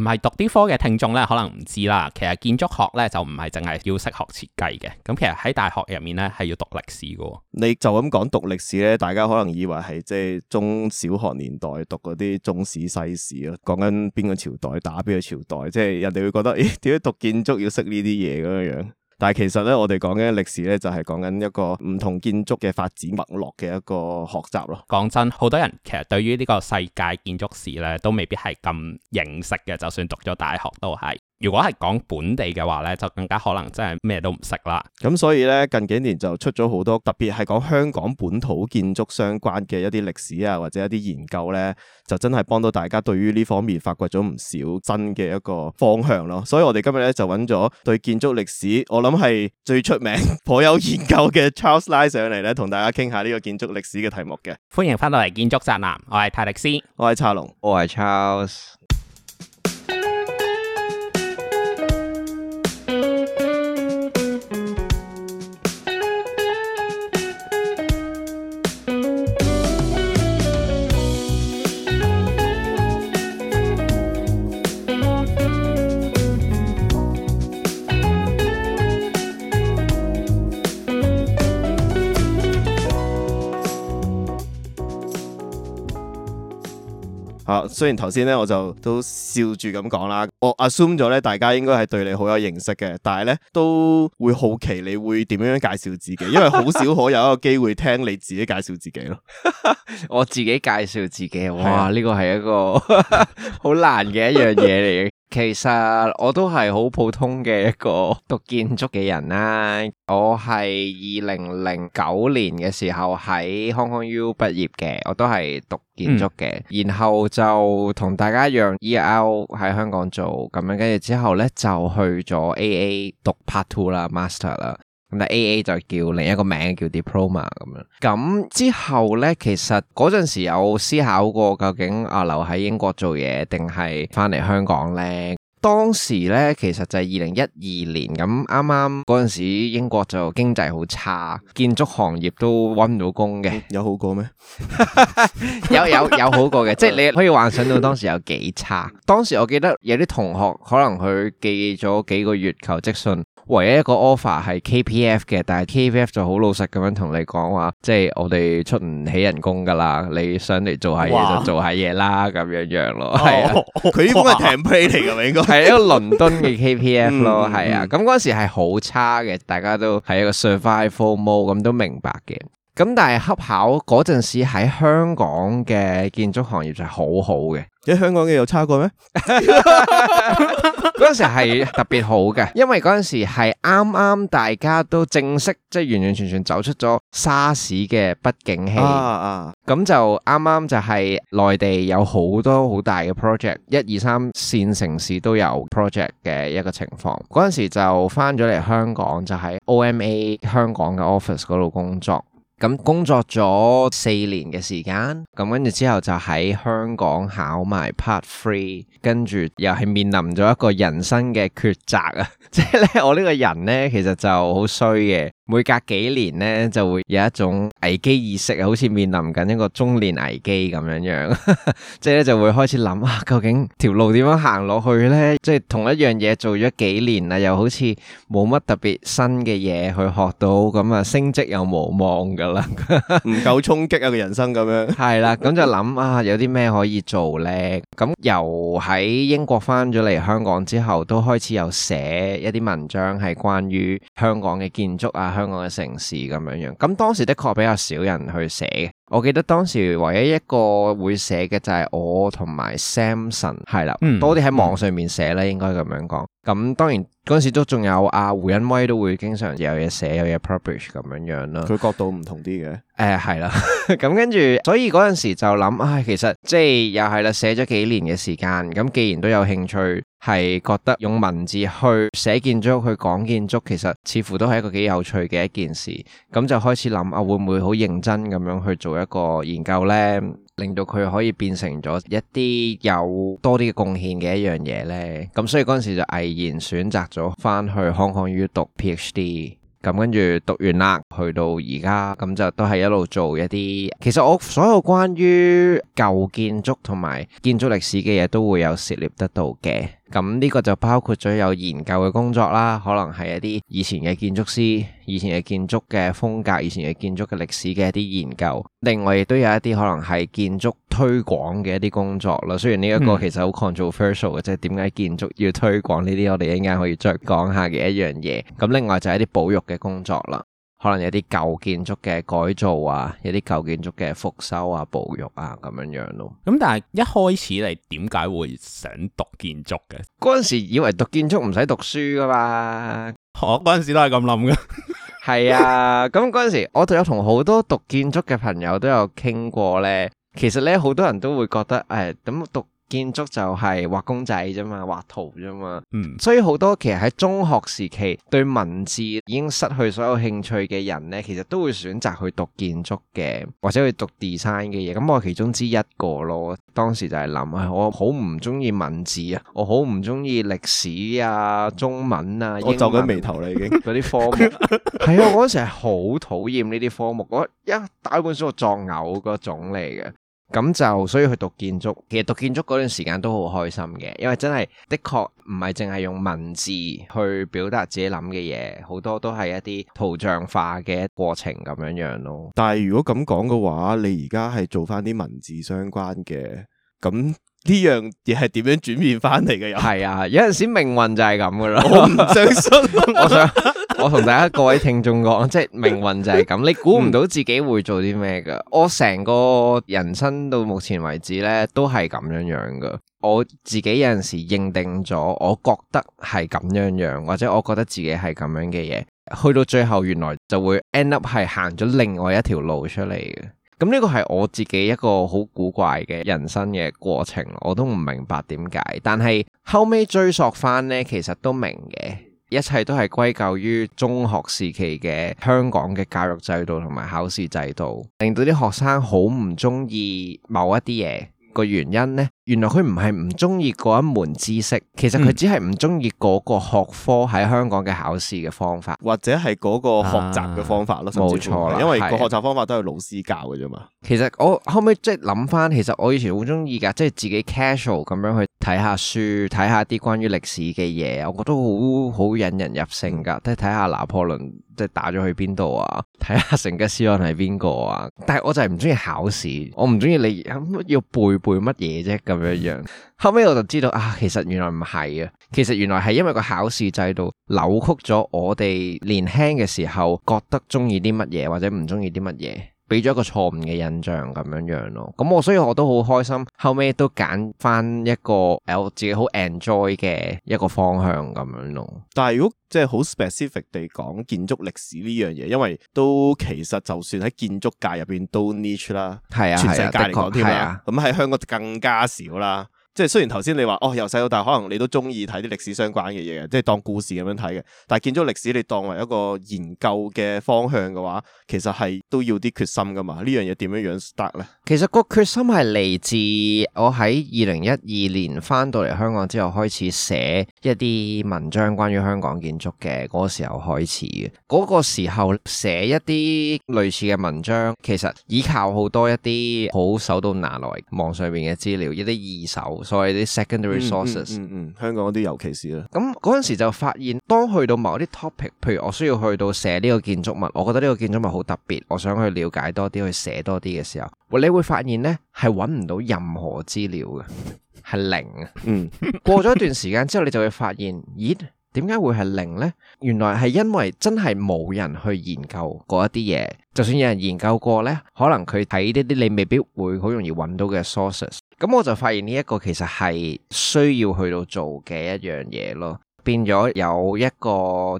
唔係讀啲科嘅聽眾咧，可能唔知啦。其實建築學咧就唔係淨係要識學設計嘅。咁其實喺大學入面咧係要讀歷史嘅喎。你就咁講讀歷史咧，大家可能以為係即係中小學年代讀嗰啲中史、西史咯，講緊邊個朝代打邊個朝代，即係人哋會覺得誒，點解讀建築要識呢啲嘢咁樣樣？但係其實呢，我哋講緊歷史呢，就係講緊一個唔同建築嘅發展脈絡嘅一個學習咯。講真，好多人其實對於呢個世界建築史呢，都未必係咁認識嘅，就算讀咗大學都係。如果係講本地嘅話咧，就更加可能真係咩都唔識啦。咁所以咧，近幾年就出咗好多特別係講香港本土建築相關嘅一啲歷史啊，或者一啲研究咧，就真係幫到大家對於呢方面發掘咗唔少新嘅一個方向咯。所以我哋今日咧就揾咗對建築歷史，我諗係最出名、頗有研究嘅 Charles Lai 上嚟咧，同大家傾下呢個建築歷史嘅題目嘅。歡迎翻到嚟建築宅男，我係泰迪斯，我係查龍，我係 Charles。啊，雖然頭先咧我就都笑住咁講啦，我 assume 咗咧大家應該係對你好有認識嘅，但係咧都會好奇你會點樣樣介紹自己，因為好少可有一個機會聽你自己介紹自己咯。 我自己介紹自己，哇，呢、啊、個係一個好 難嘅一樣嘢嚟嘅。其實我都係好普通嘅一個讀建築嘅人啦、啊。我係二零零九年嘅時候喺 Hong Kong U 畢業嘅，我都係讀建築嘅。嗯、然後就同大家一樣，E.L 喺香港做咁樣，跟住之後呢，就去咗 A.A 讀 part two 啦，master 啦。咁但 A A 就叫另一個名，叫 Diploma 咁樣。咁之後咧，其實嗰陣時有思考過，究竟啊，留喺英國做嘢定係翻嚟香港咧？當時呢，其實就係二零一二年咁，啱啱嗰陣時英國就經濟好差，建築行業都揾唔到工嘅、嗯。有好過咩？ 有有有好過嘅， 即係你可以幻想到當時有幾差。 當時我記得有啲同學可能佢寄咗幾個月求職信，唯一一個 offer 係 KPF 嘅，但係 KPF 就好老實咁樣同你講話，即係我哋出唔起人工噶啦，你想嚟做下嘢就做下嘢啦，咁樣樣咯。係啊，佢呢個哇係 template 嚟㗎，應該。係一個倫敦嘅 KPF 咯，係啊，咁嗰時係好差嘅，大家都係一個 survival mode，咁都明白嘅，咁但係恰巧嗰陣時喺香港嘅建築行業就係好好嘅。喺香港嘅有差過咩？嗰 陣 時係特別好嘅，因為嗰陣時係啱啱大家都正式即係完完全全走出咗沙士嘅不景氣啊咁、啊、就啱啱就係內地有好多好大嘅 project，一二三線城市都有 project 嘅一個情況。嗰陣時就翻咗嚟香港，就喺、是、OMA 香港嘅 office 嗰度工作。咁工作咗四年嘅時間，咁跟住之後就喺香港考埋 Part Three，跟住又係面臨咗一個人生嘅抉擇啊！即係咧，我呢個人咧，其實就好衰嘅。每隔幾年咧，就會有一種危機意識啊，好似面臨緊一個中年危機咁樣樣，即係咧就會開始諗啊，究竟條路點樣行落去咧？即係同一樣嘢做咗幾年啦，又好似冇乜特別新嘅嘢去學到，咁啊升職又無望㗎啦，唔夠衝擊啊個人生咁樣。係啦，咁就諗啊，有啲咩可以做咧？咁由喺英國翻咗嚟香港之後，都開始有寫一啲文章係關於香港嘅建築啊。香港嘅城市咁樣樣，咁當時的確比較少人去寫。我記得當時唯一一個會寫嘅就係我同埋 Samson 係啦，嗯、多啲喺網上面寫啦，嗯、應該咁樣講。咁當然嗰陣時都仲有阿、啊、胡恩威都會經常有嘢寫有嘢 publish 咁樣樣啦。佢角度唔同啲嘅，誒係啦。咁跟住，所以嗰陣時就諗，啊、哎、其實即係又係啦，寫咗幾年嘅時間，咁既然都有興趣，係覺得用文字去寫建築去講建築，其實似乎都係一個幾有趣嘅一件事。咁就開始諗啊，會唔會好認真咁樣去做一個研究咧？令到佢可以變成咗一啲有多啲貢獻嘅一樣嘢呢。咁所以嗰陣時就毅然選擇咗翻去香港 U 讀 PhD，咁跟住讀完啦，去到而家咁就都係一路做一啲，其實我所有關於舊建築同埋建築歷史嘅嘢都會有涉獵得到嘅。咁呢個就包括咗有研究嘅工作啦，可能係一啲以前嘅建築師、以前嘅建築嘅風格、以前嘅建築嘅歷史嘅一啲研究。另外亦都有一啲可能係建築推廣嘅一啲工作咯。雖然呢一個其實好 controversial 嘅，即係點解建築要推廣呢啲，我哋依家可以再講下嘅一樣嘢。咁另外就係一啲保育嘅工作啦。可能有啲舊建築嘅改造啊，有啲舊建築嘅復修啊、保育啊咁樣樣、啊、咯。咁但係一開始你點解會想讀建築嘅？嗰陣時以為讀建築唔使讀書噶嘛，我嗰陣時都係咁諗噶。係 啊，咁嗰陣時我都有同好多讀建築嘅朋友都有傾過咧。其實咧好多人都會覺得誒，咁、哎、讀。建築就係畫公仔啫嘛，畫圖啫嘛，嗯、所以好多其實喺中學時期對文字已經失去所有興趣嘅人咧，其實都會選擇去讀建築嘅，或者去讀 design 嘅嘢。咁、嗯、我其中之一個咯，當時就係諗，我好唔中意文字啊，我好唔中意歷史啊、中文啊，英文我皺緊眉頭啦，已經嗰啲科目係啊， 我嗰時係好討厭呢啲科目，我一打一本書我作嘔嗰種嚟嘅。咁就所以去讀建築，其實讀建築嗰段時間都好開心嘅，因為真係的，的確唔係淨係用文字去表達自己諗嘅嘢，好多都係一啲圖像化嘅過程咁樣樣咯。但係如果咁講嘅話，你而家係做翻啲文字相關嘅，咁。呢樣嘢係點樣轉變翻嚟嘅？又係啊，有陣時命運就係咁噶啦。我唔相信。我想我同大家各位聽眾講，即係命運就係咁。你估唔到自己會做啲咩噶？嗯，我成個人生到目前為止咧，都係咁樣樣噶。我自己有陣時認定咗，我覺得係咁樣樣，或者我覺得自己係咁樣嘅嘢，去到最後原來就會 end up 係行咗另外一條路出嚟嘅。咁呢個係我自己一個好古怪嘅人生嘅過程，我都唔明白點解。但係後尾追溯翻呢，其實都明嘅，一切都係歸咎於中學時期嘅香港嘅教育制度同埋考試制度，令到啲學生好唔中意某一啲嘢。個原因呢，原來佢唔係唔中意嗰一門知識，其實佢只係唔中意嗰個學科喺香港嘅考試嘅方法，嗯、或者係嗰個學習嘅方法咯，冇、啊、錯啦。因為個學習方法都係老師教嘅啫嘛。是其實我後尾即係諗翻，其實我以前好中意噶，即、就、係、是、自己 casual 咁樣去。睇下書，睇下啲關於歷史嘅嘢，我覺得好好引人入勝噶。即係睇下拿破崙，即係打咗去邊度啊？睇下成吉思汗係邊個啊？但係我就係唔中意考試，我唔中意你要背背乜嘢啫咁樣樣。後尾我就知道啊，其實原來唔係啊，其實原來係因為個考試制度扭曲咗我哋年輕嘅時候覺得中意啲乜嘢，或者唔中意啲乜嘢。俾咗一個錯誤嘅印象咁樣樣咯，咁我所以我都好開心，後尾都揀翻一個誒我自己好 enjoy 嘅一個方向咁樣咯。但係如果即係好 specific 地講建築歷史呢樣嘢，因為都其實就算喺建築界入邊都 niche 啦，係啊，全世界嚟講係啊，咁喺香港更加少啦。即係雖然頭先你話哦，由細到大可能你都中意睇啲歷史相關嘅嘢，即係當故事咁樣睇嘅。但係建築歷史你當為一個研究嘅方向嘅話，其實係都要啲決心噶嘛。呢樣嘢點樣樣得呢？其實個決心係嚟自我喺二零一二年翻到嚟香港之後，開始寫一啲文章，關於香港建築嘅，嗰個時候開始嘅。嗰個時候寫一啲類似嘅文章，其實依靠好多一啲好手到拿來網上面嘅資料，一啲二手。所謂啲 secondary sources、嗯嗯嗯嗯、香港嗰啲尤其是啦。咁嗰陣時就發現，當去到某啲 topic，譬如我需要去到寫呢個建築物，我覺得呢個建築物好特別，我想去了解多啲，去寫多啲嘅時候，你會發現呢係揾唔到任何資料嘅，係零啊。嗯， 過咗一段時間之後，你就會發現，咦？點解會係零呢？原來係因為真係冇人去研究嗰一啲嘢，就算有人研究過呢，可能佢睇呢啲你未必會好容易揾到嘅 sources。咁我就發現呢一個其實係需要去到做嘅一樣嘢咯，變咗有一個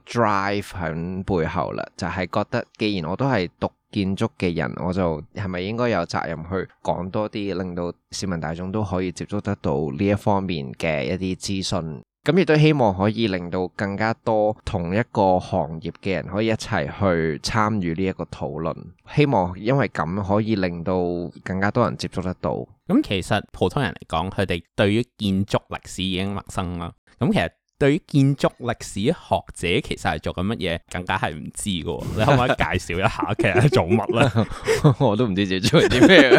drive 喺背後啦，就係覺得既然我都係讀建築嘅人，我就係咪應該有責任去講多啲，令到市民大眾都可以接觸得到呢一方面嘅一啲資訊。咁亦都希望可以令到更加多同一個行業嘅人可以一齊去參與呢一個討論，希望因為咁可以令到更加多人接觸得到。咁其實普通人嚟講，佢哋對於建築歷史已經陌生啦。咁其實。對於建築歷史學者其實係做緊乜嘢，更加係唔知嘅。你可唔可以介紹一下其實係做乜啦？ 我都唔知自己鍾意啲咩。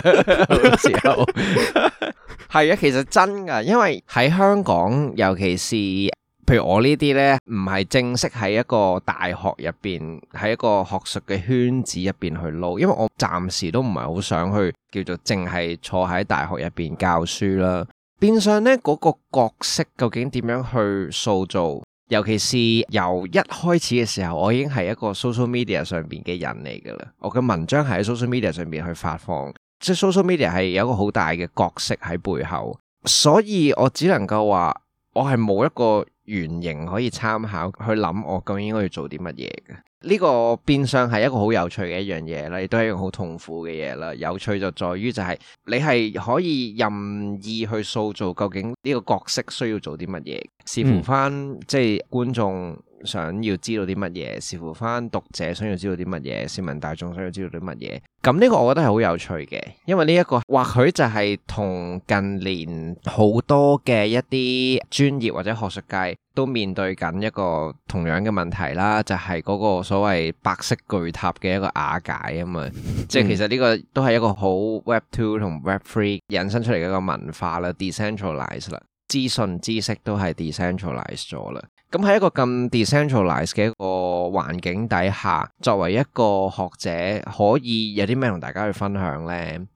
好多時候係啊，其實真噶，因為喺香港，尤其是譬如我呢啲呢，唔係正式喺一個大學入邊，喺一個學術嘅圈子入邊去撈。因為我暫時都唔係好想去叫做淨係坐喺大學入邊教書啦。變相呢嗰個角色究竟點樣去塑造？尤其是由一開始嘅時候，我已經係一個 social media 上邊嘅人嚟噶啦。我嘅文章係喺 social media 上邊去發放，即係 social media 係有一個好大嘅角色喺背後，所以我只能夠話我係冇一個原型可以參考去諗我究竟應該要做啲乜嘢嘅。呢個變相係一個好有趣嘅一樣嘢啦，亦都係一個好痛苦嘅嘢啦。有趣就在於就係你係可以任意去塑造，究竟呢個角色需要做啲乜嘢，視乎翻、嗯、即係觀眾想要知道啲乜嘢，視乎翻讀者想要知道啲乜嘢，市民大眾想要知道啲乜嘢。咁呢個我覺得係好有趣嘅，因為呢、這、一個或許就係同近年好多嘅一啲專業或者學術界都面對緊一個同樣嘅問題啦，就係、是、嗰個所謂白色巨塔嘅一個瓦解啊嘛。嗯、即係其實呢個都係一個好 Web Two 同 Web Three 引申出嚟嘅一個文化啦，decentralized 啦，資訊知識都係 decentralized 咗啦。咁喺一個咁 decentralized 嘅一個環境底下，作為一個學者，可以有啲咩同大家去分享呢？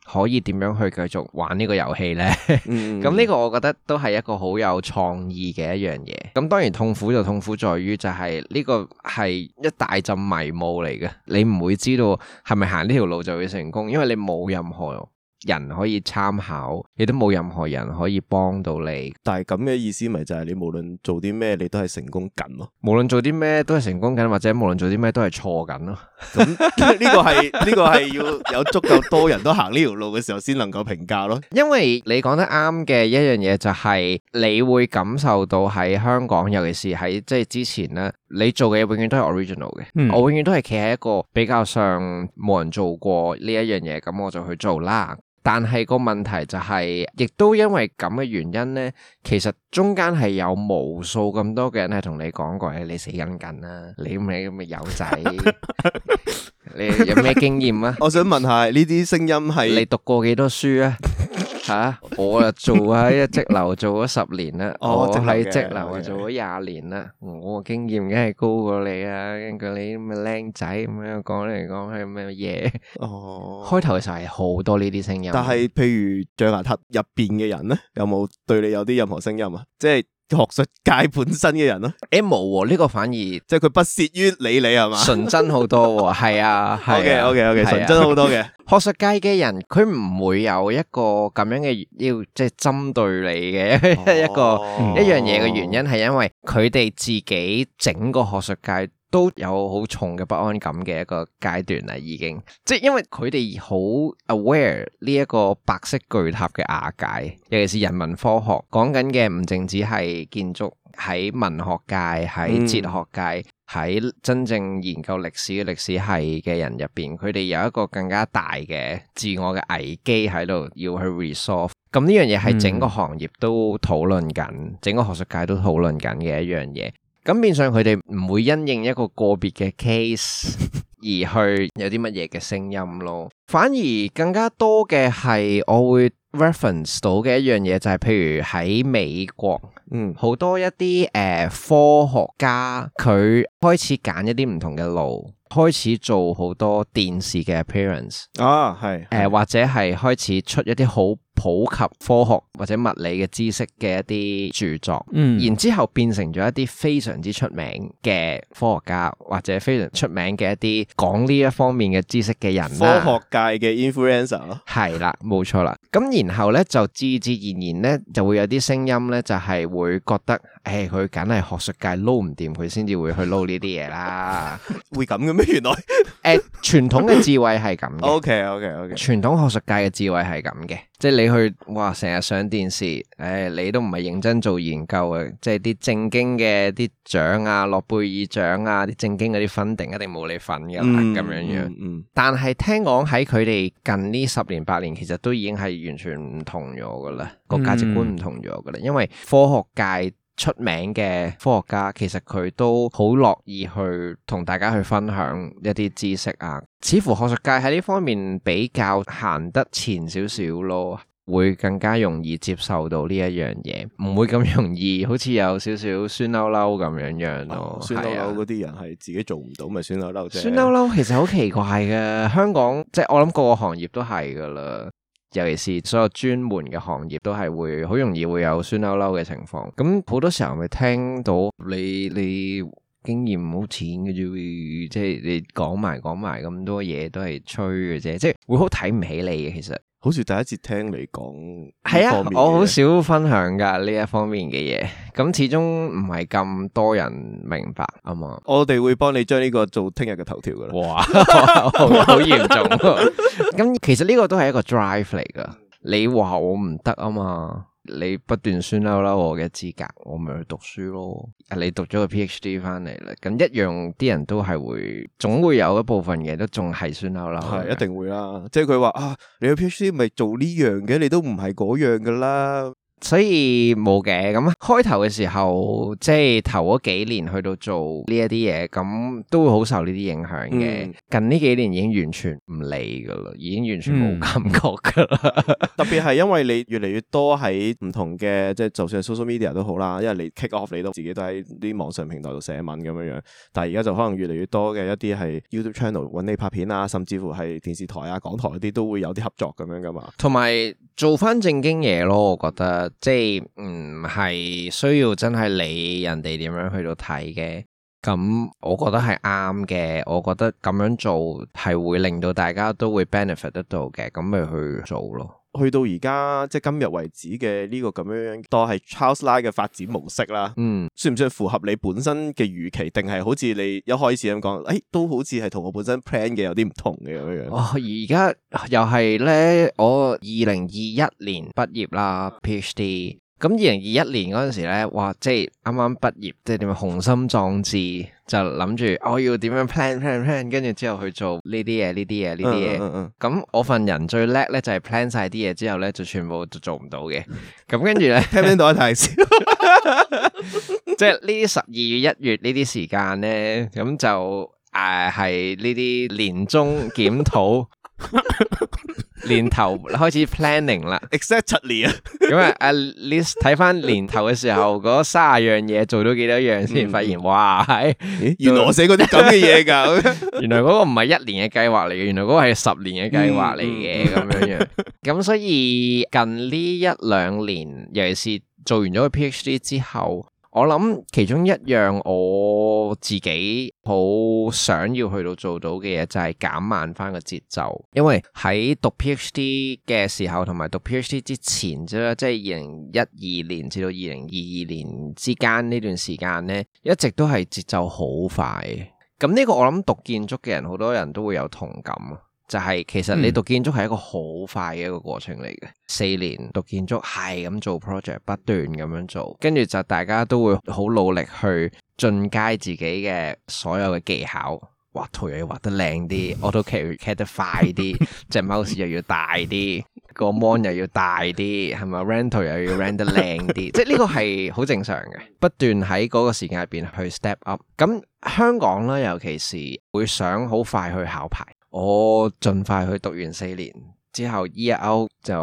可以點樣去繼續玩呢個遊戲呢？咁 呢、嗯、個我覺得都係一個好有創意嘅一樣嘢。咁當然痛苦就痛苦在於、就是，就係呢個係一大陣迷霧嚟嘅，你唔會知道係咪行呢條路就會成功，因為你冇任何人可以參考，亦都冇任何人可以幫到你。但係咁嘅意思，咪就係你無論做啲咩，你都係成功緊咯。無論做啲咩都係成功緊，或者無論做啲咩都係錯緊咯。咁呢個係呢個係要有足夠多人都行呢條路嘅時候夠評價，先能夠評價咯。因為你講得啱嘅一樣嘢，就係你會感受到喺香港，尤其是喺即係之前咧，你做嘅嘢永遠都係 original 嘅。Mm. 我永遠都係企喺一個比較上冇人做過呢一樣嘢，咁我就去做啦。但係個問題就係、是，亦都因為咁嘅原因呢，其實中間係有無數咁多嘅人係同你講過，你死緊緊啦，你唔係咁嘅友仔， 你有咩經驗啊？ 我想問下呢啲聲音係你讀過幾多書啊？ 吓！我又做啊，一職流做咗十年啦，我喺職流又做咗廿年啦，我嘅經驗梗係高過你啊！跟住你咁嘅靚仔咁樣講嚟講去咩嘢？哦，開頭嘅時候係好多呢啲聲音，但係譬如象牙塔入邊嘅人咧，有冇對你有啲任何聲音啊？即係。學術界本身嘅人咯，欸冇呢個反而即係佢不屑於理你係嘛，純真好多、啊，係 啊，啊，啊，OK OK OK 純、啊、真好多嘅 學術界嘅人，佢唔會有一個咁樣嘅要即係針對你嘅一個、哦、 一樣嘢嘅原因，係因為佢哋自己整個學術界。都有好重嘅不安感嘅一個階段啦，已經即係因為佢哋好 aware 呢一個白色巨塔嘅瓦解，尤其是人文科學講緊嘅唔淨止係建築，喺文學界、喺哲學界、喺、嗯、真正研究歷史嘅歷史系嘅人入邊，佢哋有一個更加大嘅自我嘅危機喺度要去 resolve。咁呢樣嘢係整個行業都討論緊，整個學術界都討論緊嘅一樣嘢。咁變相佢哋唔會因應一個個別嘅 case 而去有啲乜嘢嘅聲音咯，反而更加多嘅係我會 reference 到嘅一樣嘢就係、是，譬如喺美國，嗯，好多一啲誒、呃、科學家佢開始揀一啲唔同嘅路。開始做好多電視嘅 appearance 啊，係誒、呃、或者係開始出一啲好普及科學或者物理嘅知識嘅一啲著作，嗯，然之後變成咗一啲非常之出名嘅科學家或者非常出名嘅一啲講呢一方面嘅知識嘅人，科學界嘅 influencer 係啦，冇 錯啦。咁然後咧就自自然然咧就會有啲聲音咧就係、是、會覺得，誒佢梗係學術界撈唔掂，佢先至會去撈呢啲嘢啦， 會咁嘅咩？ 原來誒 ，uh，傳統嘅智慧係咁嘅。O K O K O K，傳統學術界嘅智慧係咁嘅，即係你去哇，成日上電視，誒、哎，你都唔係認真做研究啊，即係啲正經嘅啲獎啊，諾貝爾獎啊，啲正經嗰啲 funding 一定冇你份噶啦，咁、嗯、樣樣、嗯。嗯。但係聽講喺佢哋近呢十年八年，其實都已經係完全唔同咗噶啦，個價值觀唔同咗噶啦，因為科學界。出名嘅科學家，其實佢都好樂意去同大家去分享一啲知識啊。似乎學術界喺呢方面比較行得前少少咯，會更加容易接受到呢一樣嘢，唔、嗯、會咁容易，好似有少少酸溜溜咁樣樣咯。啊啊、酸溜溜嗰啲人係自己做唔到，咪、就是、酸溜溜啫。酸溜溜其實好奇怪嘅，香港即係、就是、我諗個個行業都係噶啦。尤其是所有專門嘅行業，都係會好容易會有酸溜溜嘅情況。咁好多時候，咪聽到你你。經驗冇錢嘅啫，即係你講埋講埋咁多嘢都係吹嘅啫，即係會好睇唔起你嘅。其實好似第一次聽你講，係啊，我好少分享噶呢一方面嘅嘢，咁始終唔係咁多人明白啊嘛。我哋會幫你將呢個做聽日嘅頭條噶啦。哇，好嚴重。咁 其實呢個都係一個 drive 嚟噶，你話我唔得啊嘛？你不斷酸嬲啦，我嘅資格，我咪去讀書咯。你讀咗個 PhD 翻嚟啦，咁一樣啲人都係會，總會有一部分嘅都仲係酸嬲啦。係一定會啦，啊，即係佢話啊，你個 PhD 咪做呢樣嘅，你都唔係嗰樣噶啦。所以冇嘅，咁開頭嘅時候，即係頭嗰幾年去到做呢一啲嘢，咁都會好受呢啲影響嘅。嗯、近呢幾年已經完全唔理噶啦，已經完全冇感覺噶啦。嗯、 特別係因為你越嚟越多喺唔同嘅，即係就算係 social media 都好啦，因為你 kick off 你都自己都喺啲網上平台度寫文咁樣樣。但係而家就可能越嚟越多嘅一啲係 YouTube channel 搵你拍片啊，甚至乎係電視台啊、港台嗰啲都會有啲合作咁樣噶嘛。同埋做翻正經嘢咯，我覺得。即係唔係需要真係理人哋點樣去到睇嘅，咁我覺得係啱嘅。我覺得咁樣做係會令到大家都會 benefit 得到嘅，咁咪去做咯。去到而家即係今日為止嘅呢個咁樣當係 Charles Lai 嘅發展模式啦，嗯，算唔算符合你本身嘅預期？定係好似你一開始咁講，誒、哎、都好似係同我本身 plan 嘅有啲唔同嘅咁樣。哦，而家又係咧，我二零二一年畢業啦，PhD。咁二零二一年嗰陣時咧，哇，即係啱啱畢業，即係點樣，雄心壯志。就諗住我要點樣 plan plan plan，跟住之後去做呢啲嘢呢啲嘢呢啲嘢，咁、嗯嗯嗯、我份人最叻咧就係 plan 晒啲嘢之後咧就 全部就做唔到嘅，咁跟住咧聽唔聽到我提示 啊？太笑，即係呢啲十二月一月呢啲時間咧，咁就誒係呢啲年終檢討。 年頭開始 planning 啦，exactly 啊，咁啊，at least 睇翻年頭嘅時候嗰卅 樣嘢做到幾多樣先，發現、嗯、哇，原來我寫嗰啲咁嘅嘢噶，原來嗰個唔係一年嘅計劃嚟嘅，原來嗰個係十年嘅計劃嚟嘅咁樣樣，咁、嗯、 所以近呢一兩年，尤其是做完咗個 PhD 之後。我諗其中一樣我自己好想要去到做到嘅嘢，就係減慢翻個節奏。因為喺讀 PhD 嘅時候，同埋讀 PhD 之前啫，即係二零一二年至到二零二二年之間呢段時間呢，一直都係節奏好快。咁呢個我諗讀建築嘅人好多人都會有同感。就係其實你讀建築係一個好快嘅一個過程嚟嘅，四年讀建築係咁做 project，不斷咁樣做，跟住就大家都會好努力去進階自己嘅所有嘅技巧，畫圖又要畫得靚啲，AutoCAD cut 得快啲，即係 mouse 又要大啲，個 mon 又要大啲，係咪 render 又要 render 得靚啲？即係呢個係好正常嘅，不斷喺嗰個時間入邊去 step up。咁香港咧，尤其是會想好快去考牌。我盡快去讀完四年之後，year out 就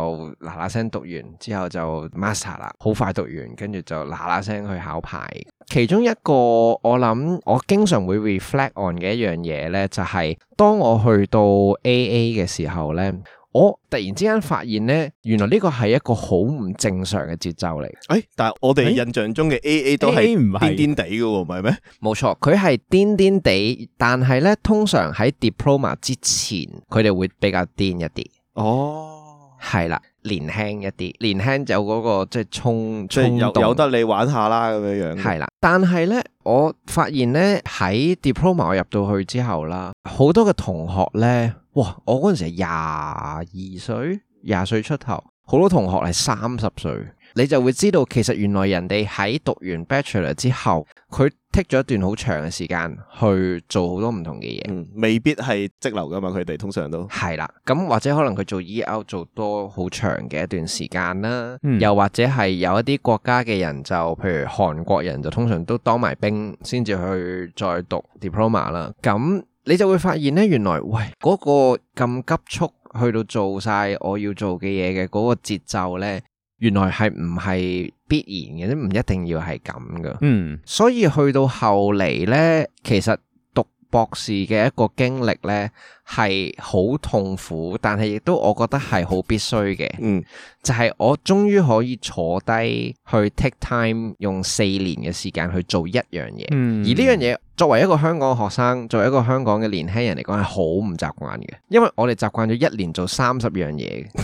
嗱嗱聲讀完之後就 master 啦，好快讀完，跟住就嗱嗱聲去考牌。其中一個我諗，我經常會 reflect on 嘅一樣嘢咧，就係、是、當我去到 A.A 嘅時候咧。我突然之間發現咧，原來呢個係一個好唔正常嘅節奏嚟。誒，但係我哋印象中嘅 AA 都係癲癲地嘅，唔係咩？冇錯，佢係癲癲地，但係咧，通常喺 Diploma 之前，佢哋會比較癲一啲。哦，係啦。年輕一啲，年輕就嗰、嗰個即係衝，衝即係有，有得你玩下啦咁樣樣。係啦，但係咧，我發現咧喺 diploma 我入到去之後啦，好多嘅同學咧，哇！我嗰陣時係廿二歲，廿歲出頭，好多同學係三十歲，你就會知道，其實原來人哋喺讀完 bachelor 之後，佢。剔咗一段好長嘅時間去做好多唔同嘅嘢，嗯，未必係積流噶嘛。佢哋通常都係啦。咁或者可能佢做 e、ER、l 做多好長嘅一段時間啦。嗯、又或者係有一啲國家嘅人就，譬如韓國人就通常都當埋兵先至去再讀 diploma 啦。咁你就會發現呢，原來喂嗰、嗰個咁急速去到做晒我要做嘅嘢嘅嗰個節奏呢。原來係唔係必然嘅，都唔一定要係咁噶。嗯，所以去到後嚟呢，其實讀博士嘅一個經歷呢係好痛苦，但係亦都我覺得係好必須嘅。嗯，就係我終於可以坐低去 take time，用四年嘅時間去做一樣嘢。嗯，而呢樣嘢作為一個香港學生，作為一個香港嘅年輕人嚟講，係好唔習慣嘅，因為我哋習慣咗一年做三十樣嘢。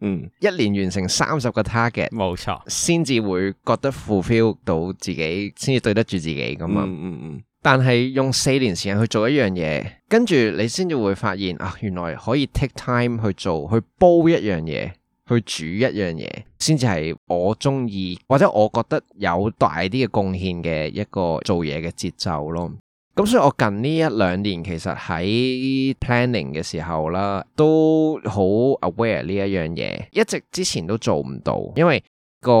嗯，mm. 一年完成三十個 target，冇錯，先至會覺得 fulfill 到自己，先至對得住自己咁啊。嗯嗯嗯。Mm mm. 但係用四年時間去做一樣嘢，跟住你先至會發現啊，原來可以 take time 去做，去煲一樣嘢，去煮一樣嘢，先至係我中意或者我覺得有大啲嘅貢獻嘅一個做嘢嘅節奏咯。咁所以，我近呢一兩年其實喺 planning 嘅時候啦，都好 aware 呢一樣嘢，一直之前都做唔到，因為個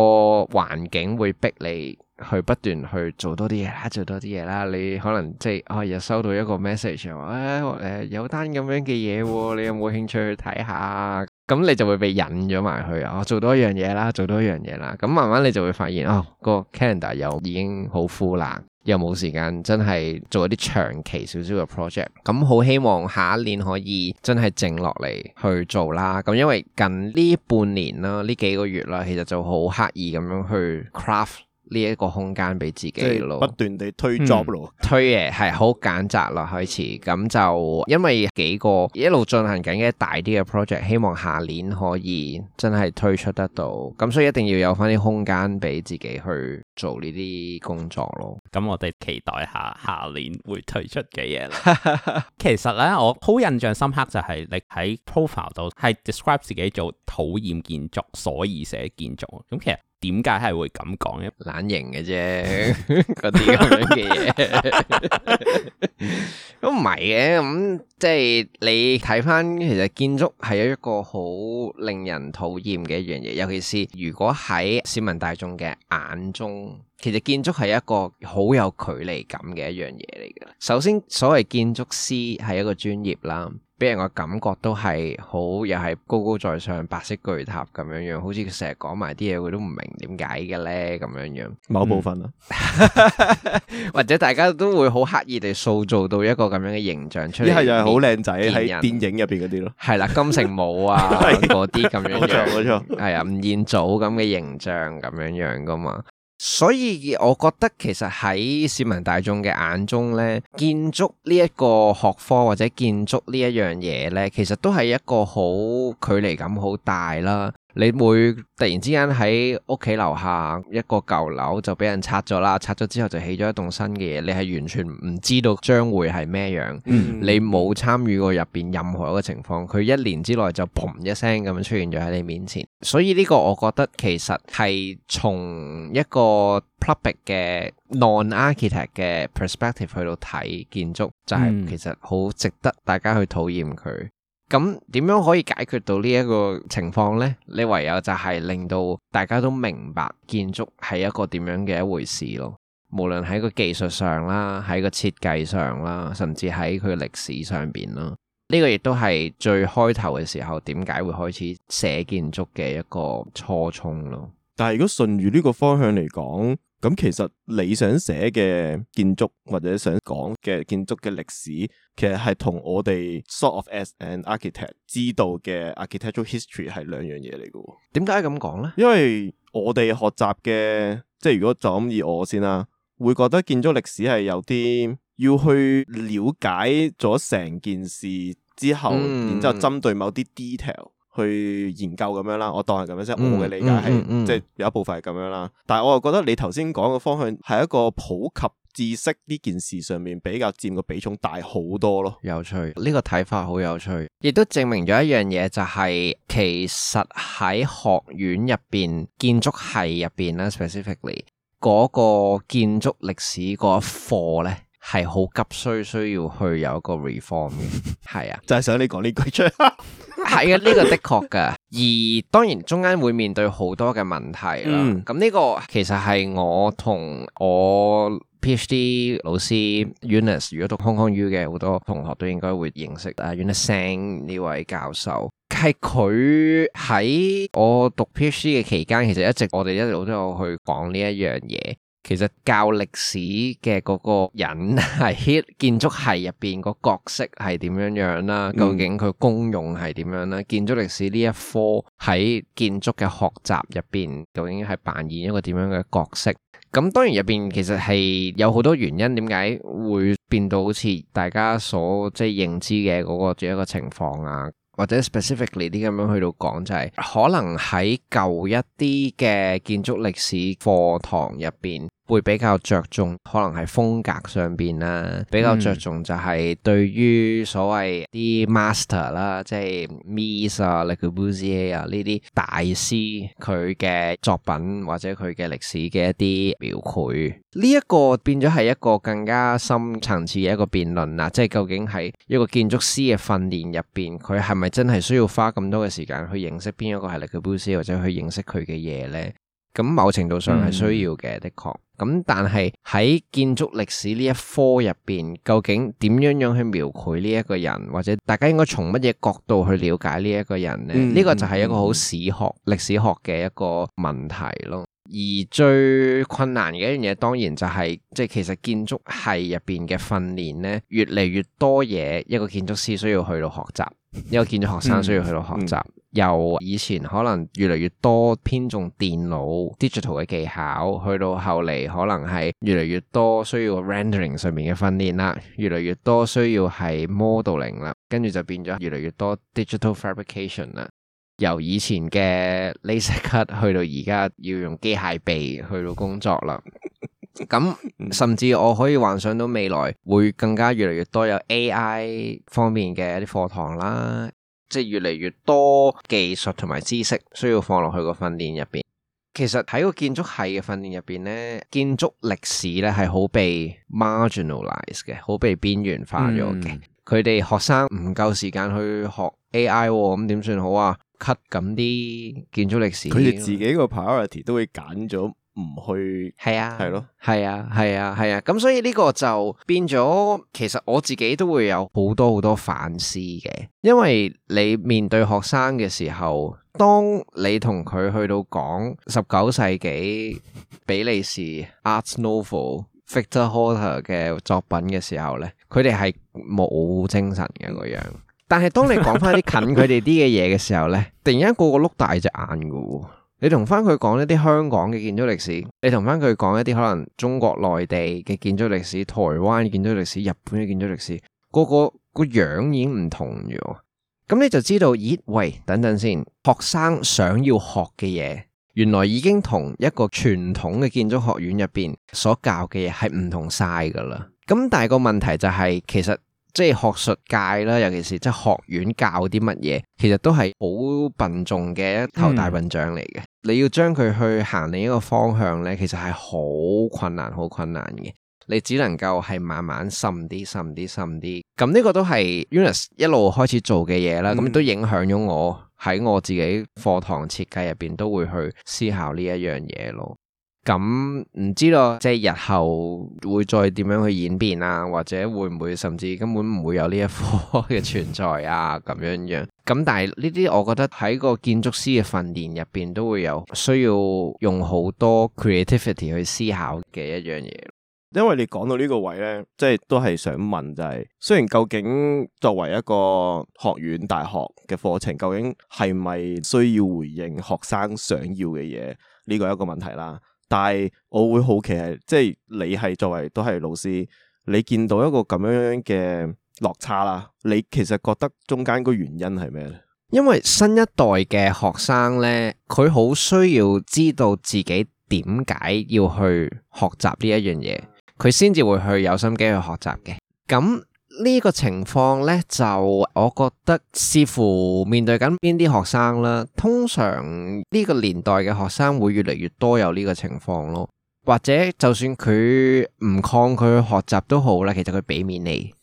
環境會逼你。去不斷去做多啲嘢啦，做多啲嘢啦。你可能即係，哦，又收到一個 message，話誒誒有單咁樣嘅嘢，哦，你有冇興趣去睇下？咁你就會被引咗埋去啊，哦。做多一樣嘢啦，做多一樣嘢啦。咁慢慢你就會發現啊，個、哦、calendar 又已經好 full 啦，又冇時間真係做一啲長期少少嘅 project。咁好希望下一年可以真係靜落嚟去做啦。咁因為近呢半年啦，呢幾個月啦，其實就好刻意咁樣去 craft。呢一個空間俾自己不斷地推作，嗯、推嘢係好揀擇咯，開始。咁就因為幾個一路進行緊嘅大啲嘅 project，希望下年可以真係推出得到。咁所以一定要有翻啲空間俾自己去做呢啲工作咯。咁我哋期待下下年會推出嘅嘢啦。 其實咧，我好印象深刻就係你喺 profile 度係 describe 自己做討厭建築、所以寫建築。咁其實。點解係會咁講嘅？懶型嘅啫，嗰啲咁樣嘅嘢，都唔係嘅。咁即係你睇翻，其實建築係有一個好令人討厭嘅一樣嘢，尤其是如果喺市民大眾嘅眼中，其實建築係一個好有距離感嘅一樣嘢嚟嘅。首先，所謂建築師係一個專業啦。俾人嘅感覺都係好，又係高高在上，白色巨塔咁樣樣，好似佢成日講埋啲嘢，佢都唔明點解嘅咧咁樣樣。某部分咯、啊嗯， 或者大家都會好刻意地塑造到一個咁樣嘅形象出嚟，係啊，好靚仔，係人電影入邊嗰啲咯，係啦，金城武啊，嗰啲咁樣樣，冇 錯，冇錯，係啊， 吳彥祖咁嘅形象咁樣樣噶嘛。所以我覺得，其實喺市民大眾嘅眼中咧，建築呢一個學科或者建築呢一樣嘢咧，其實都係一個好距離感好大啦。你會突然之間喺屋企樓下一個舊樓就俾人拆咗啦，拆咗之後就起咗一棟新嘅嘢，你係完全唔知道將會係咩樣，嗯、你冇參與過入邊任何一個情況，佢一年之內就砰一聲咁樣出現咗喺你面前，所以呢個我覺得其實係從一個 public 嘅 non architect 嘅 perspective 去到睇建築，就係、是、其實好值得大家去討厭佢。咁點樣可以解決到呢一個情況呢？你唯有就係令到大家都明白建築係一個點樣嘅一回事咯。無論喺個技術上啦，喺個設計上啦，甚至喺佢嘅歷史上邊咯。呢個亦都係最開頭嘅時候點解會開始寫建築嘅一個初衷咯。但係如果順住呢個方向嚟講，咁其實你想寫嘅建築或者想講嘅建築嘅歷史，其實係同我哋 sort of as an architect 知道嘅 architectural history 係兩樣嘢嚟嘅。點解咁講呢？因為我哋學習嘅即係如果就咁以我先啦，會覺得建築歷史係有啲要去了解咗成件事之後，嗯、然之後針對某啲 detail。去研究咁樣啦，我當係咁樣啫，嗯、我嘅理解係、嗯嗯、即係有一部分係咁樣啦，但係我又覺得你頭先講嘅方向係一個普及知識呢件事上面比較佔個比重大好多咯。有趣，呢、呢個睇法好有趣，亦都證明咗一樣嘢、就係，就係其實喺學院入邊建築系入邊咧，specifically 嗰個建築歷史嗰一課咧。係好急需需要去有一個 reform，係啊， 就係想你講呢句出，係啊，呢個的確噶。而當然中間會面對好多嘅問題啦。咁呢、嗯、個其實係我同我 PhD 老師 Eunice 如果讀 Hong Kong U 嘅好多同學都應該會認識啊。Eunice Seng、uh, 呢位教授係佢喺我讀 PhD 嘅期間，其實一直我哋一路都有去講呢一樣嘢。其實教歷史嘅嗰個人 築係 hit 建築係入邊個角色係點樣樣、啊、啦？究竟佢功用係點樣啦、啊？嗯、建築歷史呢一科喺建築嘅學習入邊究竟係扮演一個點樣嘅角色？咁當然入邊其實係有好多原因，點解會變到好似大家所即係認知嘅嗰個這樣一個情況啊？或者 specifically 啲咁樣去到講，就係可能喺舊一啲嘅建築歷史課堂入邊。會比較着重，可能係風格上邊啦，比較着重就係對於所謂啲 master 啦、啊，即係 Miss 啊，Le Corbusier 啊呢啲大師佢嘅作品或者佢嘅歷史嘅一啲描繪，呢、這、一個變咗係一個更加深層次嘅一個辯論啦，即係究竟喺一個建築師嘅訓練入邊，佢係咪真係需要花咁多嘅時間去認識邊一個係 Le Corbusier 或者去認識佢嘅嘢呢？咁某程度上係需要嘅，的確。咁但係喺建築歷史呢一科入邊，究竟點樣樣去描繪呢一個人，或者大家應該從乜嘢角度去了解呢一個人呢？呢、嗯、個就係一個好史學、歷、嗯、史學嘅一個問題咯。而最困難嘅一樣嘢，當然就係即係其實建築系入邊嘅訓練咧，越嚟越多嘢一個建築師需要去到學習，一個建築學生需要去到學習。嗯嗯、由以前可能越嚟越多偏重電腦 digital 嘅技巧，去到後嚟可能係越嚟越多需要個 rendering 上面嘅訓練啦，越嚟越多需要係 modeling 啦，跟住就變咗越嚟越多 digital fabrication 啦。由以前嘅 laser cut 去到而家要用機械臂去到工作啦，咁 甚至我可以幻想到未來會更加越嚟越多有 AI 方面嘅一啲課堂啦，即係越嚟越多技術同埋知識需要放落去個訓練入邊。其實喺個建築系嘅訓練入邊咧，建築歷史咧係好被 marginalize 嘅，好被邊緣化咗嘅。佢哋、嗯、學生唔夠時間去學 AI，咁點算好啊？cut 咁啲建築歷史，佢哋自己個 priority 都會揀咗唔去，係啊，係咯，係啊，係啊，係啊，咁、啊、所以呢個就變咗，其實我自己都會有好多好多反思嘅，因為你面對學生嘅時候，當你同佢去到講十九世紀比利時 Art Nouveau Victor Horta、er、嘅作品嘅時候咧，佢哋係冇精神嘅個樣。但係當你講翻啲近佢哋啲嘅嘢嘅時候呢，突然間個個碌大隻眼噶。你同翻佢講一啲香港嘅建築歷史，你同翻佢講一啲可能中國內地嘅建築歷史、台灣嘅建築歷史、日本嘅建築歷史，個個個樣已經唔同咗。咁你就知道，咦、欸？喂，等等先，學生想要學嘅嘢，原來已經同一個傳統嘅建築學院入邊所教嘅嘢係唔同晒噶啦。咁但係個問題就係、是，其實。即係學術界啦，尤其是即係學院教啲乜嘢，其實都係好笨重嘅，一頭大笨象嚟嘅。你要將佢去行另一個方向咧，其實係好困難、好困難嘅。你只能夠係慢慢滲啲、滲啲、滲啲。咁呢個都係 Unis 一路開始做嘅嘢啦。咁都影響咗我喺我自己課堂設計入邊都會去思考呢一樣嘢咯。咁唔、嗯、知道，即係日後會再點樣去演變啊？或者會唔會甚至根本唔會有呢一科嘅存在啊？咁樣樣咁、嗯，但係呢啲，我覺得喺個建築師嘅訓練入邊都會有需要用好多 creativity 去思考嘅一樣嘢。因為你講到呢個位咧，即係都係想問、就是，就係雖然究竟作為一個學院大學嘅課程，究竟係咪需要回應學生想要嘅嘢？呢個係一個問題啦。但係我會好奇係，即係你係作為都係老師，你見到一個咁樣樣嘅落差啦，你其實覺得中間個原因係咩呢？因為新一代嘅學生呢，佢好需要知道自己點解要去學習呢一樣嘢，佢先至會去有心機去學習嘅。咁呢個情況呢，就我覺得視乎面對緊邊啲學生啦。通常呢個年代嘅學生會越嚟越多有呢個情況咯，school, 或者就算佢唔抗拒學習都好啦。其實佢俾面你，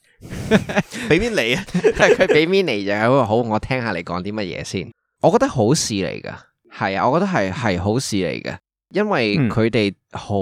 俾面你，但佢俾面你就係好。我聽下你講啲乜嘢先。我覺得好事嚟噶，係啊，我覺得係係好事嚟嘅。因為佢哋好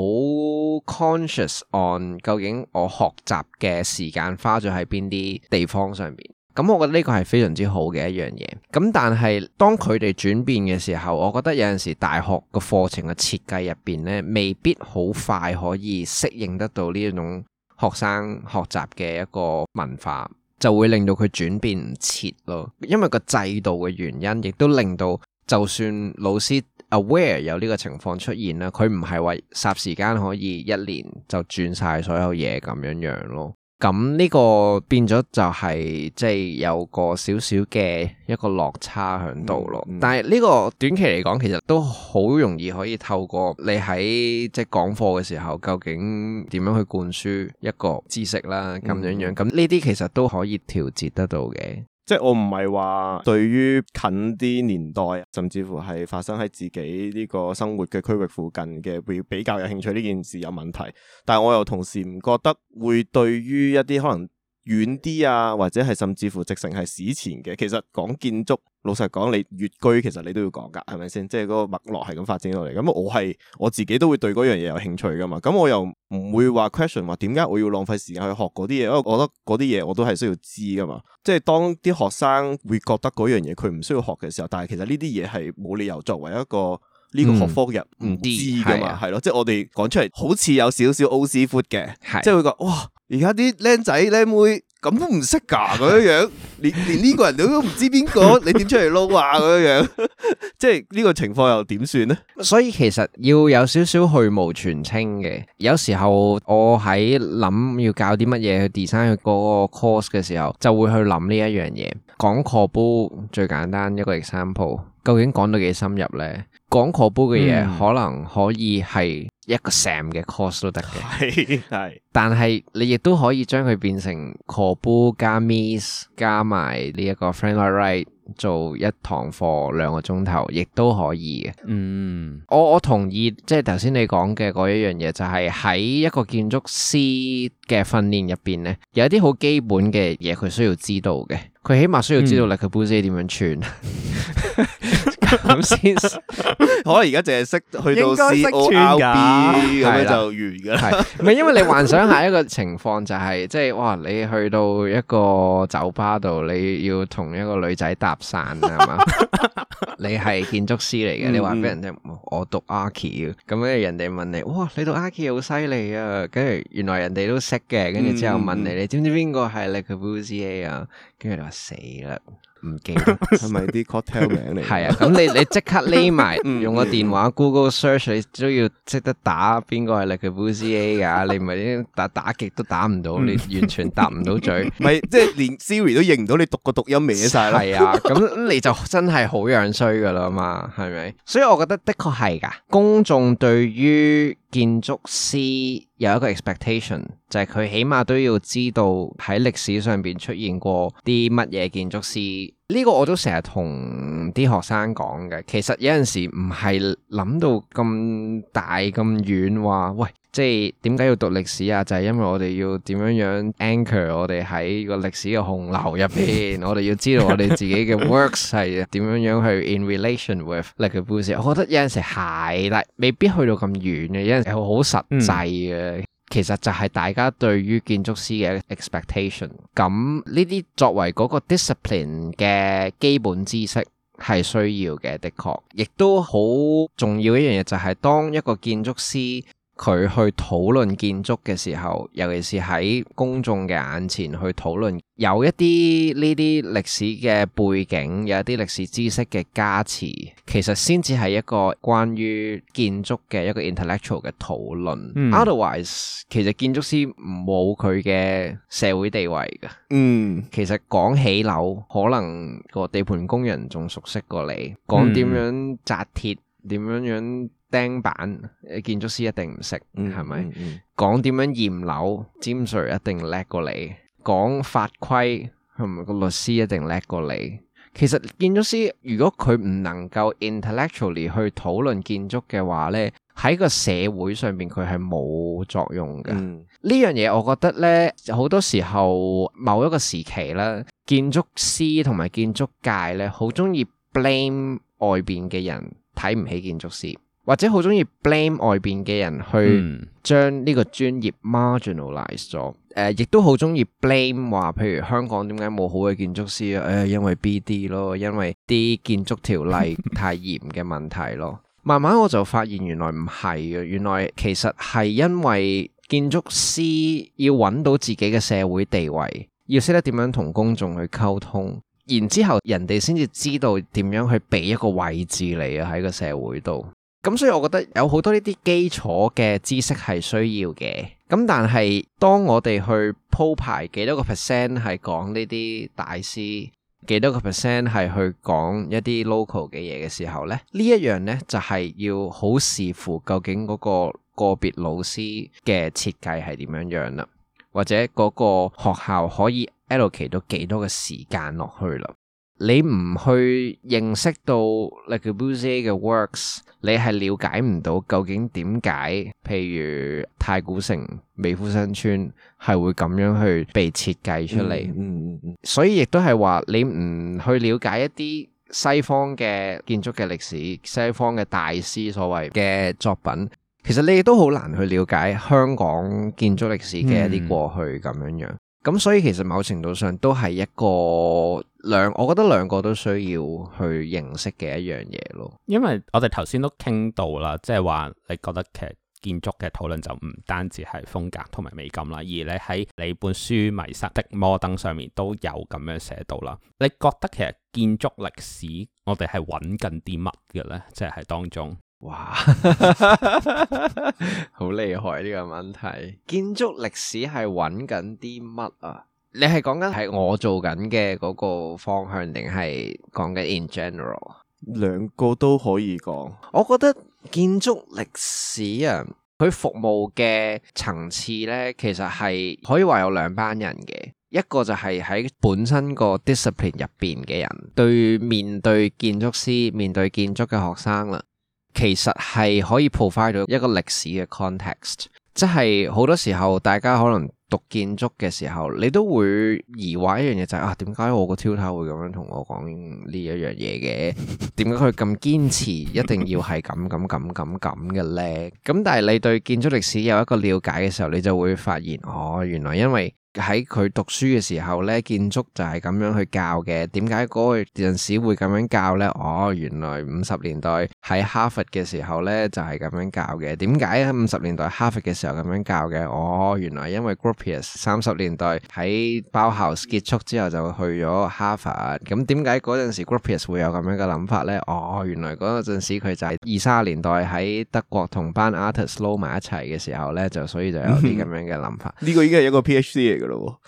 conscious on 究竟我學習嘅時間花咗喺邊啲地方上面。咁我覺得呢個係非常之好嘅一樣嘢。咁但係當佢哋轉變嘅時候，我覺得有陣時大學個課程嘅設計入邊咧，未必好快可以適應得到呢一種學生學習嘅一個文化，就會令到佢轉變唔切咯。因為個制度嘅原因，亦都令到就算老師。Aware 有呢個情況出現啦，佢唔係話霎時間可以一年就轉晒所有嘢咁樣樣咯。咁呢個變咗就係即係有個少少嘅一個落差響度咯。嗯嗯，但係呢個短期嚟講，其實都好容易可以透過你喺即係講課嘅時候，究竟點樣去灌輸一個知識啦咁樣樣。咁呢啲其實都可以調節得到嘅。即係我唔係話對於近啲年代，甚至乎係發生喺自己呢個生活嘅區域附近嘅會比較有興趣呢件事有問題，但我又同時唔覺得會對於一啲可能遠啲啊，或者係甚至乎直情係史前嘅，其實講建築。老實講，你越居其實你都要講噶，係咪先？即係嗰個脈絡係咁發展落嚟。咁我係我自己都會對嗰樣嘢有興趣噶嘛。咁我又唔會話 question 話點解我要浪費時間去學嗰啲嘢，因為我覺得嗰啲嘢我都係需要知噶嘛。即係當啲學生會覺得嗰樣嘢佢唔需要學嘅時候，但係其實呢啲嘢係冇理由作為一個呢個學科嘅人唔知噶嘛，係咯、嗯？嗯嗯、即係我哋講出嚟好似有少少 OZ f o o 卡嘅，即係會覺哇，而家啲僆仔僆妹。咁都唔識噶咁樣樣， 連連呢個人都唔知邊個， 你點出嚟撈啊？咁樣樣，即係呢個情況又點算咧？所以其實要有少少去無全清嘅，有時候我喺諗要搞啲乜嘢去 design 佢個 course 嘅時候，就會去諗呢一樣嘢，講 corbo，最簡單一個 example，究竟講到幾深入呢？講 Corbu 嘅嘢，可能可以係一個 sam 嘅 course 都得嘅，係但係你亦都可以將佢變成 Corbu 加 miss 加埋呢一個 Frank Wright 做一堂課兩個鐘頭，亦都可以嘅。嗯，我我同意，即係頭先你講嘅嗰一樣嘢，就係喺一個建築師嘅訓練入邊呢，有一啲好基本嘅嘢佢需要知道嘅，佢起碼需要知道 Le Corbusier 點樣串。嗯 咁先， 可能而家淨係識去到 Corb 咁樣就完噶啦的。唔係，因為你幻想一下一個情況就係、是，即係哇，你去到一個酒吧度，你要同一個女仔搭訕啊嘛。 你係建築師嚟嘅，嗯、你話俾人聽，我讀 archi 嘅。咁樣人哋問你，哇，你讀 archi 好犀利啊。跟住原來人哋都識嘅，跟住之後問你，嗯、你知唔知邊個係 Le Corbusier 啊？跟住就話死啦。唔記得係咪啲 cocktail 名嚟？係 啊，咁你你即刻匿埋用個電話 Google search，你都要識得打邊個係 Le Corbusier 㗎？你唔係打打極都打唔到，你完全答唔到嘴。唔 係 即係連 Siri 都認唔到你讀個讀音歪曬啦。係 啊，咁你就真係好樣衰㗎啦嘛，係咪？所以我覺得的確係㗎。公眾對於建築師有一個 expectation，就係佢起碼都要知道喺歷史上邊出現過啲乜嘢建築師。呢個我都成日同啲學生講嘅，其實有陣時唔係諗到咁大咁遠，話喂，即係點解要讀歷史啊？就係、是、因為我哋要點樣樣 anchor 我哋喺個歷史嘅洪流入邊， 我哋要知道我哋自己嘅 works 係點樣樣去 in relation with Le Corbusier。我覺得有陣時係，但係未必去到咁遠嘅，有陣時好實際嘅。嗯其實就係大家對於建築師嘅 expectation，咁呢啲作為嗰個 discipline 嘅基本知識係需要嘅，的確。亦都好重要一樣嘢，就係當一個建築師，佢去討論建築嘅時候，尤其是喺公眾嘅眼前去討論，有一啲呢啲歷史嘅背景，有一啲歷史知識嘅加持，其實先至係一個關於建築嘅一個 intellectual 嘅討論。嗯、Otherwise，其實建築師冇佢嘅社會地位噶。嗯，其實講起樓，可能個地盤工人仲熟悉過你。講點樣紮鐵，點樣樣。釘板，建築師一定唔識，係咪？講點樣驗樓，James Sir 一定叻過你。講法規，係咪個律師一定叻過你？其實建築師如果佢唔能夠 intellectually 去討論建築嘅話呢，喺個社會上面，佢係冇作用嘅。呢樣嘢，我覺得呢，好多時候某一個時期啦，建築師同埋建築界呢，好中意 blame 外邊嘅人睇唔起建築師。或者好中意 blame 外邊嘅人去將呢個專業 marginalize 咗，誒、嗯，亦都好中意 blame 話，譬如香港點解冇好嘅建築師啊？誒、哎，因為 B D 咯，因為啲建築條例太嚴嘅問題咯。 慢慢我就發現原來唔係啊，原來其實係因為建築師要揾到自己嘅社會地位，要識得點樣同公眾去溝通，然之後人哋先至知道點樣去俾一個位置你啊，喺個社會度。咁所以我覺得有好多呢啲基礎嘅知識係需要嘅，咁但係當我哋去鋪排幾多個 percent 係講呢啲大師，幾多個 percent 係去講一啲 local 嘅嘢嘅時候咧，呢一樣咧就係要好視乎究竟嗰個個別老師嘅設計係點樣樣啦，或者嗰個學校可以 allocate 到幾多嘅時間落去啦。你唔去認識到 Le Corbusier 嘅 works，你係了解唔到究竟點解，譬如太古城、美孚新村係會咁樣去被設計出嚟。嗯。嗯嗯嗯，所以亦都係話你唔去了解一啲西方嘅建築嘅歷史、西方嘅大師所謂嘅作品，其實你亦都好難去了解香港建築歷史嘅一啲過去咁樣樣。咁、嗯、所以其實某程度上都係一個。兩，我覺得兩個都需要去認識嘅一樣嘢咯。因為我哋頭先都傾到啦，即係話你覺得其實建築嘅討論就唔單止係風格同埋美感啦，而你喺你本書《迷失的摩登》上面都有咁樣寫到啦。你覺得其實建築歷史我哋係揾緊啲乜嘅咧？即係喺當中，哇， 好厲害呢個問題！建築歷史係揾緊啲乜啊？你係講緊係我做緊嘅嗰個方向，定係講緊 in general？兩個都可以講。我覺得建築歷史啊，佢服務嘅層次呢，其實係可以話有兩班人嘅。一個就係喺本身個 discipline 入邊嘅人，對面對建築師、面對建築嘅學生啦，其實係可以 provide 到一個歷史嘅 context。即係好多時候，大家可能讀建築嘅時候，你都會疑惑一樣嘢就係、是、啊，點解我個 teacher 會咁樣同我講呢一樣嘢嘅？點解佢咁堅持一定要係咁咁咁咁咁嘅咧？咁但係你對建築歷史有一個了解嘅時候，你就會發現哦，原來因為。喺佢讀書嘅時候咧，建築就係咁樣去教嘅。點解嗰個陣時會咁樣教呢？哦，原來五十年代喺哈佛嘅時候呢，就係、是、咁樣教嘅。點解喺五十年代哈佛嘅時候咁樣教嘅？哦，原來因為 Gropius 三十年代喺包豪斯結束之後就去咗哈佛。咁點解嗰陣時 Gropius 會有咁樣嘅諗法呢？哦，原來嗰個陣時佢就係二三十年代喺德國同班 artist 撈埋一齊嘅時候呢，就所以就有啲咁樣嘅諗法。呢、嗯這個已經係一個 PhD 嚟嘅。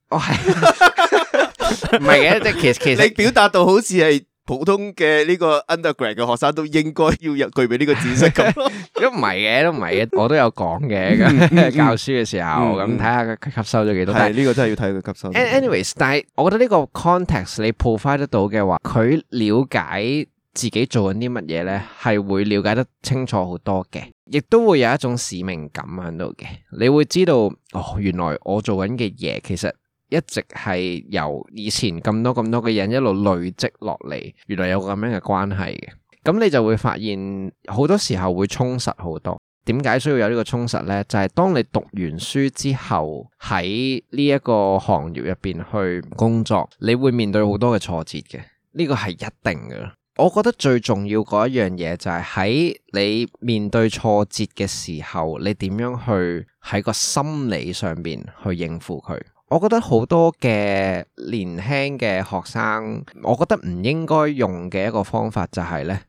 哦係，唔係嘅，即其實，其實你表達到好似係普通嘅呢個 undergrad 嘅學生都應該要有具備呢個知識咁，都唔係嘅，都唔係嘅，我都有講嘅， 教書嘅時候咁睇、 嗯、下佢吸收咗幾多，嗯、但係是呢個真係要睇佢吸收。但吸收 anyways，但係我覺得呢個 context 你 provide 得到嘅話，佢了解。自己做緊啲乜嘢咧，係會了解得清楚好多嘅，亦都會有一種使命感喺度嘅。你會知道哦，原來我做緊嘅嘢其實一直係由以前咁多咁多嘅人一路累積落嚟，原來有咁樣嘅關係嘅。咁你就會發現好多時候會充實好多。點解需要有呢個充實咧？就係當你讀完書之後，喺呢一個行業入邊去工作，你會面對好多嘅挫折嘅。呢個係一定嘅。我覺得最重要嗰一樣嘢就係喺你面對挫折嘅時候，你點樣去喺個心理上面去應付佢？我覺得好多嘅年輕嘅學生，我覺得唔應該用嘅一個方法就係咧，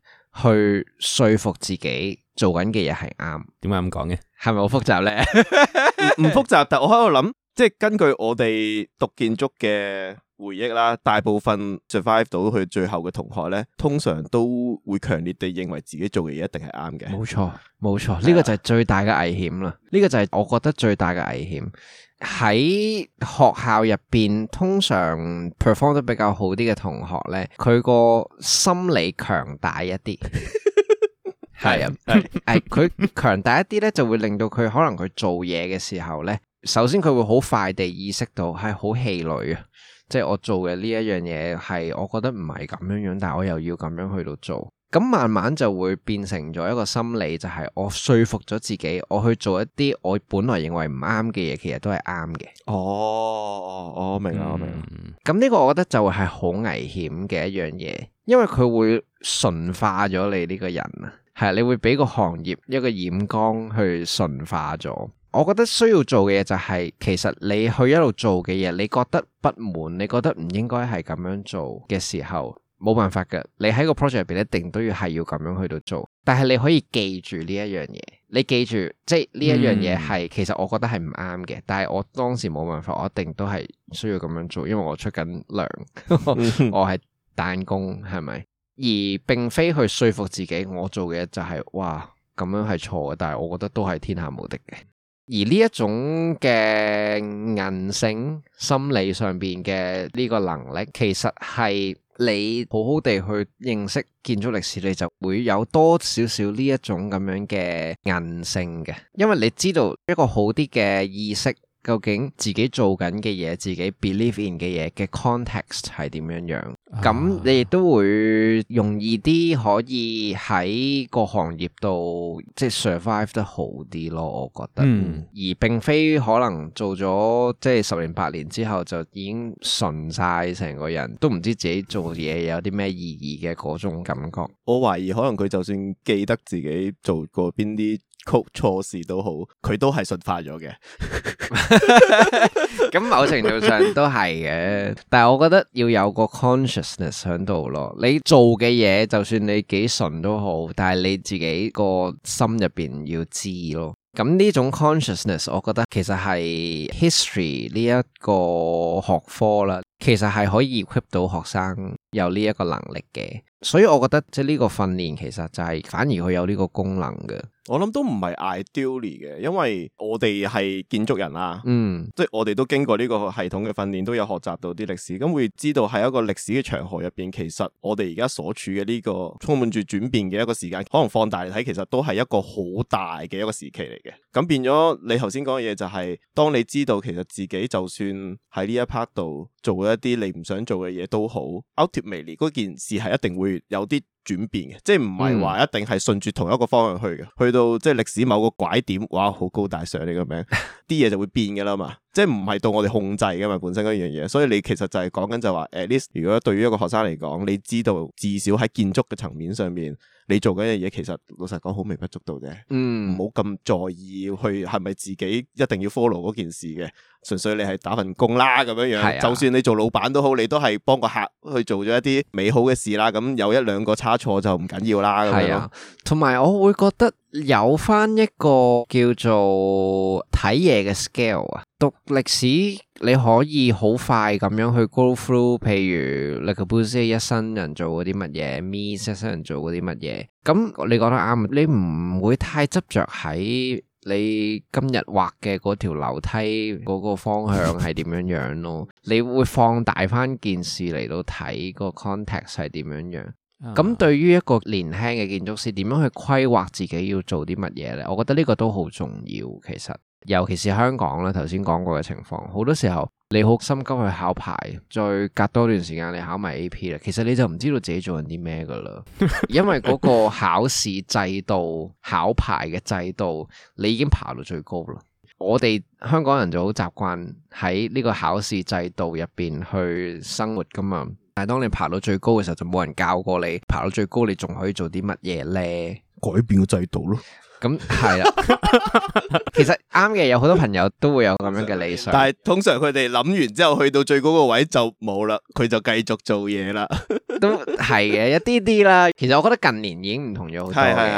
去說服自己做緊嘅嘢係啱。點解咁講嘅？係咪好複雜咧？唔 複雜，但我喺度諗，即係根據我哋讀建築嘅。回憶啦，大部分 survive 到佢最後嘅同學呢，通常都會強烈地認為自己做嘅嘢一定係啱嘅。冇錯，冇錯、嗯，呢個就係最大嘅危險啦。呢、嗯、個就係我覺得最大嘅危險喺學校入邊，通常 perform 得比較好啲嘅同學呢，佢個心理強大一啲，係 啊，係是，佢強、 哎、大一啲呢，就會令到佢可能佢做嘢嘅時候呢，首先佢會好快地意識到係好氣餒啊。即係我做嘅呢一樣嘢係，我覺得唔係咁樣樣，但係我又要咁樣去到做，咁慢慢就會變成咗一個心理，就係、是、我說服咗自己，我去做一啲我本來認為唔啱嘅嘢，其實都係啱嘅。哦，我明啦，我明啦。咁呢、嗯、個我覺得就係好危險嘅一樣嘢，因為佢會馴化咗你呢、這個人啊，係你會俾個行業一個染缸去馴化咗。我覺得需要做嘅嘢就係，其實你去一路做嘅嘢，你覺得不滿，你覺得唔應該係咁樣做嘅時候，冇辦法㗎。你喺個 project 入邊一定都要係要咁樣去到做，但係你可以記住呢一樣嘢，你記住即係呢一樣嘢係，其實我覺得係唔啱嘅。但係我當時冇辦法，我一定都係需要咁樣做，因為我出緊糧， 我係彈弓係咪？而並非去說服自己，我做嘅就係，哇咁樣係錯嘅，但係我覺得都係天下無敵嘅。而呢一種嘅韌性心理上面嘅呢個能力，其實係你好好地去認識建築歷史，你就會有多少少呢一種咁樣嘅韌性嘅，因為你知道一個好啲嘅意識，究竟自己做緊嘅嘢，自己 believe in 嘅嘢嘅 context 係點樣樣。咁你亦都會容易啲，可以喺個行業度即係 survive 得好啲咯。我覺得，嗯、而並非可能做咗即係十年八年之後就已經純晒成個人，都唔知自己做嘢有啲咩意義嘅嗰種感覺。我懷疑可能佢就算記得自己做過邊啲。做錯事都好，佢都係順化咗嘅。咁 某程度上都係嘅，但係我覺得要有個 consciousness 喺度咯。你做嘅嘢就算你幾純都好，但係你自己個心入邊要知咯。咁呢種 consciousness，我覺得其實係 history 呢一個學科啦，其實係可以 equip 到學生有呢一個能力嘅。所以我覺得即係呢個訓練其實就係反而佢有呢個功能嘅。我諗都唔係 ideal 嘅，因為我哋係建築人啊，嗯，即係我哋都經過呢個系統嘅訓練，都有學習到啲歷史，咁會知道喺一個歷史嘅長河入邊，其實我哋而家所處嘅呢個充滿住轉變嘅一個時間，可能放大嚟睇，其實都係一個好大嘅一個時期嚟嘅。咁變咗你頭先講嘅嘢，就係當你知道其實自己就算喺呢一 part 度做一啲你唔想做嘅嘢都好，out of m 嗰件事係一定會。有啲。轉變嘅，即係唔係話一定係順住同一個方向去嘅，嗯、去到即係歷史某個拐點，哇，好高大上你個名，啲嘢 就會變嘅啦嘛，即係唔係到我哋控制嘅嘛，本身嗰樣嘢，所以你其實就係講緊就話誒，如果對於一個學生嚟講，你知道至少喺建築嘅層面上面，你做緊樣嘢其實老實講好微不足道啫，嗯，唔好咁在意去係咪自己一定要 follow 嗰件事嘅，純粹你係打份工啦咁樣樣，是啊、就算你做老闆都好，你都係幫個客去做咗一啲美好嘅事啦，咁有一兩個差。錯就唔緊要啦，係啊的。同埋樣我會覺得有翻一個叫做睇嘢嘅 scale 啊。讀歷史你可以好快咁樣去 go through，譬如 Le Corbusier 一生人做嗰啲乜嘢，Mies 一生人做嗰啲乜嘢。咁你講得啱，你唔會太執着喺你今日畫嘅嗰條樓梯嗰個方向係點 樣樣咯。你會放大翻件事嚟到睇個 context 係點樣樣。咁對於一個年輕嘅建築師，點樣去規劃自己要做啲乜嘢呢？我覺得呢個都好重要。其實，尤其是香港咧，頭先講過嘅情況，好多時候你好心急去考牌，再隔多段時間你考埋 AP 啦，其實你就唔知道自己做緊啲咩噶啦。因為嗰個考試制度、 考牌嘅制度，你已經爬到最高啦。我哋香港人就好習慣喺呢個考試制度入邊去生活噶嘛。但係當你爬到最高嘅時候，就冇人教過你。爬到最高，你仲可以做啲乜嘢咧？改變個制度咯。咁係啦， 其實啱嘅有好多朋友都會有咁樣嘅理想， 但係通常佢哋諗完之後去到最高個位就冇啦，佢就繼續做嘢啦。 都係嘅，一啲啲啦。其實我覺得近年已經唔同咗好多嘅，係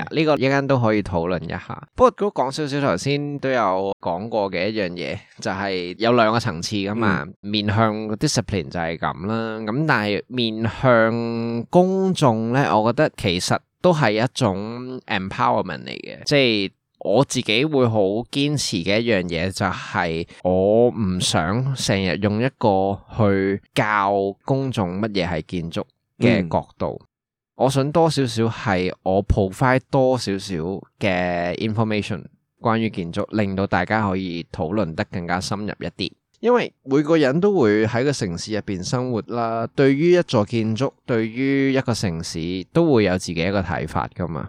啊， 呢 個一陣都可以討論一下。 不過如果講少少，頭先都有講過嘅一樣嘢，就係、是、有兩個層次噶嘛，嗯、面向 discipline 就係咁啦。咁但係面向公眾咧，我覺得其實。都係一種 empowerment 嚟嘅，即係我自己會好堅持嘅一樣嘢，就係我唔想成日用一個去教公眾乜嘢係建築嘅角度，嗯、我想多少少係我 provide 多少少嘅 information 關於建築，令到大家可以討論得更加深入一啲。因為每個人都會喺個城市入邊生活啦，對於一座建築，對於一個城市，都會有自己一個睇法噶嘛。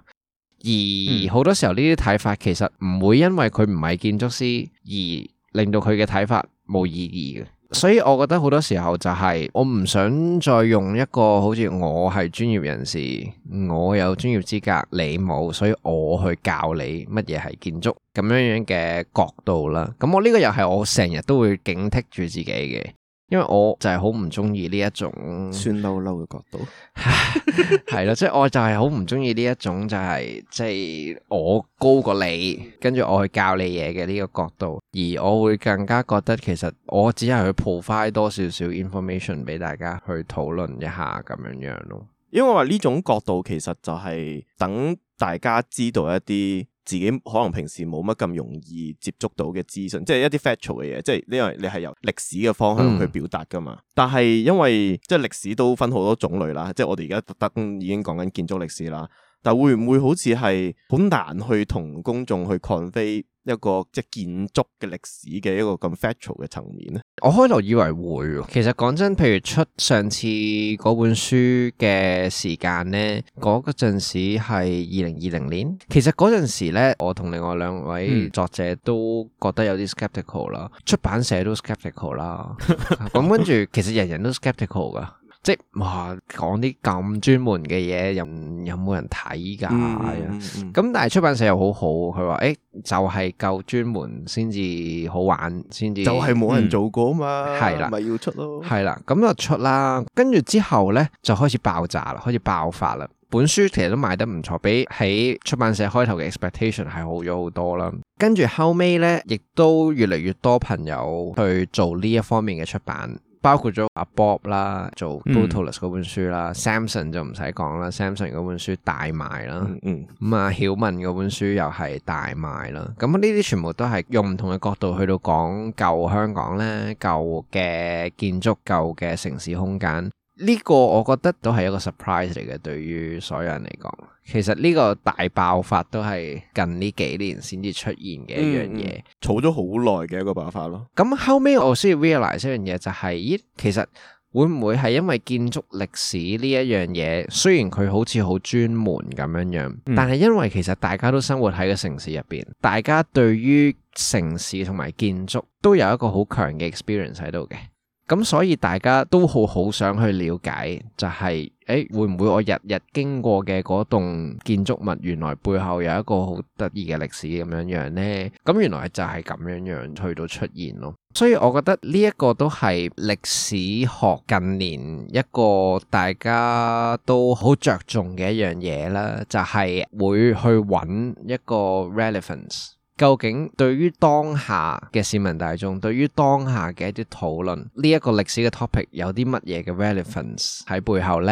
而好多時候呢啲睇法，其實唔會因為佢唔係建築師而令到佢嘅睇法冇意義嘅。所以我覺得好多時候就係我唔想再用一個好似我係專業人士，我有專業資格，你冇，所以我去教你乜嘢係建築咁樣樣嘅角度啦。咁、這個、我呢個又係我成日都會警惕住自己嘅。因為我就係好唔中意呢一種酸溜溜嘅角度，係 咯， 即係我就係好唔中意呢一種就係即係我高過你，跟住我去教你嘢嘅呢個角度，而我會更加覺得其實我只係去 provide 多，多少少 information 俾大家去討論一下咁樣樣咯。因為話呢種角度其實就係等大家知道一啲。自己可能平時冇乜咁容易接觸到嘅資訊，即係一啲 factual 嘅嘢，即係呢樣你係由歷史嘅方向去表達㗎嘛。嗯、但係因為即係歷史都分好多種類啦，即係我哋而家特登已經講緊建築歷史啦。但會唔會好似係好難去同公眾去 convey 一個即建築嘅歷史嘅一個咁 factual 嘅層面咧？我開頭以為會，其實講真，譬如出上次嗰本書嘅時間呢，嗰嗰陣時係二零二零年，其實嗰陣時咧，我同另外兩位作者都覺得有啲 skeptical 啦，出版社都 skeptical 啦， 咁跟住其實人人都 skeptical 噶。即係話講啲咁專門嘅嘢，又有冇人睇噶？咁、嗯嗯、但係出版社又好好，佢話誒，就係夠專門先至好玩，先至就係冇人做過啊嘛，係啦、嗯，咪要出咯，係啦，咁就出啦。跟住之後呢，就開始爆炸啦，開始爆發啦。本書其實都賣得唔錯，比喺出版社開頭嘅 expectation 係好咗好多啦。跟住後尾呢，亦都越嚟越多朋友去做呢一方面嘅出版。包括咗阿 Bob 啦，做 Brutalist 嗰本書啦、嗯、，Samson 就唔使講啦，Samson 嗰本書大賣啦，咁阿、嗯嗯、曉文嗰本書又係大賣啦，咁呢啲全部都係用唔同嘅角度去到講舊香港咧，舊嘅建築、舊嘅城市空間，呢、這個我覺得都係一個 surprise 嚟嘅，對於所有人嚟講。其實呢個大爆發都係近呢幾年先至出現嘅一樣嘢，儲咗好耐嘅一個爆發咯。咁後尾我需要 realize 一樣嘢就係，咦，其實會唔會係因為建築歷史呢一樣嘢，雖然佢好似好專門咁樣樣，嗯、但係因為其實大家都生活喺個城市入邊，大家對於城市同埋建築都有一個好強嘅 experience 喺度嘅，咁所以大家都好好想去了解，就係、是。誒會唔會我日日經過嘅嗰棟建築物，原來背後有一個好得意嘅歷史咁樣樣呢？咁原來就係咁樣樣去到出現咯。所以我覺得呢一個都係歷史學近年一個大家都好着重嘅一樣嘢啦，就係會去揾一個 relevance。究竟對於當下嘅市民大眾，對於當下嘅一啲討論，呢、這、一個歷史嘅 topic 有啲乜嘢嘅 relevance 喺背後呢？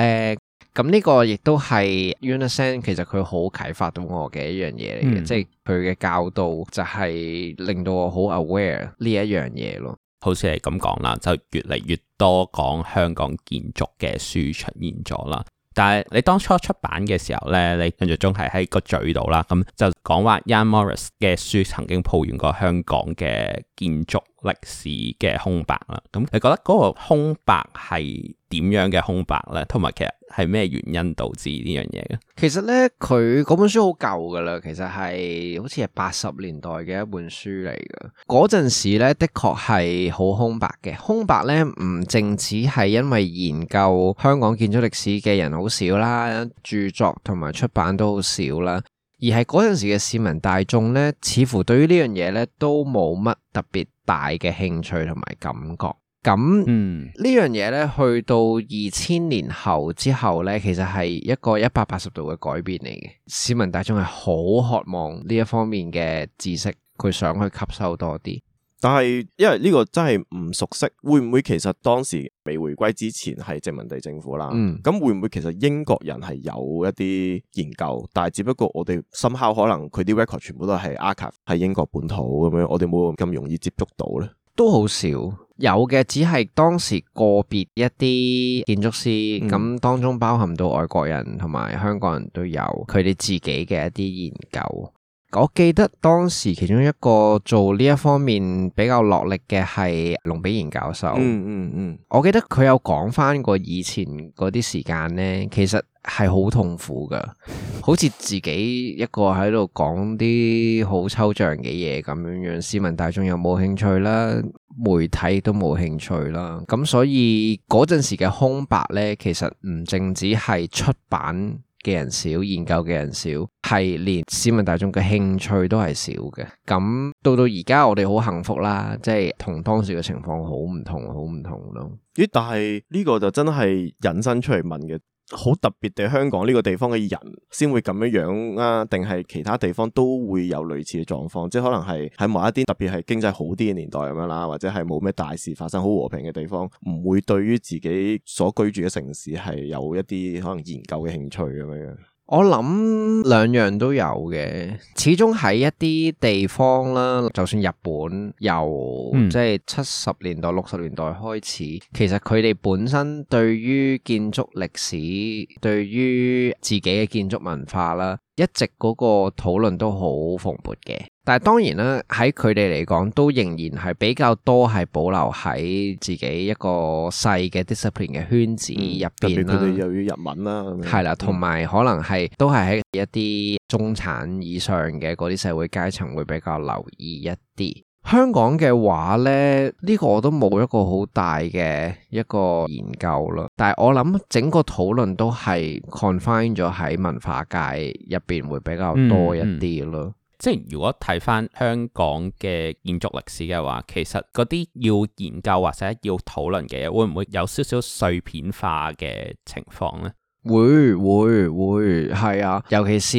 咁呢個亦都係 UNESCO 其實佢好啟發到我嘅一樣嘢嚟嘅，嗯、即係佢嘅教導就係令到我好 aware 呢一樣嘢咯。好似係咁講啦，就越嚟越多講香港建築嘅書出現咗啦。但係你當初出版嘅時候咧，你印象中係喺個嘴度啦，咁就講話 Jan Morris 嘅書曾經抱怨過香港嘅建築。歷史嘅空白啦，咁你覺得嗰個空白係點樣嘅空白呢？同埋，其實係咩原因導致呢樣嘢嘅？其實呢，佢嗰本書好舊噶啦，其實係好似係八十年代嘅一本書嚟嘅。嗰陣時呢，的確係好空白嘅，空白呢，唔淨止係因為研究香港建築歷史嘅人好少啦，著作同埋出版都好少啦，而係嗰陣時嘅市民大眾呢，似乎對於呢樣嘢呢都冇乜特別。大嘅興趣同埋感覺，咁、嗯、呢樣嘢咧，去到二千年後之後咧，其實係一個一百八十度嘅改變嚟嘅。市民大眾係好渴望呢一方面嘅知識，佢想去吸收多啲。但係，因為呢個真係唔熟悉，會唔會其實當時未回歸之前係殖民地政府啦？嗯、咁、會唔會其實英國人係有一啲研究？但係只不過我哋深究，可能佢啲 record 全部都係 archive 喺英國本土咁樣，我哋冇咁容易接觸到咧，都好少。有嘅只係當時個別一啲建築師，咁當中包含到外國人同埋香港人都有佢哋自己嘅一啲研究。我記得當時其中一個做呢一方面比較落力嘅係龍比賢教授嗯。嗯嗯嗯，我記得佢有講翻過以前嗰啲時間咧，其實係好痛苦噶，好似自己一個喺度講啲好抽象嘅嘢咁樣，樣市民大眾又冇興趣啦，媒體都冇興趣啦。咁所以嗰陣時嘅空白咧，其實唔淨止係出版嘅人少，研究嘅人少，係連市民大眾嘅興趣都係少嘅。咁到到而家，我哋好幸福啦，即係同當時嘅情況好唔同，好唔同咯。咦？但係呢個就真係引申出嚟問嘅。好特別嘅，香港呢個地方嘅人先會咁樣樣啊？定係其他地方都會有類似嘅狀況，即係可能係喺某一啲特別係經濟好啲嘅年代咁樣啦，或者係冇咩大事發生，好和平嘅地方，唔會對於自己所居住嘅城市係有一啲可能研究嘅興趣咁樣樣。我諗兩樣都有嘅，始終喺一啲地方啦，就算日本由即係七十年代六十年代開始，其實佢哋本身對於建築歷史、對於自己嘅建築文化啦，一直嗰個討論都好蓬勃嘅。但係當然啦，喺佢哋嚟講，都仍然係比較多係保留喺自己一個細嘅 discipline 嘅圈子入邊啦，佢哋又要日文啦，係啦、嗯，同埋可能係都係喺一啲中產以上嘅嗰啲社會階層會比較留意一啲。香港嘅話咧，呢、呢個我都冇一個好大嘅一個研究啦。但係我諗整個討論都係 confined 咗喺文化界入邊會比較多一啲咯。嗯嗯。即係如果睇翻香港嘅建築歷史嘅話，其實嗰啲要研究或者要討論嘅嘢，會唔會有少少碎片化嘅情況呢？會會會係啊！尤其是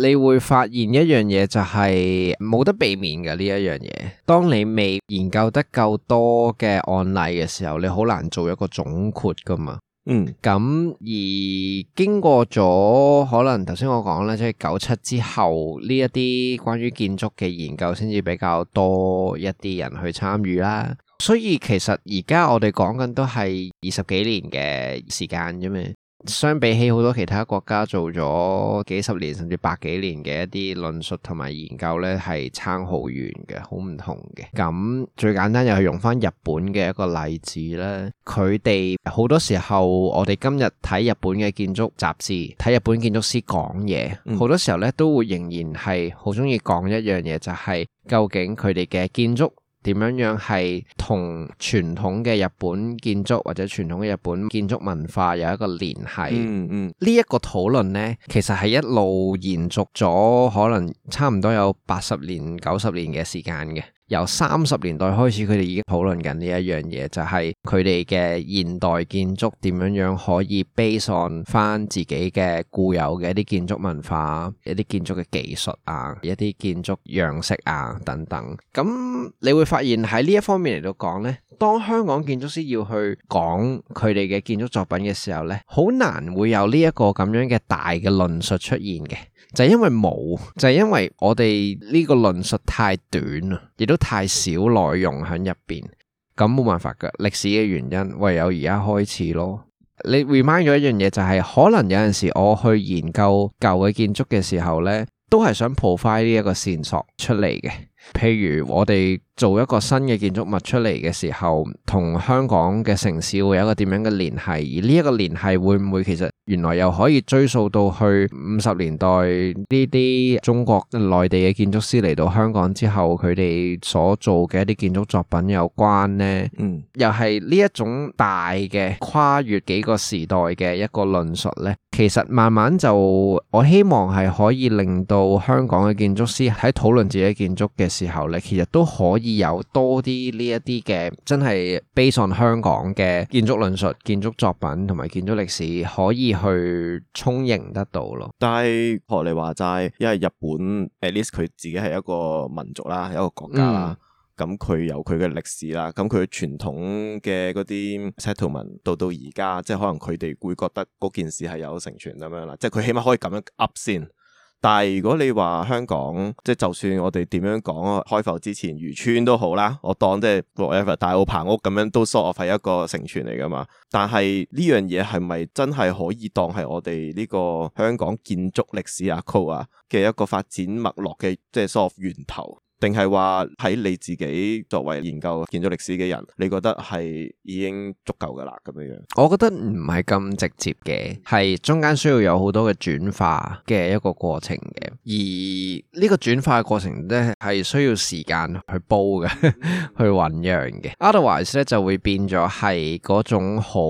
你會發現一樣嘢就係冇得避免嘅呢一樣嘢。當你未研究得夠多嘅案例嘅時候，你好難做一個總括噶嘛。嗯，咁而經過咗可能頭先我講啦，即係九七之後呢一啲關於建築嘅研究，先至比較多一啲人去參與啦。所以其實而家我哋講緊都係二十幾年嘅時間啫咩？相比起好多其他國家做咗幾十年甚至百幾年嘅一啲論述同埋研究咧，係差好遠嘅，好唔同嘅。咁最簡單又係用翻日本嘅一個例子咧，佢哋好多時候，我哋今日睇日本嘅建築雜誌，睇日本建築師講嘢，嗯，好多時候咧都會仍然係好中意講一樣嘢，就係究竟佢哋嘅建築。點樣樣係同傳統嘅日本建築或者傳統嘅日本建築文化有一個聯繫？嗯，嗯嗯，呢一個討論咧，其實係一路延續咗可能差唔多有八十年、九十年嘅時間嘅。由三十年代開始，佢哋已經討論緊呢一樣嘢，就係佢哋嘅現代建築點樣樣可以 based on 翻自己嘅固有嘅一啲建築文化、一啲建築嘅技術啊、一啲建築樣式啊等等。咁，你會發現喺呢一方面嚟到講呢，當香港建築師要去講佢哋嘅建築作品嘅時候呢，好難會有呢一個咁樣嘅大嘅論述出現嘅。就因為冇，就係因為我哋呢個論述太短啦，亦都太少內容喺入邊，咁冇辦法㗎。歷史嘅原因，唯有而家開始咯。你 remind 咗一樣嘢，就係可能有陣時我去研究舊嘅建築嘅時候咧，都係想 provide 呢一個線索出嚟嘅。譬如我哋做一個新嘅建築物出嚟嘅時候，同香港嘅城市會有一個點樣嘅聯繫？而呢一個聯繫會唔會其實原來又可以追溯到去五十年代呢啲中國內地嘅建築師嚟到香港之後，佢哋所做嘅一啲建築作品有關呢？嗯，又係呢一種大嘅跨越幾個時代嘅一個論述咧。其實慢慢就我希望係可以令到香港嘅建築師喺討論自己建築嘅時候咧，其實都可以有多啲呢一啲嘅真係 based on 香港嘅建築論述、建築作品同埋建築歷史，可以去充盈得到咯。但係學你話齋，因為日本 at least 佢自己係一個民族啦，係一個國家啦。嗯咁佢有佢嘅歷史啦，咁佢傳統嘅嗰啲 settlement 到到而家，即係可能佢哋會覺得嗰件事係有承傳咁樣啦，即係佢起碼可以咁樣噏先。但係如果你話香港，即係就算我哋點樣講開埠之前漁村都好啦，我當即係 whatever，大澳棚屋咁樣都 sort of 係一個承傳嚟㗎嘛。但係呢樣嘢係咪真係可以當係我哋呢個香港建築歷史啊、構啊嘅一個發展脈絡嘅即係 sort of 源頭？定係話，喺你自己作為研究建築歷史嘅人，你覺得係已經足夠嘅啦咁樣樣？我覺得唔係咁直接嘅，係中間需要有好多嘅轉化嘅一個過程嘅。而呢個轉化嘅過程咧，係需要時間去煲嘅， 去醞釀嘅。Otherwise 咧，就會變咗係種好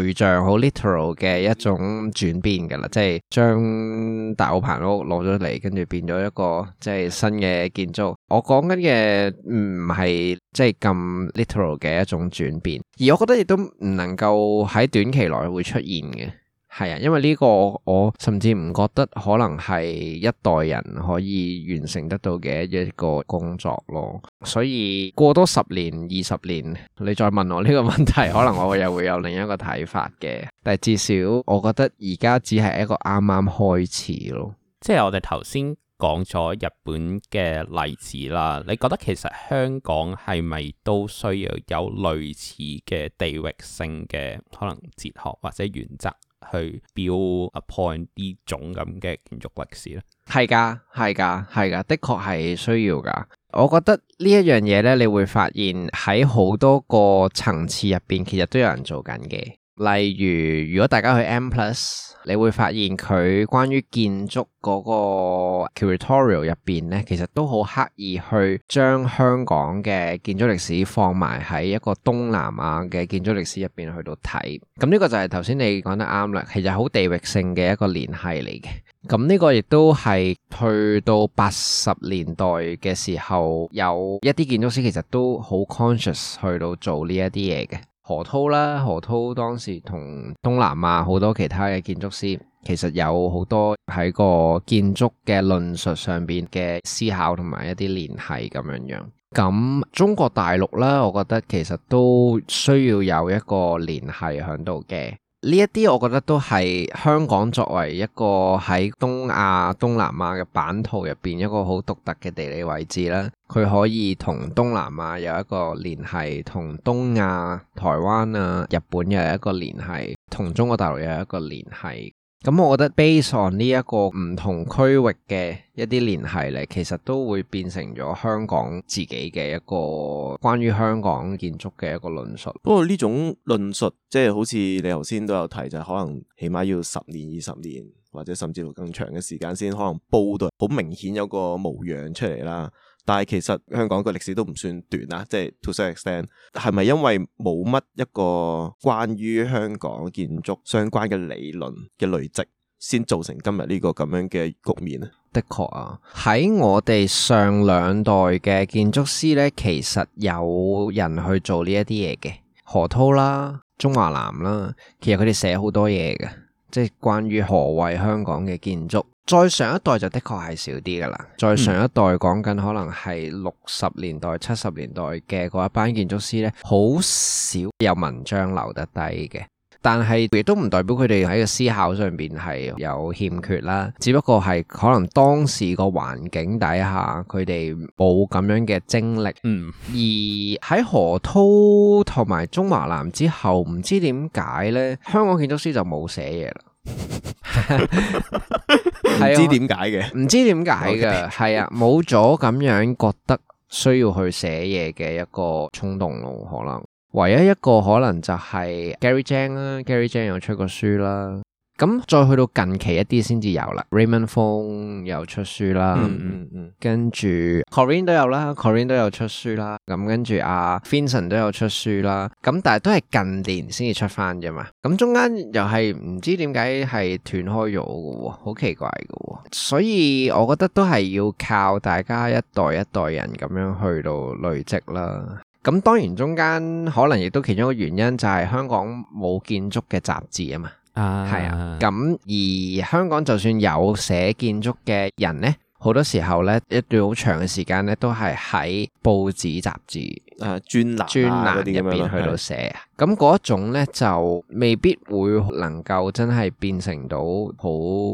具象、好 literal 嘅一種轉變㗎啦，即係將大澳棚屋攞咗嚟，跟住變咗一個即係新嘅建築。我講緊嘅唔係即係咁 literal 嘅一種轉變，而我覺得亦都唔能夠喺短期內會出現嘅，係啊，因為呢個我甚至唔覺得可能係一代人可以完成得到嘅一個工作咯。所以過多十年、二十年，你再問我呢個問題，可能我又會有另一個睇法嘅。但係至少我覺得而家只係一個啱啱開始咯，即係我哋頭先。講咗日本嘅例子啦，你覺得其實香港係咪都需要有類似嘅地域性嘅可能哲學或者原則去 pinpoint 呢種咁嘅建築歷史咧？係噶，係噶，係噶，的確係需要噶。我覺得呢一樣嘢咧，你會發現喺好多個層次入邊，其實都有人做緊嘅。例如，如果大家去 M Plus，你會發現佢關於建築嗰個 curatorial 入邊咧，其實都好刻意去將香港嘅建築歷史放埋喺一個東南亞嘅建築歷史入邊去到睇。咁呢個就係頭先你講得啱啦，其實好地域性嘅一個聯繫嚟嘅。咁呢個亦都係去到八十年代嘅時候，有一啲建築師其實都好 conscious 去到做呢一啲嘢嘅。何濤啦，何濤當時同東南亞好多其他嘅建築師，其實有好多喺個建築嘅論述上面嘅思考同埋一啲聯繫咁樣樣。咁中國大陸呢，我覺得其實都需要有一個聯繫喺度嘅。呢一啲，我覺得都係香港作為一個喺東亞、東南亞嘅版圖入邊一個好獨特嘅地理位置啦。佢可以同東南亞有一個聯繫，同東亞、台灣啊、日本又有一個聯繫，同中國大陸又有一個聯繫。咁我覺得 based on 呢一個唔同區域嘅一啲聯繫咧，其實都會變成咗香港自己嘅一個關於香港建築嘅一個論述。不過呢種論述，即係好似你頭先都有提，就係可能起碼要十年、二十年，或者甚至乎更長嘅時間，先可能煲到好明顯有個模樣出嚟啦。但係其實香港個歷史都唔算短啦，即係 to certain extent 係咪因為冇乜一個關於香港建築相關嘅理論嘅累積，先造成今日呢個咁樣嘅局面咧？的確啊，喺我哋上兩代嘅建築師咧，其實有人去做呢一啲嘢嘅，何弢啦、鍾華楠啦，其實佢哋寫好多嘢嘅。即係關於何謂香港嘅建築，再上一代就的確係少啲㗎喇，再上一代講緊可能係六十年代、七十年代嘅嗰一班建築師咧，好少有文章留得低嘅。但係亦都唔代表佢哋喺個思考上邊係有欠缺啦，只不過係可能當時個環境底下，佢哋冇咁樣嘅精力。嗯，而喺何弢同埋鍾華楠之後，唔知點解呢，香港建築師就冇寫嘢啦。唔知點解嘅，唔知點解噶，係啊，冇咗咁樣覺得需要去寫嘢嘅一個衝動咯，可能。唯一一個可能就係 Gary Jang 啦，Gary Jang 又出過書啦，咁再去到近期一啲先至有啦，Raymond Fong 又出書啦，嗯嗯、跟住 Corinne 都有啦，Corinne 都有出書啦，咁跟住阿 Vincent 都有出書啦，咁但係都係近年先至出翻啫嘛，咁中間又係唔知點解係斷開咗嘅喎，好奇怪嘅喎，所以我覺得都係要靠大家一代一代人咁樣去到累積啦。咁當然中間可能亦都其中一個原因就係香港冇建築嘅雜誌嘛啊嘛，係啊。咁而香港就算有寫建築嘅人呢？好多時候咧，一段好長嘅時間咧，都係喺報紙雜誌啊專欄啊專欄入邊去到寫，咁嗰的、嗯、一種咧就未必會能夠真係變成到好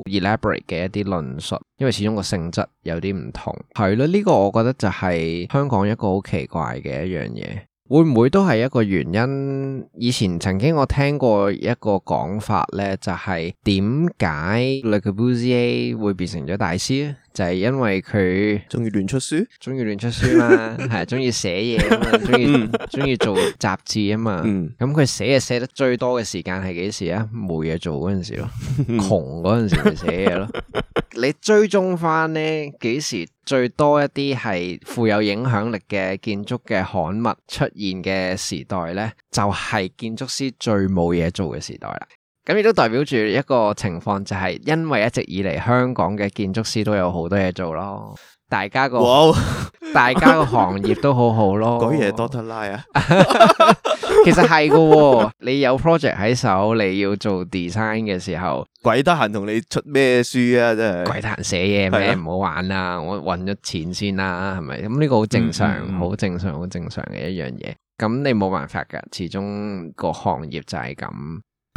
elaborate 嘅一啲論述，因為始終個性質有啲唔同。係咯，呢、呢個我覺得就係香港一個好奇怪嘅一樣嘢，會唔會都係一個原因？以前曾經我聽過一個講法咧，就係、係、點解 Le Corbusier 會變成咗大師咧？就係因為佢中意亂出書，中意亂出書嘛，係中意寫嘢啊嘛，中意中意做雜誌啊嘛。咁佢寫嘢寫得最多嘅時間係幾時啊？冇嘢做嗰陣時咯，窮嗰陣時咪寫嘢咯。你追蹤翻呢幾時最多一啲係富有影響力嘅建築嘅刊物出現嘅時代咧？就係建築師最冇嘢做嘅時代啦。咁亦都代表住一個情況，就係因為一直以嚟香港嘅建築師都有好多嘢做咯，大家個大家個行業都好好咯，鬼嘢多得啦啊！其實係噶，你有 project 喺手，你要做 design 嘅時候，鬼得閒同你出咩書啊？真係鬼得閒寫嘢咩？唔好玩啦，我揾咗錢先啦，係咪？咁呢個好正常，好正常，好正常嘅一樣嘢。咁你冇辦法噶，始終個行業就係咁。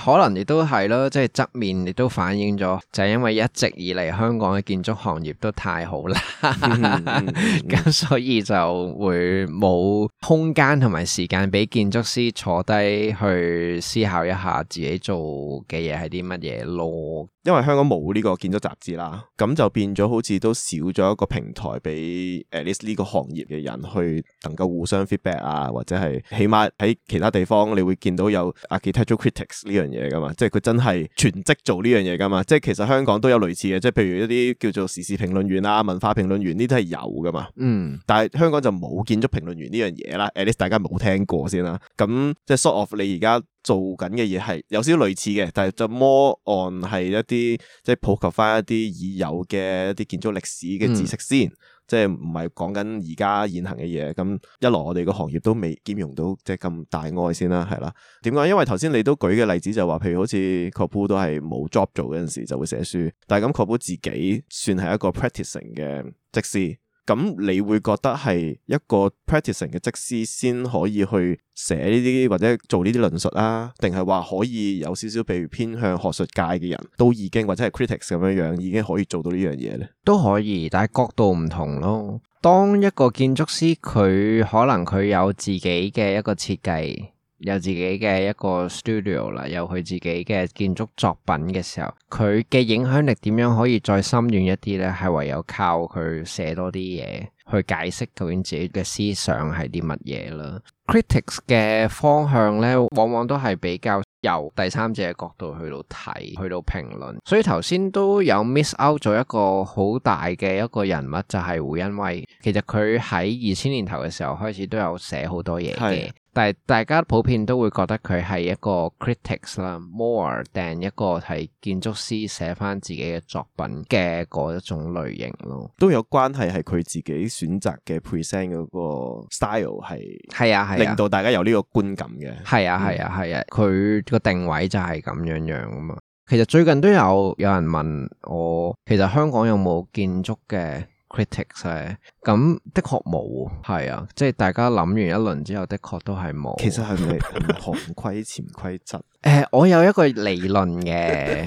可能亦都係咯，即係側面亦都反映咗，就係因為一直以嚟香港嘅建築行業都太好啦，咁所以就會冇空間同埋時間俾建築師坐低去思考一下自己做嘅嘢係啲乜嘢咯。因為香港冇呢個建築雜誌啦，咁就變咗好似都少咗一個平台俾 at least 呢個行業嘅人去能夠互相 feedback 啊，或者係起碼喺其他地方你會見到有 architectural critics 呢樣嘢噶嘛，即係佢真係全職做呢樣嘢噶嘛，即係其實香港都有類似嘅，即係譬如一啲叫做時事評論員啊、文化評論員呢啲係有噶嘛，嗯，但係香港就冇建築評論員呢樣嘢啦，at least 大家冇聽過先啦，咁即係 sort of 你而家。做緊嘅嘢係有少少類似嘅，但係就 more on 係一啲即係普及翻一啲已有嘅一啲建築歷史嘅知識先，嗯、即係唔係講緊而家現行嘅嘢。咁一來我哋個行業都未兼容到即係咁大愛先啦，係啦。點講？因為頭先你都舉嘅例子就話，譬如好似柯布都係冇 job 做嗰陣時就會寫書，但係咁柯布自己算係一個 practising 嘅則師。咁你會覺得係一個 practicing 嘅職師先可以去寫呢啲或者做呢啲論述啊？定係話可以有少少譬如偏向學術界嘅人都已經或者係 critics 咁樣樣已經可以做到呢樣嘢咧？都可以，但係角度唔同咯。當一個建築師，佢可能佢有自己嘅一個設計。有自己嘅一個 studio 啦，有佢自己嘅建築作品嘅時候，佢嘅影響力點樣可以再深遠一啲咧？係唯有靠佢寫多啲嘢去解釋，究竟自己嘅思想係啲乜嘢啦。Critics 嘅方向咧，往往都係比較。由第三者嘅角度去到睇，去到評論，所以頭先都有 miss out 咗一個好大嘅一個人物，就係胡恩威。其實佢喺二千年頭嘅時候開始都有寫好多嘢嘅，的但係大家普遍都會覺得佢係一個 critics 啦的，more than 一個係建築師寫翻自己嘅作品嘅嗰一種類型咯，都有關係係佢自己選擇嘅 present 嗰個 style 係，係啊，係令到大家有呢個觀感嘅，係啊，係啊，係啊，佢。個定位就係咁樣樣啊嘛，其實最近都有有人問我，其實香港有冇建築嘅 critics 咧，啊？咁的確冇，係啊，即係大家諗完一輪之後，的確都係冇。其實係咪行規潛規則？誒、 呃，我有一個理論嘅，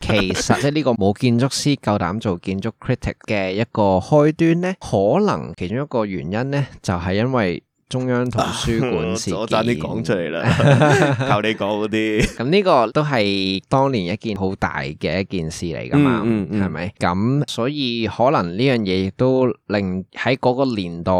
其實即係呢個冇建築師夠膽做建築 critic 嘅一個開端咧，可能其中一個原因咧，就係、是、因為。中央圖書館先，我阻你講出嚟啦，靠你講嗰啲。咁呢個都係當年一件好大嘅一件事嚟噶嘛，係咪？咁所以可能呢樣嘢亦都令喺嗰個年代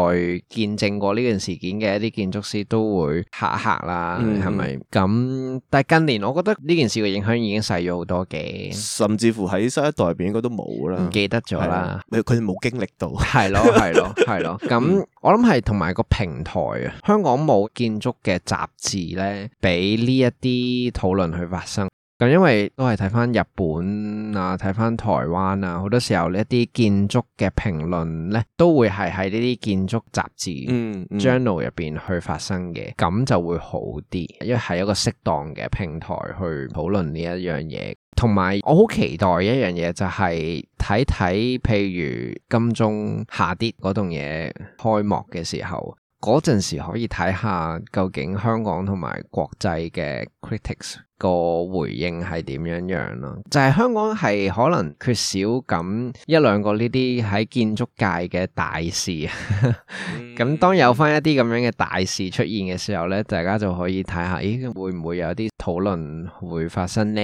見證過呢件事件嘅一啲建築師都會吓吓啦，係咪？咁但係近年，我覺得呢件事嘅影響已經細咗好多嘅，甚至乎喺新一代入邊應該都冇啦，唔記得咗啦。佢哋冇經歷到，係咯，係咯，係咯。咁我諗係同埋個平台。香港冇建築嘅雜誌呢，俾呢一啲討論去發生。咁因為都係睇翻日本啊，睇翻台灣啊，好多時候一呢一啲建築嘅評論呢，都會係喺呢啲建築雜誌嗯、嗯 journal 入邊去發生嘅，咁就會好啲，因為係一個適當嘅平台去討論呢一樣嘢。同埋我好期待一樣嘢，就是，就係睇睇譬如金鐘下跌嗰棟嘢開幕嘅時候。嗰陣時可以睇下究竟香港同埋國際嘅 critics 個回應係點樣樣咯？就係香港係可能缺少咁一兩個呢啲喺建築界嘅大事，嗯。咁 當有翻一啲咁樣嘅大事出現嘅時候呢，大家就可以睇下，咦，會唔會有啲討論會發生呢？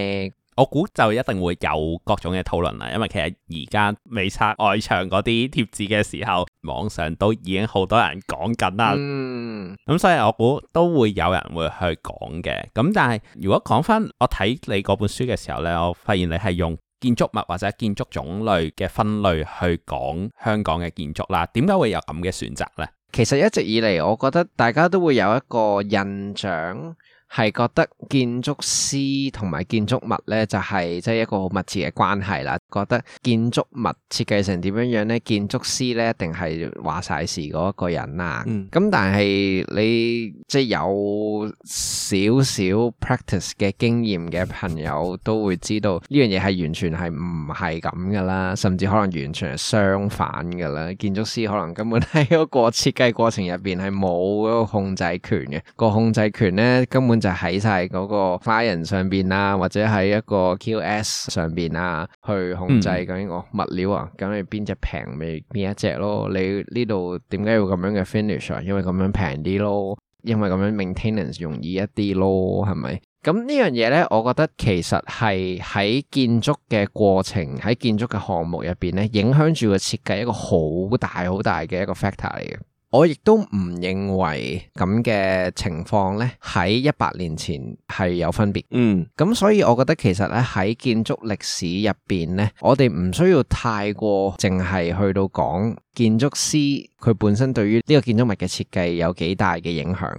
我估就一定會有各種嘅討論啦，因為其實而家未拆外牆嗰啲貼紙嘅時候。網上都已經好多人講緊啦，嗯，咁所以我估都會有人會去講嘅。咁但係如果講翻我睇你嗰本書嘅時候呢，我發現你係用建築物或者建築種類嘅分類去講香港嘅建築啦。點解會有咁嘅選擇呢？其實一直以嚟，我覺得大家都會有一個印象。係覺得建築師同埋建築物咧，就係即係一個好密切嘅關係啦。覺得建築物設計成點樣樣咧，建築師咧，一定係話晒事嗰個人啊。咁、嗯、但係你即係有少少 practice 嘅經驗嘅朋友，都會知道呢樣嘢係完全係唔係咁噶啦，甚至可能完全係相反噶啦。建築師可能根本喺嗰個設計過程入邊係冇嗰個控制權嘅，個控制權咧根本。就喺晒嗰個 fire 人上邊啊，或者喺一個 QS 上邊啊，去控制緊個物料啊，咁你邊隻平咪邊一隻咯。你呢度點解要咁樣嘅 finish 啊？因為咁樣平啲咯，因為咁樣 maintenance 容易一啲咯，係咪？咁呢樣嘢咧，我覺得其實係喺建築嘅過程，喺建築嘅項目入邊咧，影響住個設計一個好大好大嘅一個 factor 嚟嘅。我亦都唔認為咁嘅情況呢喺一百年前係有分別，嗯，咁所以我覺得其實呢喺建築歷史入邊呢，我哋唔需要太過淨係去到講建築師佢本身對於呢個建築物嘅設計有幾大嘅影響，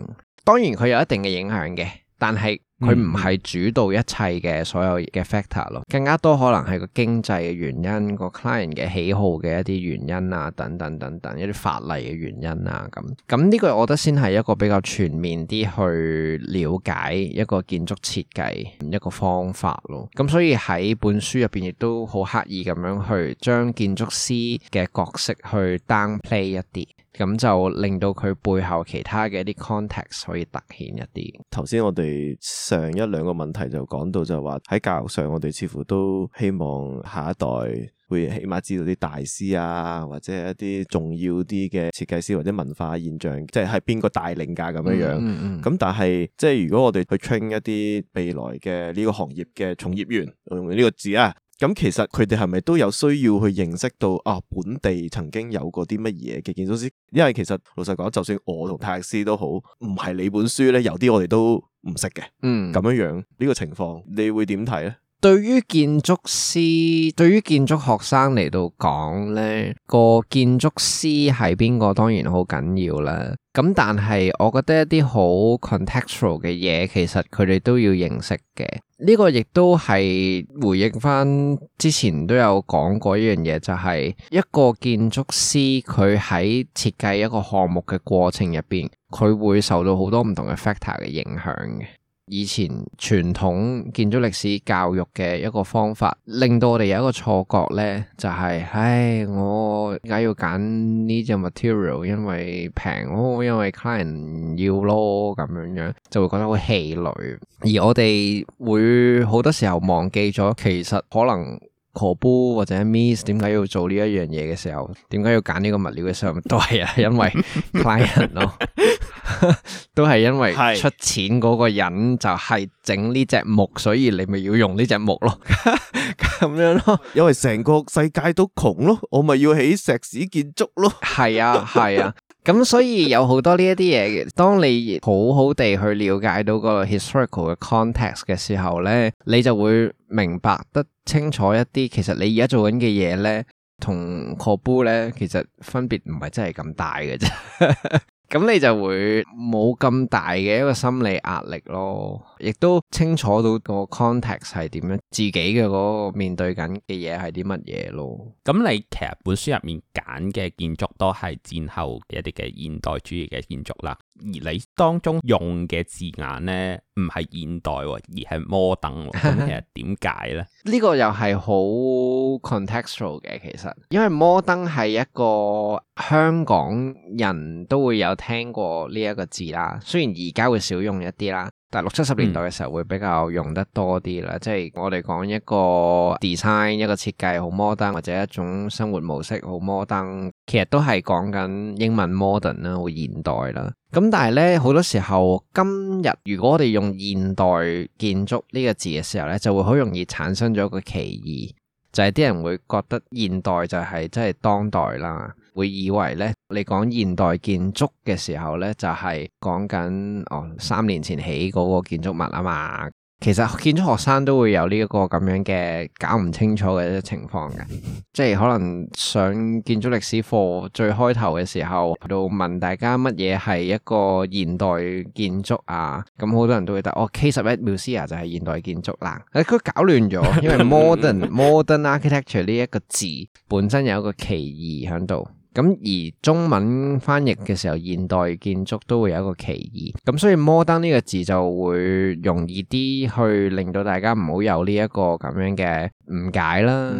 當然佢有一定嘅影響嘅，但係。佢唔係主導一切嘅所有嘅 factor 咯，更加多可能係個經濟嘅原因、個 client 嘅喜好嘅一啲原因啊，等等等等，一啲法例嘅原因啊，咁咁呢個我覺得先係一個比較全面啲去了解一個建築設計一個方法咯。咁所以喺本書入邊亦都好刻意咁樣去將建築師嘅角色去 downplay 一啲。咁就令到佢背後其他嘅一啲 context 可以凸顯一啲。頭先我哋上一兩個問題就講到就係話喺教育上，我哋似乎都希望下一代會起碼知道啲大師啊，或者一啲重要啲嘅設計師或者文化現象係係、嗯，即係喺邊個帶領㗎咁樣樣。咁但係即係如果我哋去 train 一啲未來嘅呢個行業嘅從業員，用呢個字啊。咁其實佢哋係咪都有需要去認識到啊本地曾經有過啲乜嘢嘅建築師？因為其實老實講，就算我同泰勒斯都好，唔係你本書咧，有啲我哋都唔識嘅。嗯，咁樣樣呢個情況你會點睇咧？對於建築師，對於建築學生嚟到講，呢個建築師係邊個，當然好緊要啦。咁但係，我覺得一啲好 contextual 嘅嘢，其實佢哋都要認識嘅。呢個亦都係回應翻之前都有講過一樣嘢，就係一個建築師佢喺設計一個項目嘅過程入邊，佢會受到好多唔同嘅 factor 嘅影響嘅。以前傳統建築歷史教育嘅一個方法，令到我哋有一個錯覺咧，就係、是、唉，我點解要揀呢隻 material？因為平咯，因為 client 要咯，咁樣樣就會覺得好氣餒。而我哋會好多時候忘記咗，其實可能。可布或者 miss 點解要做呢一樣嘢嘅時候，點解要揀呢個物料嘅時候，都係因為 client 咯， 都係因為出錢嗰個人就係整呢隻木，所以你咪要用呢隻木咯，咁 樣咯吧。因為成個世界都窮咯，我咪要起石屎建築咯。係 啊，係啊。咁所以有好多呢一啲嘢，當你好好地去了解到個 historical 嘅 context 嘅時候呢，你就會明白得清楚一啲。其實你而家做緊嘅嘢呢，同 Corb 咧，其實分別唔係真係咁大嘅啫。咁你就會冇咁大嘅一個心理壓力咯，亦都清楚到個 context 係點樣，自己嘅嗰個面對緊嘅嘢係啲乜嘢咯。咁你其實本書入面揀嘅建築都係戰後嘅一啲嘅現代主義嘅建築啦。而你當中用嘅字眼咧，唔係現代，而係摩登。其實點解咧？呢 個又係好 contextual 嘅，其實，因為摩登 d 係一個香港人都會有聽過呢一個字啦。雖然而家會少用一啲啦，但係六七十年代嘅時候會比較用得多啲啦。嗯、即係我哋講一個 design 一個設計好摩登，或者一種生活模式好摩登，其實都係講緊英文 modern 啦，好現代啦。咁但係咧，好多時候，今日如果我哋用現代建築呢個字嘅時候咧，就會好容易產生咗一個歧義，就係啲人會覺得現代就係即係當代啦，會以為咧，你講現代建築嘅時候咧，就係講緊哦三年前起嗰個建築物啊嘛。其實建築學生都會有呢一個咁樣嘅搞唔清楚嘅情況嘅，即係可能上建築歷史課最開頭嘅時候，度問大家乜嘢係一個現代建築啊？咁好多人都會答哦，K11 Musea 就係現代建築啦。誒，佢搞亂咗，因為 modern modern architecture 呢一個字本身有一個歧義喺度。咁而中文翻譯嘅時候，現代建築都會有一個歧義，咁所以摩登呢個字就會容易啲去令到大家唔好有呢一個咁樣嘅誤解啦。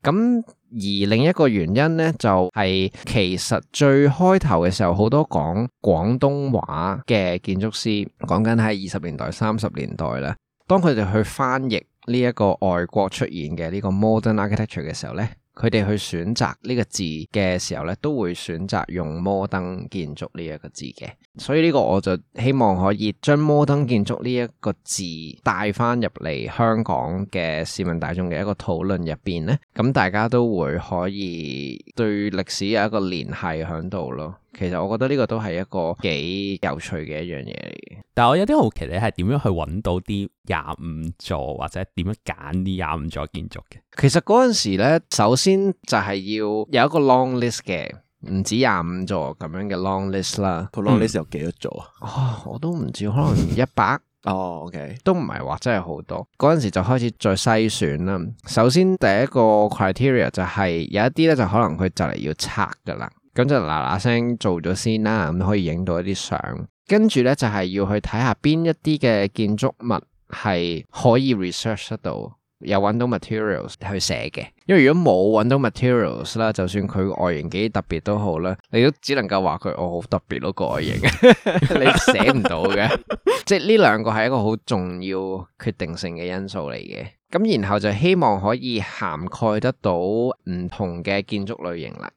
咁、嗯、而另一個原因呢，就係、是、其實最開頭嘅時候，好多講廣東話嘅建築師講緊喺二十年代、三十年代啦，當佢哋去翻譯呢一個外國出現嘅呢個 modern architecture 嘅時候呢。佢哋去選擇呢個字嘅時候咧，都會選擇用摩登建築呢一個字嘅，所以呢個我就希望可以將摩登建築呢一個字帶翻入嚟香港嘅市民大眾嘅一個討論入邊咧，咁大家都會可以對歷史有一個聯繫喺度咯。其實我覺得呢個都係一個幾有趣嘅一樣嘢嚟嘅。但係我有啲好奇，你係點樣去揾到啲廿五座或者點樣揀啲廿五座建築嘅？其實嗰陣時呢，首先就係要有一個 long list 嘅，唔止廿五座咁樣嘅 long list 啦。個 long list 有幾多座啊？我都唔知，可能一百。哦，OK，都唔係話真係好多。嗰陣時就開始再篩選啦。首先第一個 criteria 就係有一啲呢，就可能佢就嚟要拆噶啦。咁就嗱嗱聲做咗先啦，咁可以影到一啲相。跟住咧就係要去睇下邊一啲嘅建築物係可以 research 得到，又揾到 materials 去寫嘅。因為如果冇揾到 materials 啦，就算佢外形幾特別都好啦，你都只能夠話佢我好特別咯個外形， 你寫唔到嘅。 即係呢兩個係一個好重要決定性嘅因素嚟嘅。咁然後就希望可以涵蓋得到唔同嘅建築類型啦。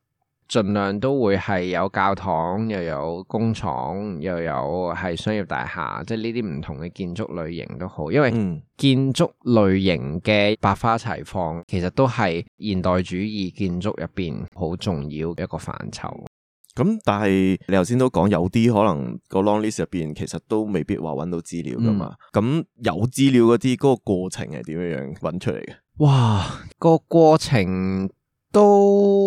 儘量都會係有教堂，又有工廠，又有係商業大廈，即係呢啲唔同嘅建築類型都好，因為建築類型嘅百花齊放，其實都係現代主義建築入邊好重要嘅一個範疇。咁但係你頭先都講有啲可能個 long list 入邊，其實都未必話揾到資料噶嘛。咁、嗯、有資料嗰啲，嗰個過程係點樣樣揾出嚟嘅？哇，個過程都～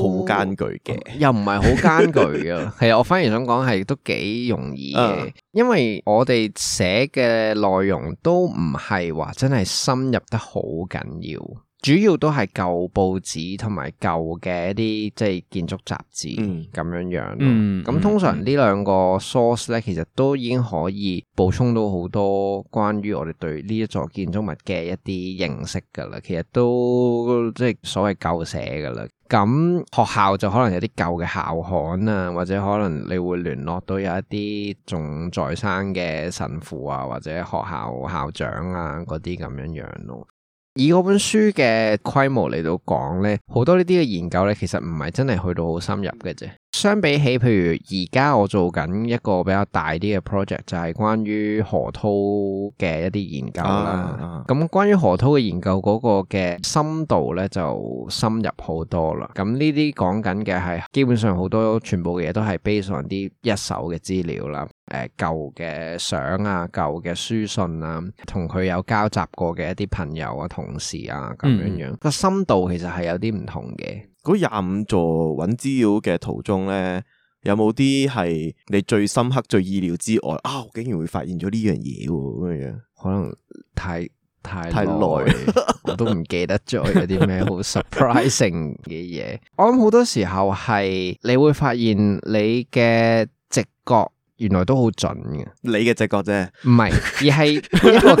好艱巨嘅，又唔係好艱巨噶。係啊，我反而想講係都幾容易嘅，uh. 因為我哋寫嘅內容都唔係話真係深入得好緊要。主要都係舊報紙同埋舊嘅一啲即係建築雜誌咁、嗯、樣樣咯。咁、嗯、通常呢兩個 source 咧，其實都已經可以補充到好多關於我哋對呢一座建築物嘅一啲認識噶啦。其實都即係所謂舊寫噶啦。咁學校就可能有啲舊嘅校刊啊，或者可能你會聯絡到有一啲仲在生嘅神父啊，或者學校校長啊嗰啲咁樣樣咯。以嗰本書嘅規模嚟到講咧，好多呢啲嘅研究咧，其實唔係真係去到好深入嘅啫。相比起，譬如而家我做緊一個比較大啲嘅 project，就係、是、關於何濤嘅一啲研究啦。咁、啊、關於何濤嘅研究嗰個嘅深度咧，就深入好多啦。咁呢啲講緊嘅係基本上好多全部嘅嘢都係 based on 啲一手嘅資料啦。誒，舊嘅相啊，舊嘅書信啊，同佢有交集過嘅一啲朋友啊、同事啊咁樣樣。個、嗯、深度其實係有啲唔同嘅。嗰廿五座揾資料嘅途中咧，有冇啲係你最深刻、最意料之外啊？我竟然會發現咗、啊、呢樣嘢，咁樣可能太太太耐，我都唔記得咗有啲咩好 surprising 嘅嘢。 我諗好多時候係你會發現你嘅直覺原來都好準嘅，你嘅直覺啫，唔係而係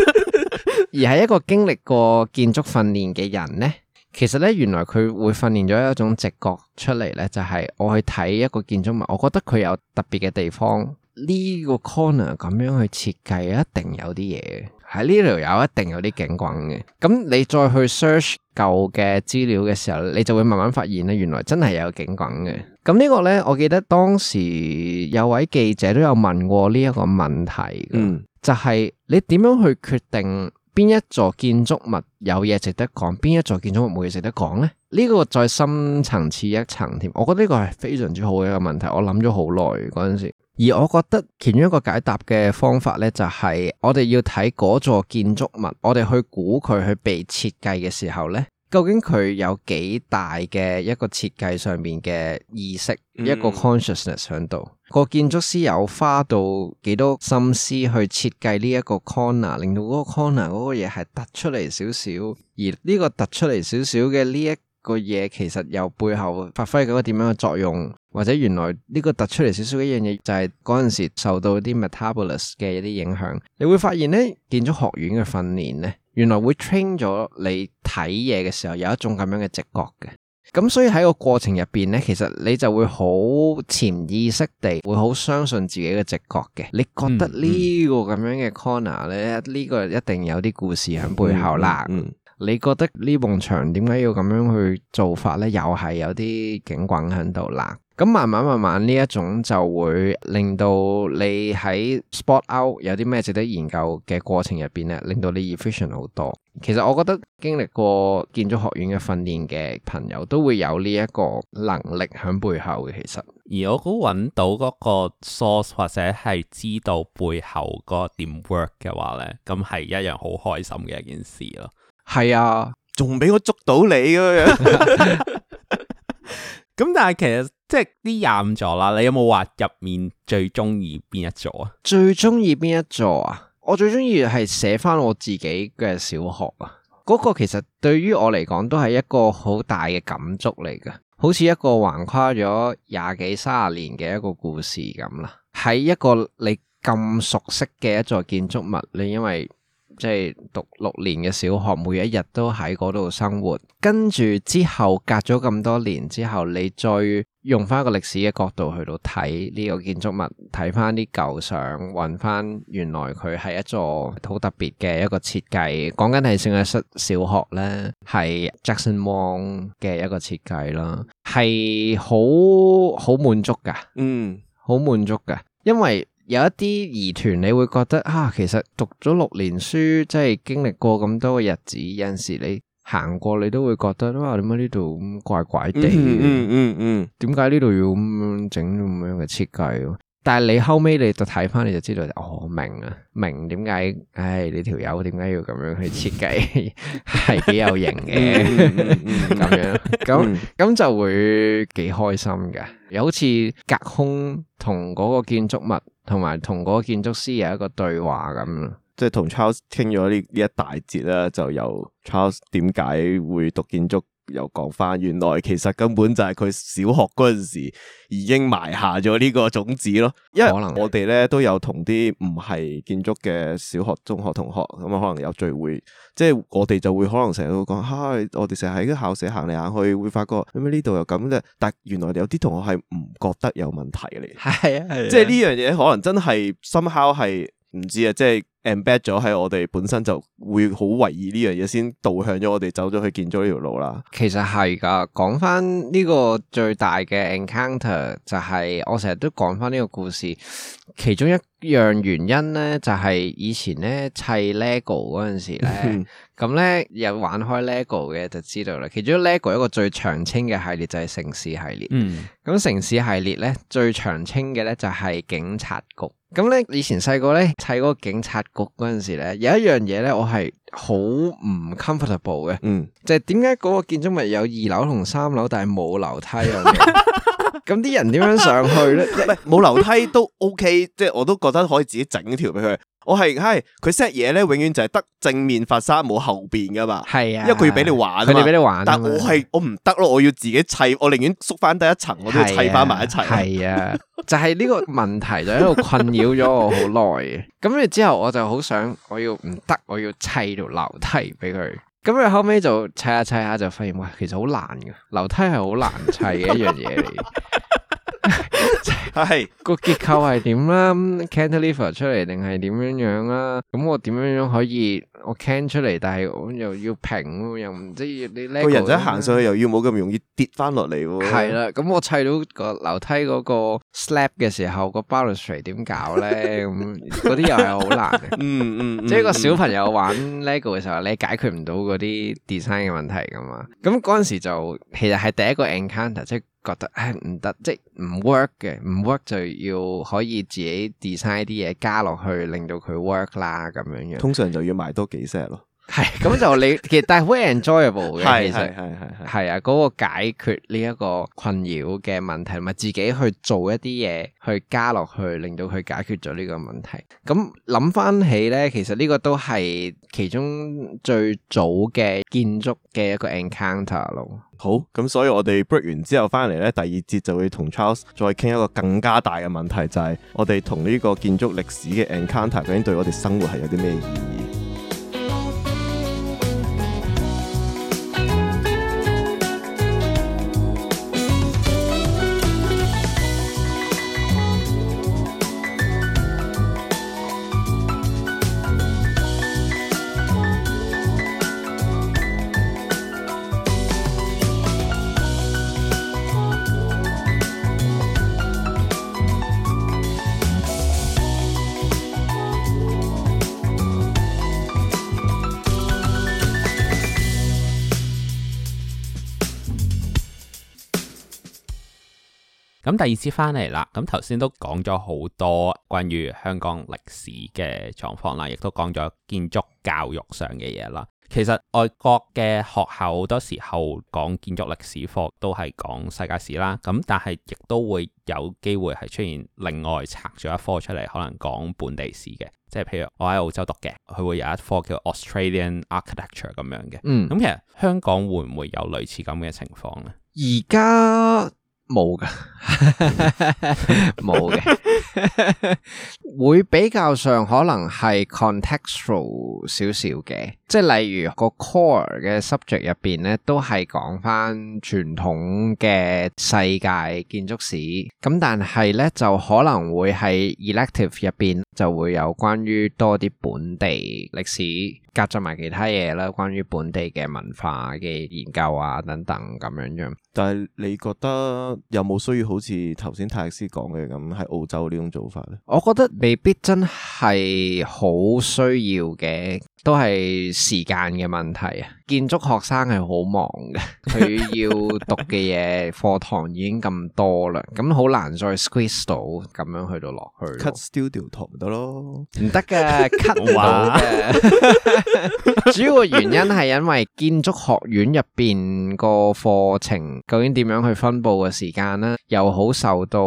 而係一個經歷過建築訓練嘅人咧。其實咧，原來佢會訓練咗一種直覺出嚟咧，就係、是、我去睇一個建築物，我覺得佢有特別嘅地方，呢、這個 corner 咁樣去設計，一定有啲嘢喺呢度，有、這個、一定有啲景觀嘅。咁你再去 search 舊嘅資料嘅時候，你就會慢慢發現咧，原來真係有景觀嘅。咁呢個咧，我記得當時有位記者都有問過呢一個問題，嗯、就係你點樣去決定？邊一座建築物有嘢值得講，邊一座建築物冇嘢值得講呢？呢、呢個再深層次一層添，我覺得呢個係非常之好嘅一個問題，我諗咗好耐嗰陣時。而我覺得其中一個解答嘅方法呢，就係、係、我哋要睇嗰座建築物，我哋去估佢去被設計嘅時候呢。究竟佢有幾大嘅一個設計上面嘅意識，嗯、一個 consciousness 喺度，個建築師有花到幾多心思去設計呢一個 corner，令到嗰個 corner 嗰個嘢係突出嚟少少，而呢個突出嚟少少嘅呢一個嘢，其實又背後發揮咗一個點樣嘅作用，或者原來呢個突出嚟少少嘅一樣嘢，就係嗰陣時受到啲 metabolism 嘅一啲影響，你會發現呢建築學院嘅訓練呢。原來會 train 咗你睇嘢嘅時候有一種咁樣嘅直覺嘅，咁所以喺個過程入邊咧，其實你就會好潛意識地會好相信自己嘅直覺嘅，你覺得呢個咁樣嘅 corner 咧，呢個一定有啲故事喺背後啦。嗯嗯嗯嗯你覺得呢埲牆點解要咁樣去做法呢？又係有啲景滾喺度啦。咁慢慢慢慢呢一種就會令到你喺 spot out 有啲咩值得研究嘅過程入邊呢，令到你 efficient 好多。其實我覺得經歷過建築學院嘅訓練嘅朋友都會有呢一個能力喺背後嘅。其實而我估揾到嗰個 source 或者係知道背後個點 work 嘅話呢，咁係一樣好開心嘅一件事咯。係啊，仲俾我捉到你咁樣，咁但係其實即係啲廿五座啦。你有冇話入面最中意邊一座啊？最中意邊一座啊？我最中意係寫翻我自己嘅小學啊。嗰個其實對於我嚟講都係一個好大嘅感觸嚟嘅，好似一個橫跨咗廿幾三十年嘅一個故事咁啦。喺一個你咁熟悉嘅一座建築物，你因為。即係讀六年嘅小學，每一日都喺嗰度生活。跟住之後隔咗咁多年之後，你再用翻一個歷史嘅角度去到睇呢個建築物，睇翻啲舊相，揾翻原來佢係一座好特別嘅一個設計。講緊係聖愛室小學咧，係 Jackson Wong 嘅一個設計啦，係好好滿足噶，嗯，好滿足噶，因為。有一啲疑團，你會覺得啊，其實讀咗六年書，即係經歷過咁多嘅日子，有陣時你行過，你都會覺得哇，點解呢度咁怪怪地、啊？嗯嗯嗯嗯，點解呢度要咁樣整咁樣嘅設計？但係你後尾，你就睇翻，你就知道哦，明啊，明點解，唉你條友點解要咁樣去設計，係幾有型嘅咁樣咁咁、嗯、就會幾開心嘅，又好似隔空同嗰個建築物同埋同嗰個建築師有一個對話咁。即係同 Charles 傾咗呢呢一大節啦，就由 Charles 點解會讀建築，又講翻原來其實根本就係佢小學嗰陣時已經埋下咗呢個種子咯。因為可能我哋咧都有同啲唔係建築嘅小學、中學同學咁，可能有聚會，即係我哋就會可能成日都講，吓、啊、我哋成日喺個校舍行嚟行去，會發覺咁樣呢度又咁嘅？但原來有啲同學係唔覺得有問題嚟，係啊，啊啊即係呢樣嘢可能真係深刻係唔知啊，即係。embed 咗喺我哋本身就會好懷疑呢樣嘢，先導向咗我哋走咗去建築呢條路啦。其實係噶，講翻呢個最大嘅 encounter 就係我成日都講翻呢個故事，其中一樣原因咧就係、是、以前咧砌 lego 嗰陣時咧，咁咧有玩開 lego 嘅就知道啦。其中 lego 一個最長青嘅系列就係城市系列，咁、嗯、城市系列咧最長青嘅咧就係警察局。咁咧，以前細個咧砌嗰個警察局嗰陣時咧，有一樣嘢咧，我係好唔 comfortable 嘅，嗯，就係點解嗰個建築物有二樓同三樓，但係冇樓梯。 咁啲人點樣上去咧？唔係冇樓梯都 OK，即係 我都覺得可以自己整條俾佢。我係嗨，佢 set 嘢咧，永遠就係得正面佛山冇後邊噶嘛。係啊，因為佢要俾你玩，佢要俾你玩。但我係我唔得咯，我要自己砌，我寧願縮翻第一層，我都要砌翻埋一齊。係啊，啊，就係、是、呢個問題就喺度困擾咗我好耐嘅。咁 之後我就好想我，我要唔得，我要砌條樓梯俾佢。咁佢後尾就砌下砌下就發現，哇，其實好難㗎，樓梯係好難砌嘅一樣嘢嚟。 係個結構係點啦？cantilever 出嚟定係點樣樣啦？咁我點樣樣可以我 can 出嚟？但係我又要平，又唔知你 lego 個人仔行上去又要冇咁容易跌翻落嚟。係啦，咁我砌到個樓梯嗰個 slab 嘅時候，個 balustrade 點搞咧？咁嗰啲又係好難嘅。嗯嗯，即係個小朋友玩 lego 嘅時候，你解決唔到嗰啲 design 嘅問題噶嘛？咁嗰陣時就其實係第一個 encounter，即係。覺得誒，唔得，即係唔 work 嘅，唔 work 就要可以自己 design 啲嘢，加落去，令到佢 work 啦，咁樣樣。通常就要買多幾 set 咯。係，咁就你，其實但係好 enjoyable 嘅，其實係係係係啊，嗰個解決呢一個困擾嘅問題，同埋自己去做一啲嘢去加落去，令到佢解決咗呢個問題。咁諗翻起咧，其實呢個都係其中最早嘅建築嘅一個 encounter 咯。好，咁所以我哋 break 完之後翻嚟咧，第二節就會同 Charles 再傾一個更加大嘅問題，就係我哋同呢個建築歷史嘅 encounter 究竟對我哋生活係有啲咩意義？咁第二次翻嚟啦，咁頭先都講咗好多關於香港歷史嘅狀況啦，亦都講咗建築教育上嘅嘢啦。其實外國嘅學校好多時候講建築歷史課都係講世界史啦，咁但係亦都會有機會係出現另外拆咗一科出嚟，可能講本地史嘅，即係譬如我喺澳洲讀嘅，佢會有一科叫 Australian Architecture 咁樣嘅。嗯，咁其實香港會唔會有類似咁嘅情況呢？而家。冇㗎，冇嘅，會比較上可能係 contextual 少少嘅。即係例如個 core 嘅 subject 入邊咧，都係講翻傳統嘅世界建築史。咁但係咧，就可能會喺 elective 入邊就會有關於多啲本地歷史，加咗埋其他嘢啦，關於本地嘅文化嘅研究啊等等咁樣樣。但係你覺得有冇需要好似頭先泰斯講嘅咁，喺澳洲呢種做法咧？我覺得未必真係好需要嘅。都係時間嘅問題啊！建築學生係好忙嘅，佢要讀嘅嘢課堂已經咁多啦，咁好難再 squeeze 到咁樣去到落去。cut studio 堂得咯，唔得嘅 cut 唔到。 主要嘅原因係因為建築學院入邊個課程究竟點樣去分佈嘅時間咧、啊，又好受到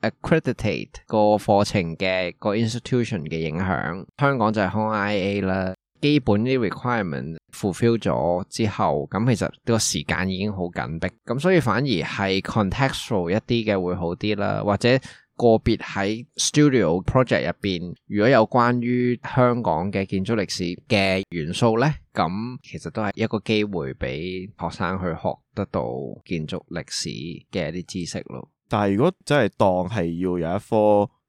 accreditate 個課程嘅個 institution 嘅影響。香港就係 HKIA 啦。基本啲 requirement fulfil 咗之後，咁其實呢個時間已經好緊迫，咁所以反而係 contextual 一啲嘅會好啲啦，或者個別喺 studio project 入邊，如果有關於香港嘅建築歷史嘅元素咧，咁其實都係一個機會俾學生去學得到建築歷史嘅一啲知識咯。但係如果真係當係要有一科。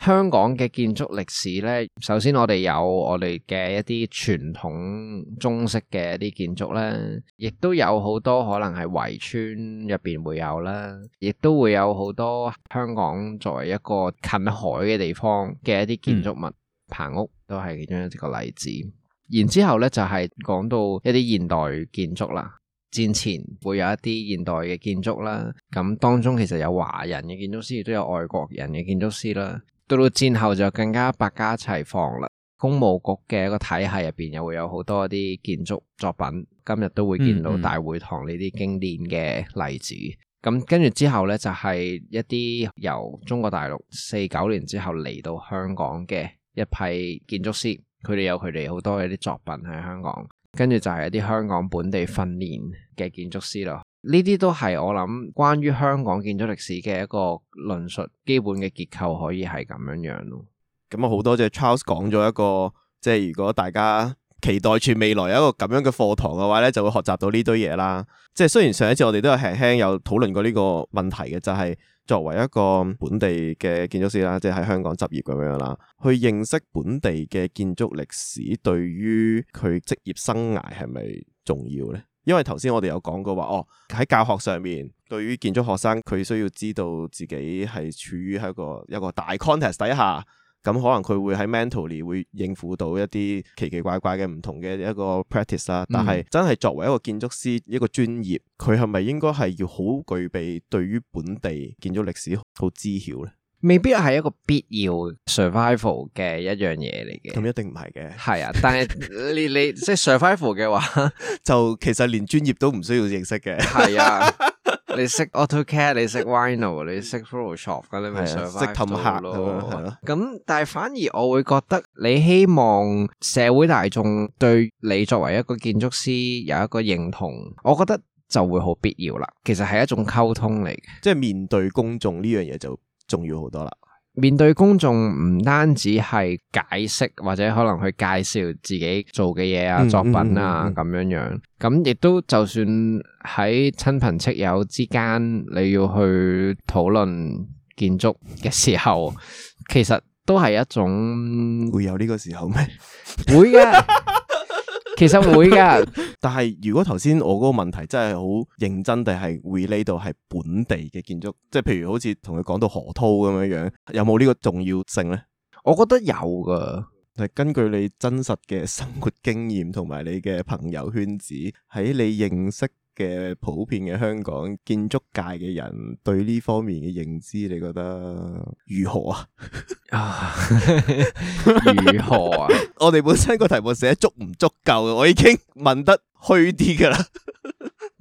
香港嘅建築歷史呢，首先我哋有我哋嘅一啲傳統中式嘅一啲建築啦，亦都有好多可能係圍村入邊會有啦，亦都會有好多香港作為一個近海嘅地方嘅一啲建築物，嗯、棚屋，都係其中一個例子。然之後呢就係講到一啲現代建築啦，戰前會有一啲現代嘅建築啦，咁當中其實有華人嘅建築師，亦都有外國人嘅建築師啦。到到戰後就更加百家齊放啦，公務局嘅一個體系入邊又會有好多一啲建築作品，今日都會見到大會堂呢啲經典嘅例子。咁跟住之後呢，就係一啲由中國大陸四九年之後嚟到香港嘅一批建築師，佢哋有佢哋好多嘅啲作品喺香港。跟住就係一啲香港本地訓練嘅建築師咯。呢啲都係我諗關於香港建築歷史嘅一個論述基本嘅結構，可以係咁樣樣咯。咁啊，好多謝 Charles 講咗一個，即係如果大家期待住未來有一個咁樣嘅課堂嘅話咧，就會學習到呢堆嘢啦。即係雖然上一次我哋都有輕輕有討論過呢個問題嘅，就係作為一個本地嘅建築師啦，即係喺香港執業咁樣啦，去認識本地嘅建築歷史，對於佢職業生涯係咪重要咧？因為頭先我哋有講過話，哦喺教學上面，對於建築學生，佢需要知道自己係處於喺一個一個大 context 底下，咁、嗯嗯、可能佢會喺 mentally 會應付到一啲奇奇怪怪嘅唔同嘅一個 practice 啦。但係真係作為一個建築師一個專業，佢係咪應該係要好具備對於本地建築歷史好知曉呢？未必係一個必要的 survival 嘅一樣嘢嚟嘅，咁一定唔係嘅，係啊。但係你你即係 survival 嘅話， 就其實連專業都唔需要認識嘅。係啊，你識 AutoCAD，你識 Rhino，你識 Photoshop，咁你咪 survival 做咯。咁但係反而我會覺得，你希望社會大眾對你作為一個建築師有一個認同，我覺得就會好必要啦。其實係一種溝通嚟嘅，即係面對公眾呢樣嘢就。重要好多啦！面對公眾唔單止係解釋或者可能去介紹自己做嘅嘢啊、作品啊咁樣樣，咁亦都就算喺親朋戚友之間，你要去討論建築嘅時候，其實都係一種……會有呢個時候咩？會嘅。 其實會噶， 但係如果頭先我嗰個問題真係好認真地係 relate 到係本地嘅建築，即係譬如好似同佢講到河套咁樣樣，有冇呢個重要性呢？ 我覺得有噶，係根據你真實嘅生活經驗同埋你嘅朋友圈子喺你認識嘅普遍嘅香港建築界嘅人對呢方面嘅認知，你覺得如何啊？ 如何啊？ 我哋本身個題目寫得足唔足夠？我已經問得虛啲噶啦。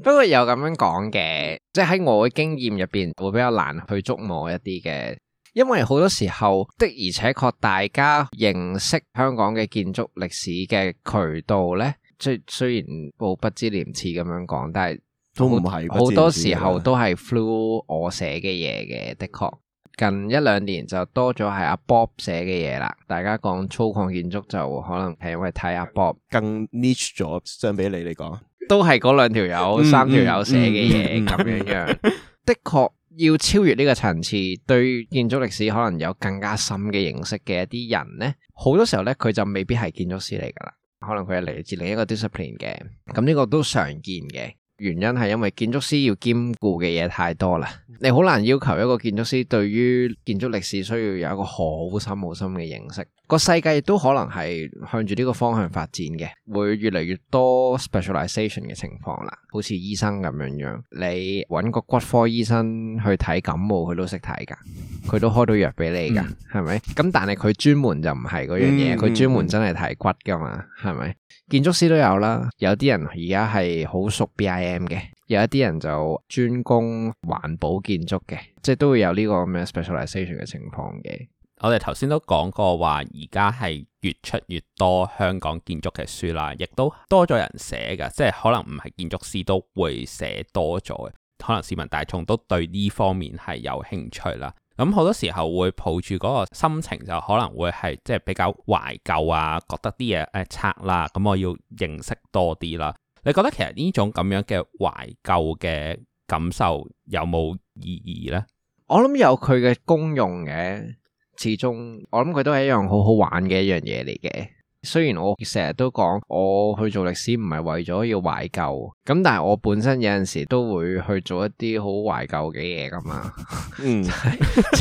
不過有咁樣講嘅，即係喺我嘅經驗入邊會比較難去捉摸一啲嘅，因為好多時候的而且確大家認識香港嘅建築歷史嘅渠道咧。即係雖然我不知廉恥咁樣講，但係都唔係好多時候都係 through 我寫嘅嘢嘅，的確近一兩年就多咗係阿 Bob 寫嘅嘢啦。大家講粗獷建築就可能係因為睇阿 Bob 更 niche 咗，相比你嚟講都係嗰兩條友三條友寫嘅嘢咁樣樣， 的確要超越呢個層次，對建築歷史可能有更加深嘅認識嘅一啲人呢，好多時候呢，佢就未必係建築師嚟噶啦。可能佢係嚟自另一個 discipline 嘅，咁，呢個都常見嘅原因係因為建築師要兼顧嘅嘢太多啦，你好難要求一個建築師對於建築歷史需要有一個好深好深嘅認識。個世界亦都可能係向住呢個方向發展嘅，會越嚟越多 specialization 嘅情況啦。好似醫生咁樣樣，你揾個骨科醫生去睇感冒，佢都識睇噶，佢都開到藥俾你噶，係咪，嗯？咁但係佢專門就唔係嗰樣嘢，佢、嗯、專門真係睇骨噶嘛，係咪？建築師都有啦，有啲人而家係好熟 BIM 嘅，有一啲人就專攻環保建築嘅，即係都會有呢個咩 specialization 嘅情況嘅。我哋頭先都講過話，而家係越出越多香港建築嘅書啦，亦都多咗人寫嘅，即係可能唔係建築師都會寫多咗嘅，可能市民大眾都對呢方面係有興趣啦。咁好多時候會抱住嗰個心情，就可能會係即係比較懷舊啊，覺得啲嘢誒拆啦，咁我要認識多啲啦。你覺得其實呢種咁樣嘅懷舊嘅感受有冇意義呢？我諗有佢嘅功用嘅。始終我諗佢都係一樣好好玩嘅一樣嘢嚟嘅。雖然我成日都講我去做歷史唔係為咗要懷舊，咁但係我本身有陣時都會去做一啲好懷舊嘅嘢噶嘛。嗯，即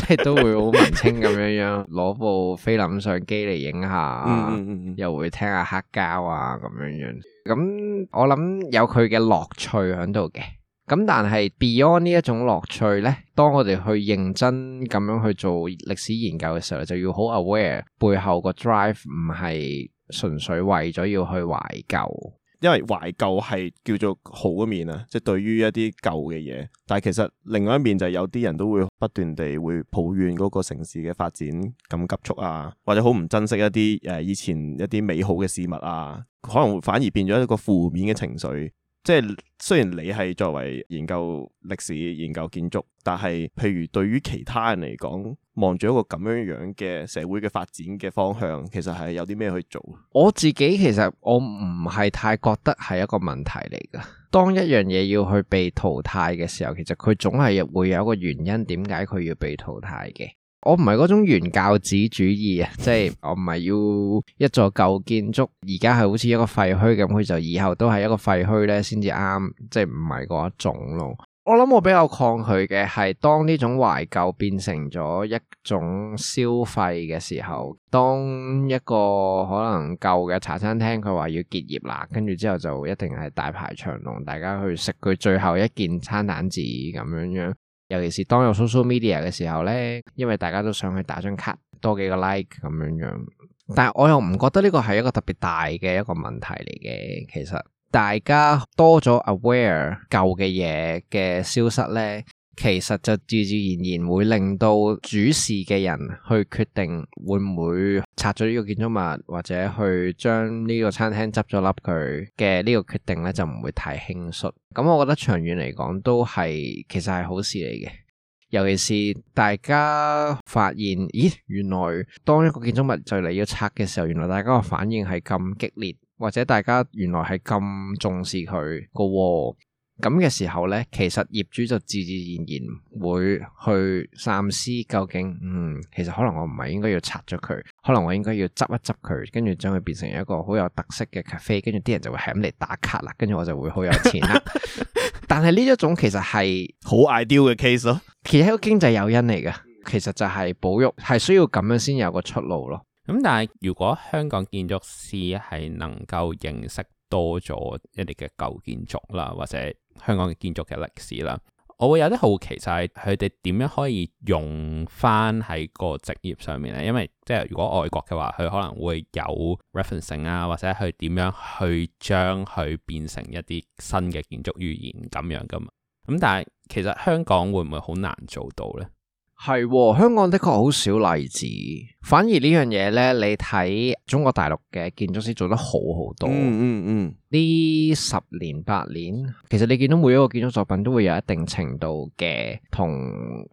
係都會好文青咁樣樣，攞部菲林相機嚟影下，又會聽下黑膠啊咁樣樣。咁我諗有佢嘅樂趣喺度嘅。咁但係 beyond 呢一種樂趣咧，當我哋去認真咁樣去做歷史研究嘅時候，就要好 aware 背後個 drive 唔係純粹為咗要去懷舊，因為懷舊係叫做好一面啊，即係對於一啲舊嘅嘢。但係其實另外一面就係有啲人都會不斷地會抱怨嗰個城市嘅發展咁急促啊，或者好唔珍惜一啲誒以前一啲美好嘅事物啊，可能反而變咗一個負面嘅情緒。即係雖然你係作為研究歷史、研究建築，但係譬如對於其他人嚟講，望住一個咁樣樣嘅社會嘅發展嘅方向，其實係有啲咩去做？我自己其實我唔係太覺得係一個問題嚟㗎。當一樣嘢要去被淘汰嘅時候，其實佢總係會有一個原因，點解佢要被淘汰嘅？我唔係嗰種原教旨主義啊，即係我唔係要一座舊建築而家係好似一個廢墟咁，佢就以後都係一個廢墟咧，先至啱，即係唔係嗰一種咯。我諗我比較抗拒嘅係，當呢種懷舊變成咗一種消費嘅時候，當一個可能舊嘅茶餐廳，佢話要結業啦，跟住之後就一定係大排長龍，大家去食佢最後一件餐蛋子咁樣樣。尤其是當有 social media 嘅時候咧，因為大家都上去打張卡，多幾個 like 咁樣樣，但係我又唔覺得呢個係一個特別大嘅一個問題嚟嘅。其實大家多咗 aware 舊嘅嘢嘅消失咧，其實就自自然然會令到主事嘅人去決定會唔會拆咗呢個建築物，或者去將呢個餐廳執咗笠佢嘅呢個決定呢，就唔會太輕率。咁我覺得長遠嚟講都係其實係好事嚟嘅，尤其是大家發現咦，原來當一個建築物就嚟要拆嘅時候，原來大家嘅反應係咁激烈，或者大家原來係咁重視佢個喎。咁嘅時候咧，其實業主就自自然然會去三思，究竟嗯，其實可能我唔係應該要拆咗佢，可能我應該要執一執佢，跟住將佢變成一個好有特色嘅咖啡，跟住啲人就會係咁嚟打卡啦，跟住我就會好有錢啦。 但係呢一種其實係好 ideal 嘅 case 咯， 其實個經濟誘因嚟嘅，其實就係保育係需要咁樣先有個出路咯。咁但係如果香港建築師係能夠認識多咗一啲嘅舊建築啦，或者，香港嘅建築嘅歷史啦，我會有啲好奇，就係佢哋點樣可以用翻喺個職業上面咧？因為即係如果外國嘅話，佢可能會有 referencing 啊，或者佢點樣去將佢變成一啲新嘅建築語言咁樣噶嘛？咁、嗯、但係其實香港會唔會好難做到咧？係，香港的確好少例子，反而呢樣嘢呢，你睇中國大陸嘅建築師做得好好多。嗯嗯嗯，呢、嗯嗯、十年八年，其實你見到每一個建築作品都會有一定程度嘅同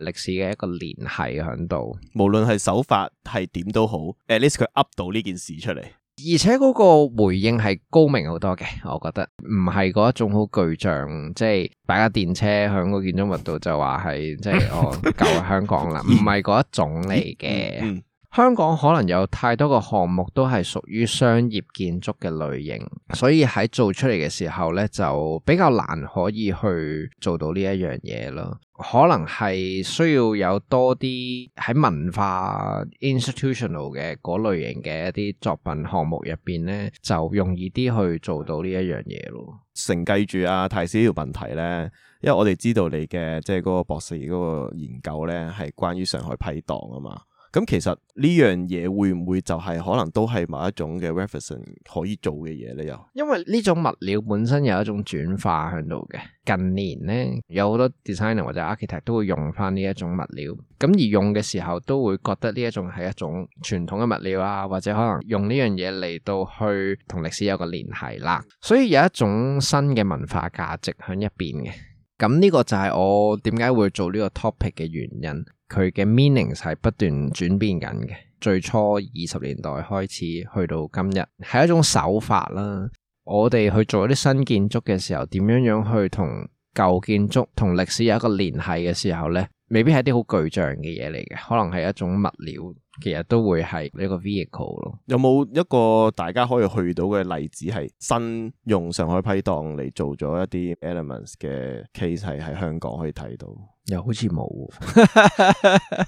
歷史嘅一個聯繫喺度，無論係手法係點都好，at least 佢 up 到呢件事出嚟。而且嗰個回應係高明好多嘅，我覺得唔係嗰一種好具象，即係擺架電車響個建築物度就話係即係我舊香港啦，唔係嗰一種嚟嘅。香港可能有太多嘅項目都係屬於商業建築嘅類型，所以喺做出嚟嘅時候咧，就比較難可以去做到呢一樣嘢咯。可能係需要有多啲喺文化 institutional 嘅嗰類型嘅一啲作品項目入邊咧，就容易啲去做到呢一樣嘢咯。承繼住啊，太少呢條問題咧，因為我哋知道你嘅即係嗰個博士嗰個研究咧係關於上海批盪啊嘛。咁其實呢樣嘢會唔會就係可能都係某一種嘅 reference 可以做嘅嘢咧？又因為呢種物料本身有一種轉化喺度嘅，近年咧有好多 designer 或者 architect 都會用翻呢一種物料，咁而用嘅時候都會覺得呢一種係一種傳統嘅物料啊，或者可能用呢樣嘢嚟到去同歷史有個聯繫啦，所以有一種新嘅文化價值喺入邊嘅。咁呢個就係我點解會做呢個 topic 嘅原因，佢嘅 meaning 係不斷轉變緊嘅。最初二十年代開始去到今日，係一種手法啦。我哋去做一啲新建築嘅時候，點樣樣去同舊建築同歷史有一個聯繫嘅時候咧，未必係一啲好具象嘅嘢嚟嘅，可能係一種物料。其實都會係呢個 vehicle 咯，有冇一個大家可以去到嘅例子係新用上海批盪嚟做咗一啲 elements 嘅 case 係喺香港可以睇到？又好似冇，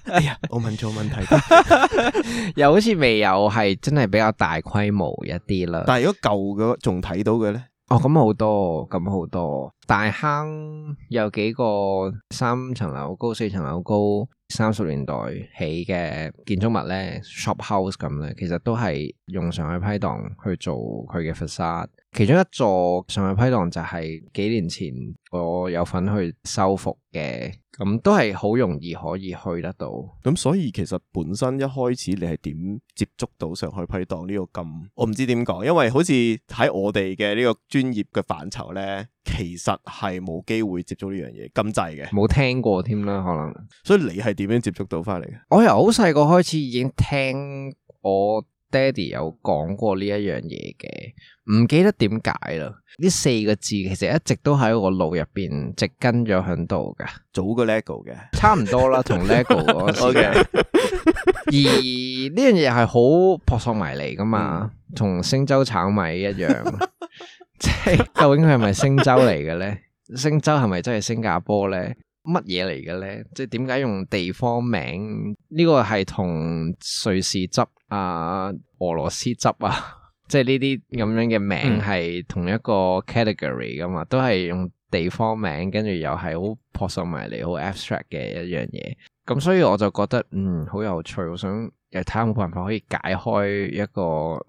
哎呀，我問錯問題， 又好似未有係真係比較大規模一啲啦。但係如果舊嘅仲睇到嘅咧，哦，咁好多，咁好多，大坑有幾個三層樓高、四層樓高。三十年代起嘅建築物咧，shop house 咁咧，其實都係用上海批盪去做佢嘅 facade。其中一座上海批盪就係幾年前我有份去修復嘅，咁、嗯、都係好容易可以去得到。咁所以其實本身一開始你係點接觸到上海批盪呢個咁？我唔知點講，因為好似喺我哋嘅呢個專業嘅範疇呢，其實係冇機會接觸呢樣嘢咁滯嘅，冇聽過添啦，可能。所以你係點樣接觸到翻嚟嘅？我由好細個開始已經聽我。爹哋有講過呢一樣嘢嘅，唔記得點解啦。呢四個字其實一直都喺我腦入邊，直跟咗響度嘅，早個 Lego 嘅， 差唔多啦，同 Lego 嗰時。Okay. 而呢樣嘢係好撲朔迷離噶嘛，同、嗯、星洲炒米一樣。即 係究竟佢係咪星洲嚟嘅咧？ 星洲係咪真係新加坡咧？乜嘢嚟嘅咧？即係點解用地方名？呢個係同瑞士汁啊、俄羅斯汁啊，即係呢啲咁樣嘅名係同一個 category 噶嘛？嗯、都係用地方名，跟住又係好撲朔迷離，好 abstract 嘅一樣嘢。咁所以我就覺得嗯，好有趣，我想又睇下冇辦法可以解開一個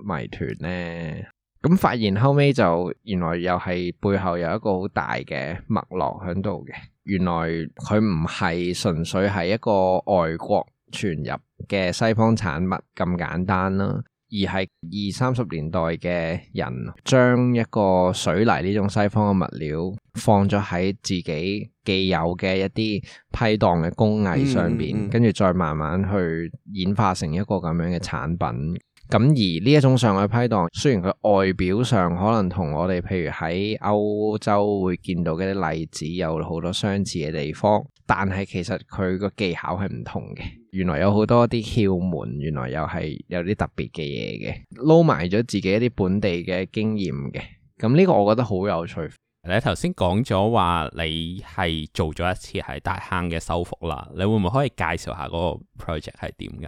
謎團咧。咁發現後尾就原來又係背後有一個好大嘅脈絡喺度嘅。原來佢唔係純粹係一個外國傳入嘅西方產物咁簡單啦，而係二三十年代嘅人將一個水泥呢種西方嘅物料放咗喺自己既有嘅一啲批盪嘅工藝上邊，跟住再慢慢去演化成一個咁樣嘅產品。咁而呢一種上海批盪，雖然佢外表上可能同我哋譬如喺歐洲會見到嘅啲例子有好多相似嘅地方，但係其實佢個技巧係唔同嘅。原來有好多啲竅門，原來又係有啲特別嘅嘢嘅，撈埋咗自己一啲本地嘅經驗嘅。咁呢個我覺得好有趣。你頭先講咗話你係做咗一次喺大坑嘅修復啦，你會唔會可以介紹下嗰個 project 係點㗎？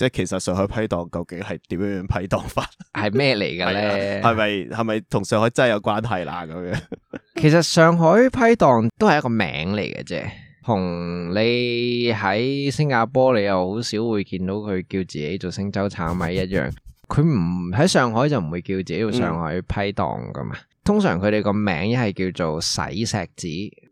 即係其實上海批盪究竟，係點樣樣批盪法？係咩嚟嘅咧？係咪係咪同上海真係有關係啦？咁 樣，其實上海批盪都係一個名嚟嘅啫，同你喺新加坡你又好少會見到佢叫自己做星洲炒米一樣，佢唔喺上海就唔會叫自己叫上海批盪噶嘛。嗯、通常佢哋個名一係叫做洗石子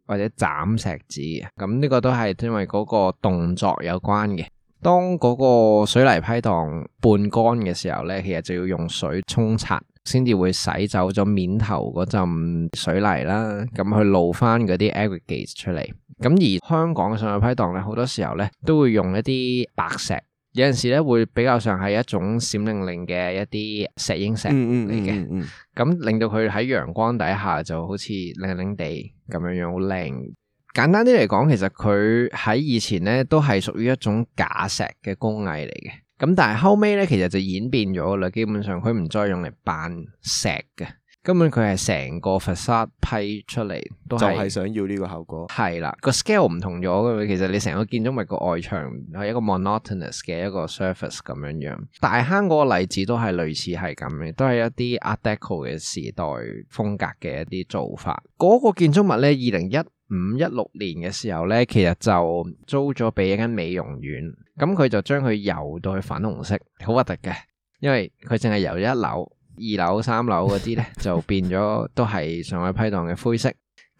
或者斬石子嘅，咁呢個都係因為嗰個動作有關嘅。當嗰個水泥批盪半乾嘅時候咧，其實就要用水沖刷，先至會洗走咗面頭嗰陣水泥啦，咁去露翻嗰啲 aggregates 出嚟。咁而香港嘅上海批盪咧，好多時候咧都會用一啲白石，有陣時咧會比較上係一種閃靈靈嘅一啲石英石嚟嘅，咁、嗯嗯嗯嗯、令到佢喺陽光底下就好似靚靚地咁樣樣好靚。簡單啲嚟講，其實佢喺以前咧都係屬於一種假石嘅工藝嚟嘅。咁但係後尾咧，其實就演變咗啦。基本上佢唔再用嚟扮石嘅，根本佢係成個 facade 批出嚟，都係就係想要呢個效果。係啦，個 scale 唔同咗嘅。其實你成個建築物個外牆係一個 monotonous 嘅一個 surface 咁樣樣。大坑嗰個例子都係類似係咁嘅，都係一啲 Art Deco 嘅時代風格嘅一啲做法。嗰個建築物咧，二零一五一六年嘅時候咧，其實就租咗俾一間美容院，咁佢就將佢油到去粉紅色，好核突嘅，因為佢淨係油咗一樓、二樓、三樓嗰啲咧，就變咗都係上海批盪嘅灰色，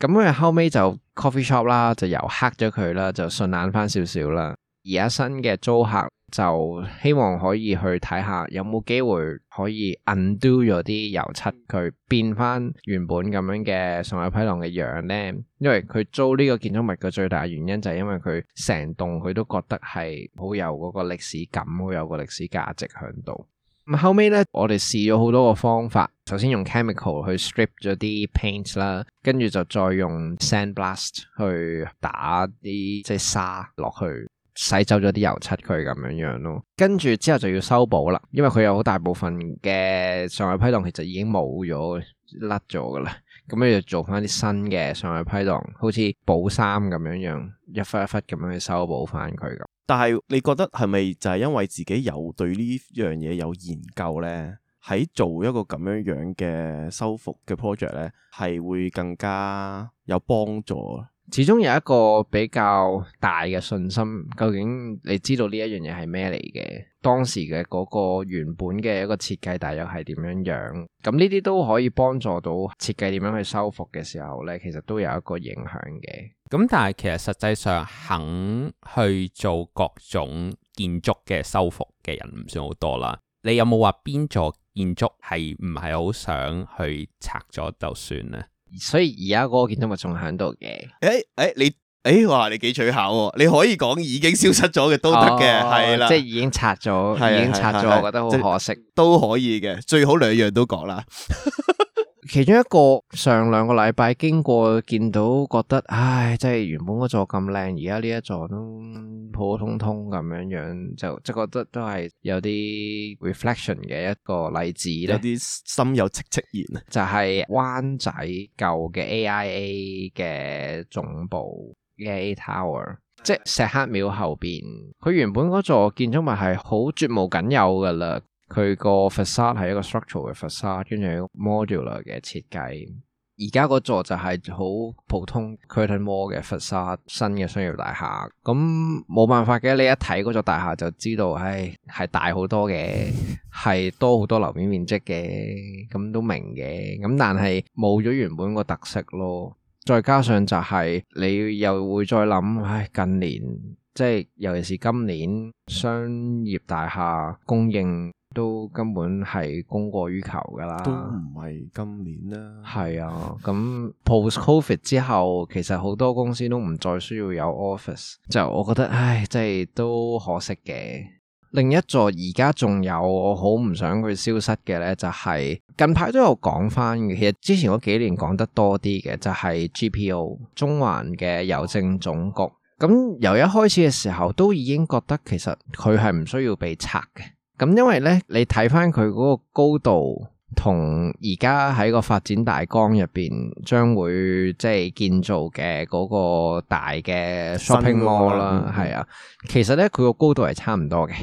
咁佢後尾就 coffee shop 啦，就油黑咗佢啦，就順眼翻少少啦，而家新嘅租客。就希望可以去睇下有冇機會可以 undo 咗啲油漆，佢變翻原本咁樣嘅上海批盪嘅樣呢，因為佢租呢個建築物嘅最大原因就係因為佢成棟佢都覺得係好有嗰個歷史感，好有個歷史價值喺度。咁後尾呢，我哋試咗好多個方法，首先用 chemical 去 strip 咗啲 paint 啦，跟住就再用 sandblast 去打啲即係沙落去。洗走咗啲油漆佢咁樣樣咯，跟住之後就要修補啦，因為佢有好大部分嘅上海批盪其實已經冇咗，甩咗噶啦，咁你就做翻啲新嘅上海批盪，好似補衫咁樣樣，一忽一忽咁樣去修補翻佢咁。但係你覺得係咪就係因為自己有對呢樣嘢有研究咧，喺做一個咁樣樣嘅修復嘅 project 咧，係會更加有幫助？始終有一個比較大嘅信心，究竟你知道呢一樣嘢係咩嚟嘅，當時嘅嗰個原本嘅一個設計大約係點樣樣？咁呢啲都可以幫助到設計點樣去修復嘅時候呢，其實都有一個影響嘅。咁但係其實實際上肯去做各種建築嘅修復嘅人唔算好多啦。你有冇話邊座建築係唔係好想去拆咗就算呢？所以而家嗰個建築物仲喺度嘅，誒、欸、誒，你誒、欸，哇，你幾取巧？你可以講已經消失咗嘅都得嘅，係啦、哦，對了 即係已經拆咗，啊、已經拆咗，啊、我覺得好可惜、啊啊啊就是，都可以嘅，最好兩樣都講啦。其中一個上兩個禮拜經過見到覺得，唉，即係原本嗰座咁靚，而家呢一座都普普通通咁樣樣，就即係覺得都係有啲 reflection 嘅一個例子咯。有啲心有戚戚然，就係灣仔舊嘅 AIA 嘅總部嘅 AIA Tower，即係石刻廟後邊，佢原本嗰座建築物係好絕無僅有噶啦。佢個 facade 係一個 structural 嘅 facade，跟住 modular 嘅設計。而家嗰座就係好普通 curtain wall 嘅 facade，新嘅商業大廈。咁冇辦法嘅，你一睇嗰座大廈就知道，唉、哎，係大好多嘅，係多好多樓面面積嘅，咁都明嘅。咁但係冇咗原本個特色咯。再加上就係、是、你又會再諗，唉、哎，近年即係尤其是今年商業大廈供應。都根本係供過於求噶啦，都唔係今年啦。係啊，咁 post covid 之後，其實好多公司都唔再需要有 office，就我覺得唉，即係都可惜嘅。另一座而家仲有我好唔想佢消失嘅咧，就係近排都有講翻嘅。其實之前嗰幾年講得多啲嘅，就係 GPO 中環嘅郵政總局。咁由一開始嘅時候都已經覺得其實佢係唔需要被拆嘅。咁因為咧，你睇翻佢嗰個高度同而家喺個發展大綱入邊，將會即係建造嘅嗰個大嘅 shopping mall 啦，係啊、那個嗯。其實咧，佢個高度係差唔多嘅，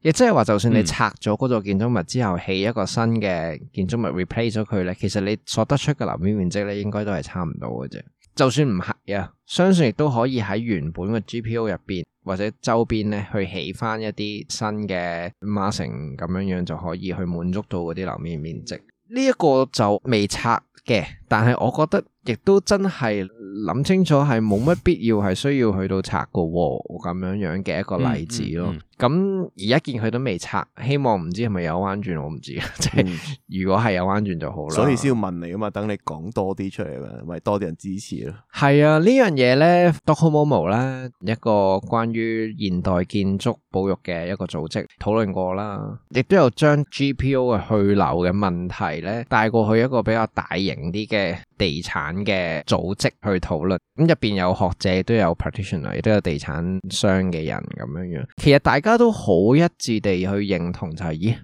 亦即係話，就，就算你拆咗嗰座建築物之後，起一個新嘅建築物 replace 咗佢咧，其實你所得出嘅樓面面積咧，應該都係差唔多嘅啫。就算唔係啊，相信亦都可以喺原本嘅 GPO 入邊。或者周邊咧，去起返一啲新嘅 massing 咁樣樣，就可以去滿足到嗰啲樓面面積。呢、這、一個就未拆嘅，但係我覺得。亦都真係諗清楚，係冇乜必要，係需要去到拆嘅咁、哦、樣樣嘅一個例子咯。咁、嗯嗯、而一件佢都未拆，希望唔知係咪有彎轉，我唔知啊。即 係、嗯、 如果係有彎轉就好啦。所以先要問你啊嘛，等你講多啲出嚟啊嘛，咪多啲人支持咯。係啊，樣呢樣嘢咧，Docomomo 咧一個關於現代建築保育嘅一個組織討論過啦，亦都有將 GPO 嘅去留嘅問題咧帶過去一個比較大型啲嘅，地產嘅組織去討論，咁入邊有學者，都有 partitioner，都有地產商嘅人咁樣樣。其實大家都好一致地去認同，就是，就係咦，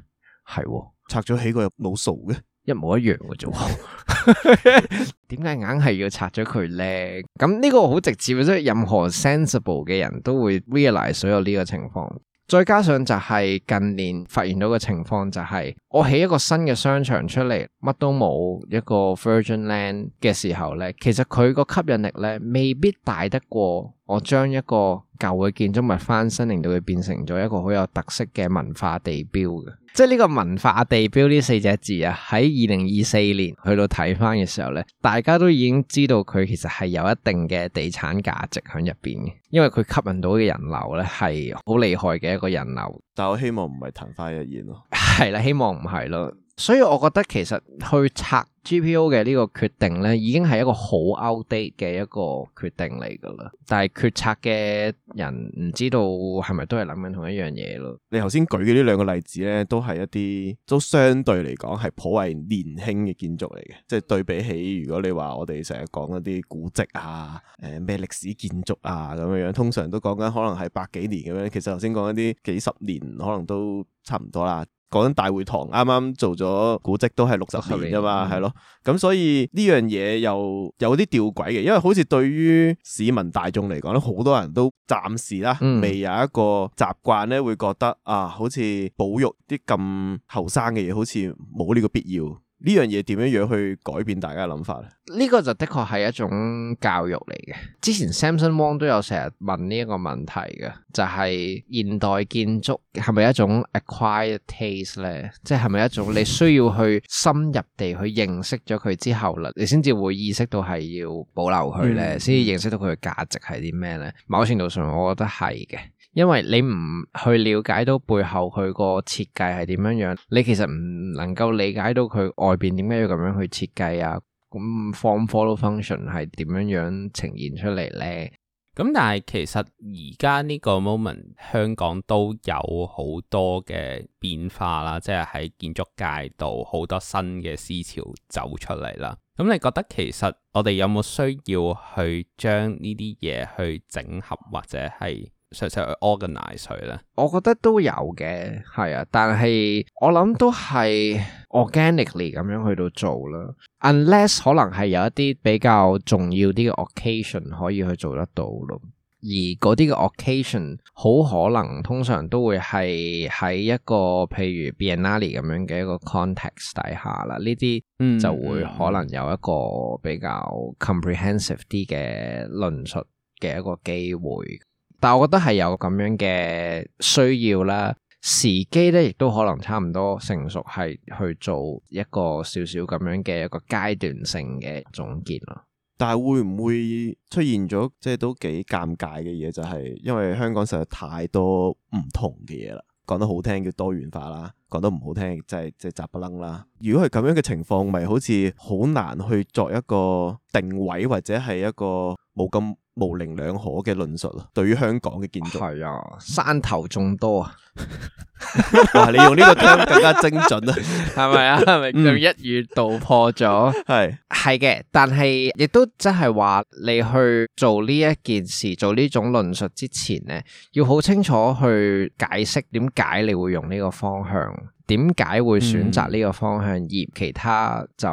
係拆咗起個冇數嘅，一模一樣嘅啫。點解硬係要拆咗佢咧？咁呢個好直接，即係任何 sensible 嘅人都會 realize 所有呢個情況。再加上就係近年發現到個情況，就係我起一個新嘅商場出嚟，乜都冇一個 Virgin Land 嘅時候咧，其實，佢個吸引力咧未必大得過。我將一個舊嘅建築物翻新，令到佢變成咗一個好有特色嘅文化地標嘅。即係呢個文化地標呢四隻字啊，喺二零二四年去到睇翻嘅時候咧，大家都已經知道佢其實係有一定嘅地產價值喺入邊嘅，因為佢吸引到嘅人流咧係好厲害嘅一個人流。但我希望唔係曇花一現咯，係啦， 希望唔係咯。所以我覺得其實去拆 GPO 嘅呢個決定咧，已經係一個好 outdate 嘅一個決定嚟噶啦。但係決策嘅人唔知道係咪都係諗緊同一樣嘢咯。你頭先舉嘅呢兩個例子咧，都係一啲都相對嚟講係頗為年輕嘅建築嚟嘅，即係對比起如果你話我哋成日講一啲古蹟啊，誒、呃、咩歷史建築啊咁樣樣，通常都講緊可能係百幾年咁樣。其實頭先講一啲幾十年，可能都差唔多啦。講緊大會堂剛剛，啱啱做咗古蹟都係六十年啫嘛，係咯，咁所以呢樣嘢又有啲吊詭嘅，因為好似對於市民大眾嚟講咧，好多人都暫時啦，嗯、未有一個習慣咧，會覺得啊，好似保育啲咁後生嘅嘢，好似冇呢個必要。呢樣嘢點樣樣去改變大家嘅諗法咧？呢個就的確係一種教育嚟嘅。之前 Samson Wong 都有成日問呢一個問題嘅，就係現代建築係咪一種 acquired taste 咧？即係咪一種你需要去深入地去認識咗佢之後啦，你先至會意識到係要保留佢咧，先認識到佢嘅價值係啲咩咧？某程度上，我覺得係嘅。因為你唔去了解到背後佢個設計係點樣樣，你其實唔能夠理解到佢外邊點解要咁樣去設計啊。咁 form follow function 係點樣樣呈現出嚟咧？咁但係其實而家呢個 moment，香港都有好多嘅變化啦，即係喺建築界度好多新嘅思潮走出嚟啦。咁你覺得其實我哋有冇需要去將呢啲嘢去整合，或者係？實實去 organize 佢咧，我覺得都有嘅，係啊，但係我諗都係 organically 咁樣去到做啦。Unless 可能係有一啲比較重要啲嘅 occasion 可以去做得到咯。而嗰啲嘅 occasion 好可能通常都會係喺一個譬如 Biennale 咁樣嘅一個 context 底下啦。呢啲就會可能有一個比較 comprehensive 啲嘅論述嘅一個機會。但我覺得係有咁樣嘅需要啦，時機咧亦都可能差唔多成熟，係去做一個少少咁樣嘅一個階段性嘅總結咯。但係會唔會出現咗即係都幾尷尬嘅嘢，就係，就係因為香港實在太多唔同嘅嘢啦，講得好聽叫多元化啦。講得唔好聽，就係即係雜不楞啦。如果係咁樣嘅情況，咪好似好難去作一個定位，或者係一個冇咁模棱兩可嘅論述咯。對於香港嘅建築，係啊，山頭眾多啊， 你用呢個聽更加精準啊，係咪啊？係咪咁一語道破咗？係係嘅，但係亦都即係話，你去做呢一件事，做呢種論述之前咧，要好清楚去解釋點解你會用呢個方向。點解會選擇呢個方向？嗯、而其他就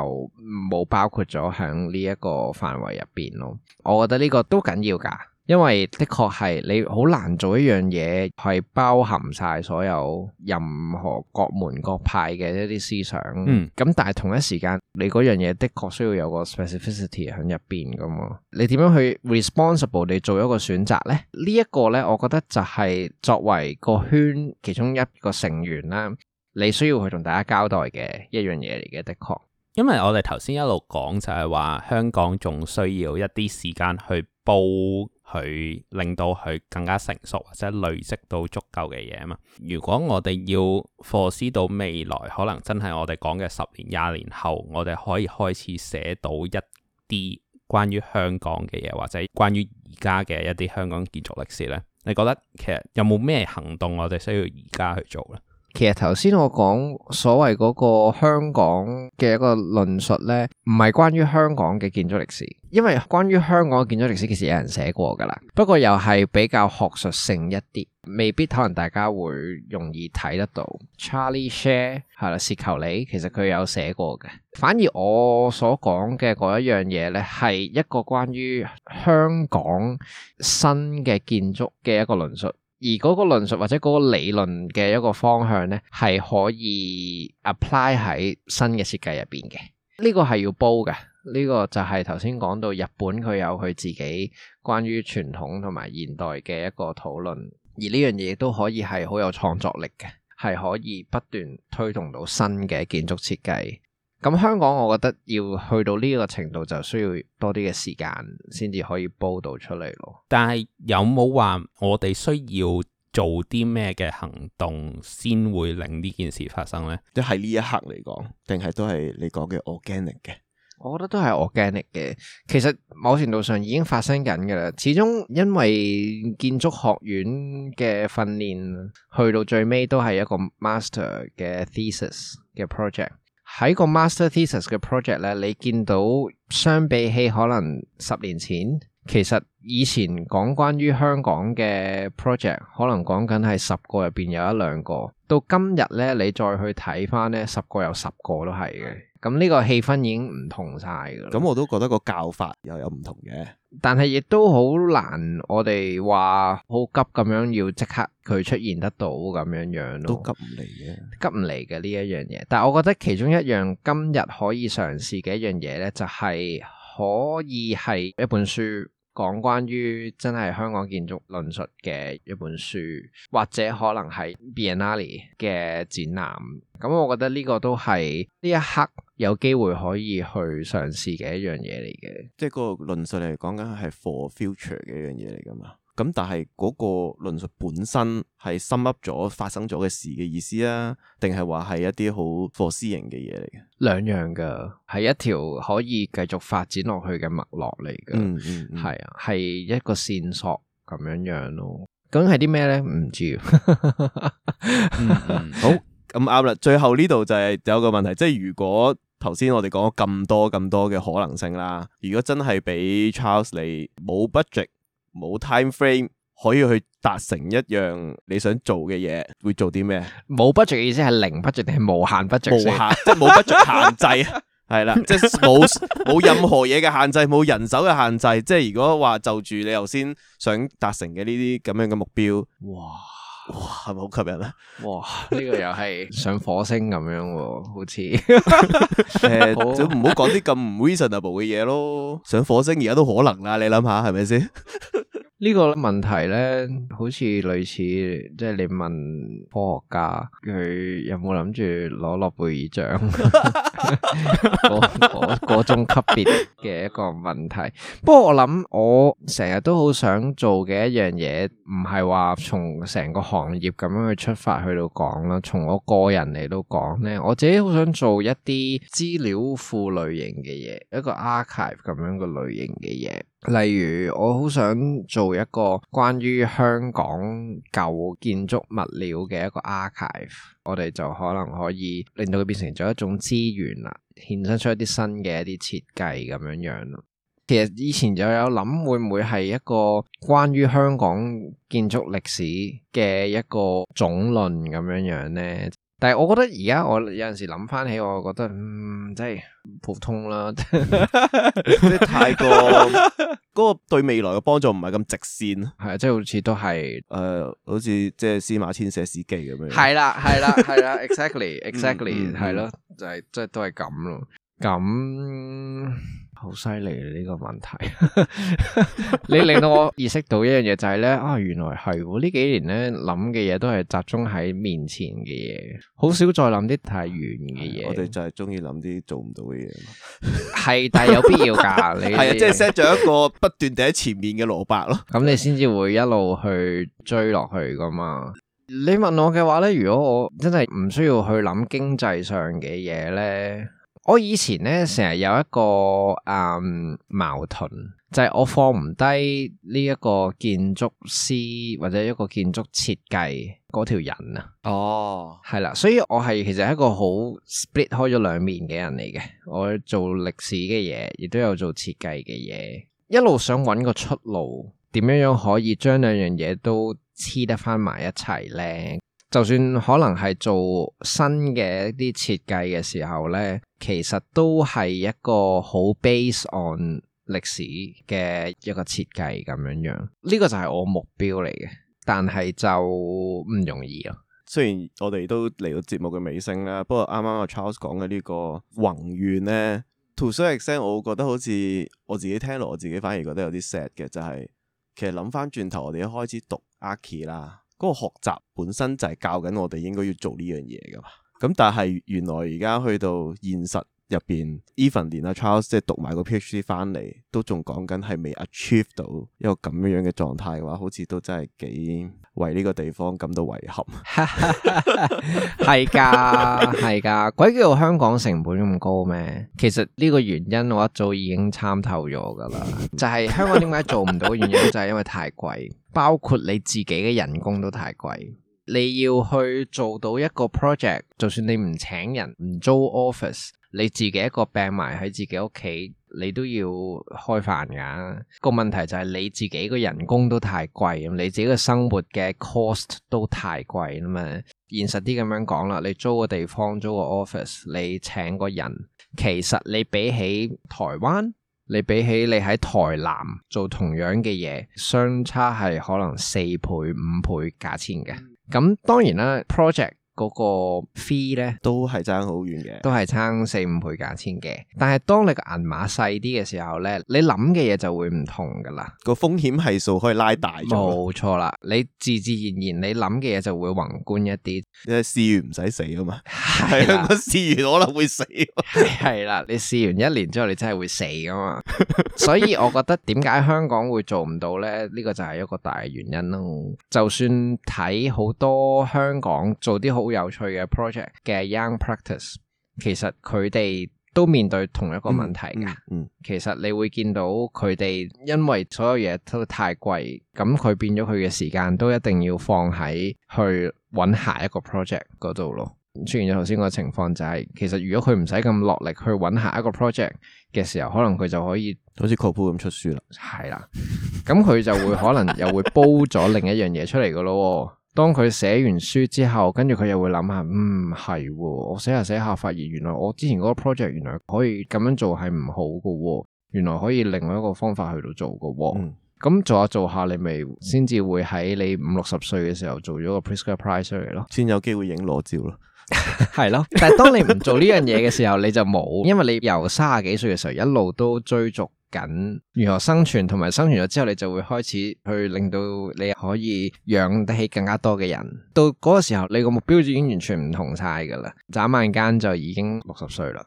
冇包括咗喺呢一個範圍入邊咯。我覺得呢個都緊要噶，因為的確係你好難做一樣嘢，係包含晒所有任何各門各派嘅一啲思想。嗯，咁但係同一時間，你嗰樣嘢的確需要有個 specificity 喺入邊噶嘛。你點樣去 responsible 地做一個選擇呢？呢、這、一個呢，我覺得就係作為個圈其中一個成員啦。你需要去同大家交代嘅一樣嘢嚟嘅，的確。因為我哋頭先一路講就係話，香港仲需要一啲時間去煲佢，令到佢更加成熟或者累積到足夠嘅嘢啊嘛。如果我哋要 foresee 到未來，可能真係我哋講嘅十年、廿年後，我哋可以開始寫到一啲關於香港嘅嘢，或者關於而家嘅一啲香港建築歷史咧，你覺得其實有冇咩行動我哋需要而家去做咧？其實頭先我講所謂嗰個香港嘅一個論述咧，唔係關於香港嘅建築歷史，因為關於香港嘅建築歷史其實有人寫過噶啦，不過又係比較學術性一啲，未必可能大家會容易睇得到。Charlie Xue 係啦，薛求理其實佢有寫過嘅，反而我所講嘅嗰一樣嘢咧，係一個關於香港新嘅建築嘅一個論述。而嗰個論述或者嗰個理論嘅一個方向咧，係可以 apply 喺新嘅設計入邊嘅。呢個係要煲嘅。呢個就係頭先講到日本佢有佢自己關於傳統同埋現代嘅一個討論，而呢樣嘢都可以係好有創作力嘅，係可以不斷推動到新嘅建築設計。咁香港，我覺得要去到呢個程度，就需要多啲嘅時間先至可以煲到出嚟咯。但係有冇話我哋需要做啲咩嘅行動，先會令呢件事發生呢？即係呢一刻嚟講，定係都係你講嘅 organic 嘅？我覺得都係 organic 嘅。其實某程度上已經發生緊㗎喇。始終因為建築學院嘅訓練，去到最尾都係一個 master 嘅 thesis 嘅 project。喺個 master thesis 嘅 project 咧，你見到相比起可能十年前，其實以前講關於香港嘅 project，可能講緊係十個入邊有一兩個。到今日咧，你再去睇翻咧，十個有十個都係嘅。咁呢個氣氛已經唔同晒噶啦。咁我都覺得個教法又有唔同嘅。但係亦都好難，我哋話好急咁樣要即刻佢出現得到咁樣樣咯，都急唔嚟嘅，急唔嚟嘅呢一樣嘢。但係我覺得其中一樣今日可以嘗試嘅一樣嘢咧，就係可以係一本書。講關於真係香港建築論述嘅一本書，或者可能係 Biennale 嘅展覽，咁我覺得呢個都係呢一刻有機會可以去嘗試嘅一樣嘢嚟嘅。即係個論述嚟講，緊係 for future 嘅一樣嘢嚟㗎嘛？咁但係嗰個論述本身係深噏咗發生咗嘅事嘅意思啊？定係話係一啲好私型嘅嘢嚟嘅？兩樣噶，係一條可以繼續發展落去嘅脈絡嚟嘅，係啊，係一個線索咁樣樣咯。咁係啲咩咧？唔知。好咁啱啦。最後呢度就係有一個問題，即係如果頭先我哋講咗咁多咁多嘅可能性啦，如果真係俾 Charles 你冇 budget。冇 time frame 可以去達成一樣你想做嘅嘢，會做啲咩？冇 budget 嘅意思係零 budget，定係無限 budget，無限即係冇 budget 限制啊！係啦，即係冇冇任何嘢嘅限制，冇 人手嘅限制。即係如果話就住你頭先想達成嘅呢啲咁樣嘅目標，哇！哇，係咪好吸引啊？哇，呢、這個又係 上火星咁樣喎、哦，好似誒，就唔 好講啲咁唔 reasonable 嘅嘢咯。 上火星而家都可能啦，你諗下係咪先？ 呢個問題咧，好似類似即係你問科學家佢有冇諗住攞諾貝爾獎嗰嗰種級別嘅一個問題。不過我諗我成日都好想做嘅一樣嘢，唔係話從成個行業咁樣去出發去到講啦，從我個人嚟到講咧，我自己好想做一啲資料庫類型嘅嘢，一個 archive 咁樣嘅類型嘅嘢。例如，我好想做一個關於香港舊建築物料嘅一個 archive，我哋就可能可以令到佢變成咗一種資源啦，衍生出一啲新嘅一啲設計咁樣樣咯。其實以前就有諗會唔會係一個關於香港建築歷史嘅一個總論咁樣樣咧？但係我覺得而家我有陣時諗翻起，我就覺得，嗯，即係普通啦，即係太過，嗰個對未來嘅幫助唔係咁直線。係啊，即係好似都係，誒，好似即係司馬遷寫史記咁樣。係啦，係啦，係啦，exactly，exactly，係咯，就係即係都係咁咯，咁。好犀利，呢個問題， 你令到我意識到一樣嘢就係、是、咧，啊，原來係呢幾年咧諗嘅嘢都係集中喺面前嘅嘢，好少再諗啲太遠嘅嘢。我哋就係中意諗啲做唔到嘅嘢，係 但係有必要噶， 你即係 set 咗一個不斷地喺前面嘅蘿蔔咯。咁 你先至會一路去追落去噶嘛？你問我嘅話咧，如果我真係唔需要去諗經濟上嘅嘢咧？我以前呢，成日有一個誒、嗯、矛盾，就係、是、我放唔低呢一個建築師或者一個建築設計嗰條人啊。哦，係啦，所以我係其實係一個好 split 開咗兩面嘅人嚟嘅。我做歷史嘅嘢，亦都有做設計嘅嘢，一路想揾個出路，點樣樣可以將兩樣嘢都黐得翻埋一齊咧，就算可能係做新嘅一啲設計嘅時候咧，其實都係一個好 base on 歷史嘅一個設計咁樣樣。呢、這個就係我目標嚟嘅，但係就唔容易啊。雖然我哋都嚟到節目嘅尾聲啦，不過啱啱阿 Charles 講嘅呢、這個宏願咧，to say it a 我覺得好似我自己聽落，我自己反而覺得有啲 sad 嘅，就係、是，其實諗翻轉頭，我哋一開始讀阿 Key 啦。嗰個學習本身就係教緊我哋應該要做呢樣嘢㗎嘛，咁但係原來而家去到現實。入邊 even 連阿 Charles 即係讀埋個 PhD 翻嚟，都仲講緊係未 achieve 到一個咁樣樣嘅狀態嘅話，好似都真係幾為呢個地方感到遺憾。係噶係噶，鬼叫香港成本咁高咩？其實呢個原因我一早已經參透咗噶啦，就係、是、香港點解做唔到嘅原因就係因為太貴，包括你自己嘅人工都太貴。你要去做到一個 project，就算你唔請人唔租 office。你自己一個病埋喺自己屋企，你都要開飯噶啊。個問題就係你自己個人工都太貴，你自己嘅生活嘅 cost 都太貴啦嘛。現實啲咁樣講啦，你租個地方，租個 office，你請個人，其實你比起台灣，你比起你喺台南做同樣嘅嘢，相差係可能四倍、五倍價錢嘅。咁當然啦，project，嗰個 fee 咧，都係爭好遠嘅，都係差四五倍價錢嘅。但係當你個銀碼細啲嘅時候咧，你諗嘅嘢就會唔同噶啦。個風險系數可以拉大咗，冇錯啦。你自自然然你諗嘅嘢就會宏觀一啲。因為試完唔使死啊嘛？係啊，試完可能會死，係啦、啊啊。你試完一年之後你真係會死噶嘛？ 所以我覺得點解香港會做唔到咧？呢、這個就係一個大原因咯。就算睇好多香港做啲好。好有趣嘅 project 嘅 young practice，其實佢哋都面對同一個問題噶。嗯嗯、其實你會見到佢哋因為所有嘢都太貴，咁佢變咗佢嘅時間都一定要放喺去揾下一個 project 度咯。出現咗頭先個情況就係、是，其實如果佢唔使咁落力去揾下一個 project 嘅時候，可能佢就可以好似 Coop 咁出書啦。係啦的，咁佢 就會可能又會煲咗另一樣嘢出嚟噶咯。當佢寫完書之後，跟住佢又會諗下，唔、嗯、係，我寫下寫下，發現原來我之前嗰個 project 原來可以咁樣做係唔好噶，原來可以另外一個方法去到做噶，咁、嗯嗯、做下做下，你咪先至會喺你五六十歲嘅時候做咗個 Pritzker Prize 嚟咯，先有機會影裸照咯，係咯，但係當你唔做呢樣嘢嘅時候，你就冇，因為你由三十幾歲嘅時候一路都追逐。緊如何生存，同埋生存咗之後，你就會開始去令到你可以養得起更加多嘅人。到嗰個時候，你個目標已經完全唔同晒噶啦。眨眼間就已經六十歲啦，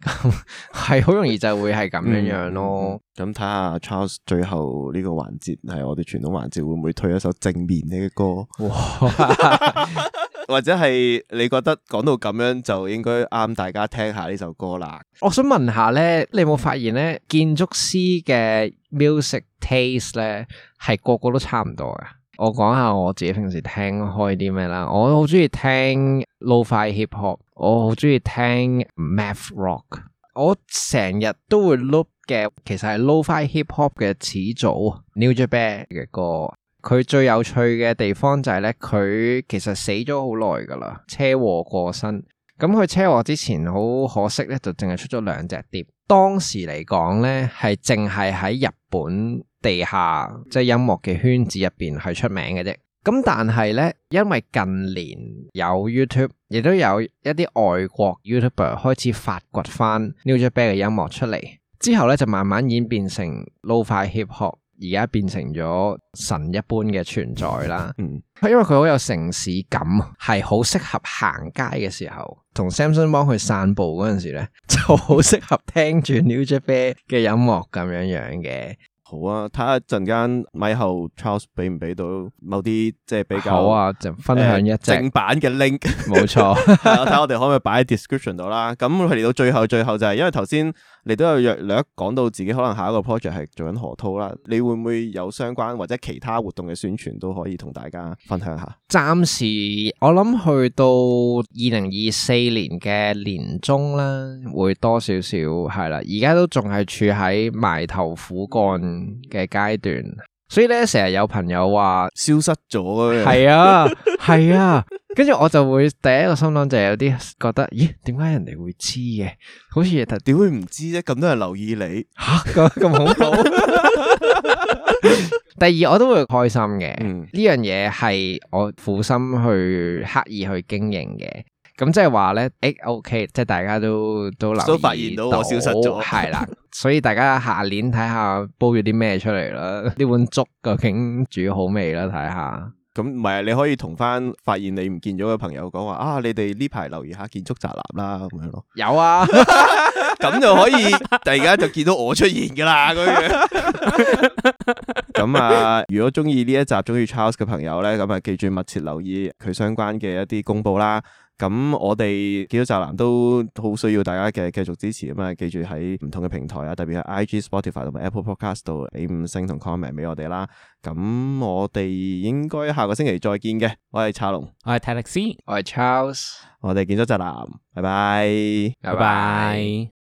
咁係好容易就會係咁樣樣咯。咁睇下、嗯、Charles 最後呢個環節係我哋傳統環節會唔會推一首正面啲嘅歌？哇 或者係你覺得講到咁樣就應該啱大家聽下呢首歌啦。我想問下咧，你有冇發現咧建築師嘅 music taste 咧，係個個都差唔多嘅？我講下我自己平時聽開啲咩啦，我好中意聽 lo-fi hip hop，我好中意聽 math rock，我成日都會 look 嘅，其實係 lo-fi hip hop 嘅始祖 Nujabes 嘅歌。佢最有趣嘅地方就係、是、咧，佢其實死咗好耐噶啦，車禍過身。咁佢車禍之前好可惜咧，就淨係出咗兩隻碟。當時嚟講咧，係淨係喺日本地下即係、就是、音樂嘅圈子入邊係出名嘅啫。咁但係咧，因為近年有 YouTube，亦都有一啲外國 YouTuber 開始發掘翻 Nujabes 嘅音樂出嚟，之後咧就慢慢演變成 Lo-Fi Hip Hop。而家變成咗神一般嘅存在啦，嗯，因為佢好有城市感，係好適合行街嘅時候，同 Samson 幫佢散步嗰陣時咧，就好適合聽住 Nujabes 嘅音樂咁樣樣嘅。好啊，睇下陣間米後 Charles 俾唔俾到某啲即係比較好啊，就分享一隻、呃、正版嘅 link，冇錯，睇我哋可唔可以擺喺 description 度啦。咁佢嚟到最後，最後就係、是、因為頭先。你都有約略講到自己可能下一個 project 係做緊何濤啦，你會唔會有相關或者其他活動嘅宣傳都可以同大家分享下？暫時我諗去到二零二四年嘅年中啦，會多少少係啦，而家都仲係處喺埋頭苦幹嘅階段，所以咧成日有朋友話消失咗嘅，係啊係啊。 跟住我就會第一個心諗就係有啲覺得，咦？點解人哋會知嘅？好似嘅，點會唔知啫？咁多人留意你，吓咁、啊、恐怖。 第二我都會開心嘅，呢樣嘢係我苦心去刻意去經營嘅。咁即係話咧，誒，OK，即係大家都都留意到，都發現到我消失咗，係 啦。所以大家下年睇下煲咗啲咩出嚟啦，呢碗粥究竟煮好味啦，睇下。咁唔係啊，你可以同翻發現你唔見咗嘅朋友講話啊，你哋呢排留意下建築宅男啦，咁樣咯。有啊，咁 就可以，突然間就見到我出現噶啦。咁樣，咁 啊，如果中意呢一集中意 Charles 嘅朋友咧，咁啊，記住密切留意佢相關嘅一啲公布啦。咁我哋建築宅男都好需要大家嘅繼續支持啊嘛！記住喺唔同嘅平台啊，特別係 IG、Spotify 同埋 Apple Podcast 度 A 五星同 comment 俾我哋啦。咁我哋應該下個星期再見嘅。我係查龍，我係泰力斯，我係 Charles，我哋建築宅男，拜拜，拜拜 bye。Bye bye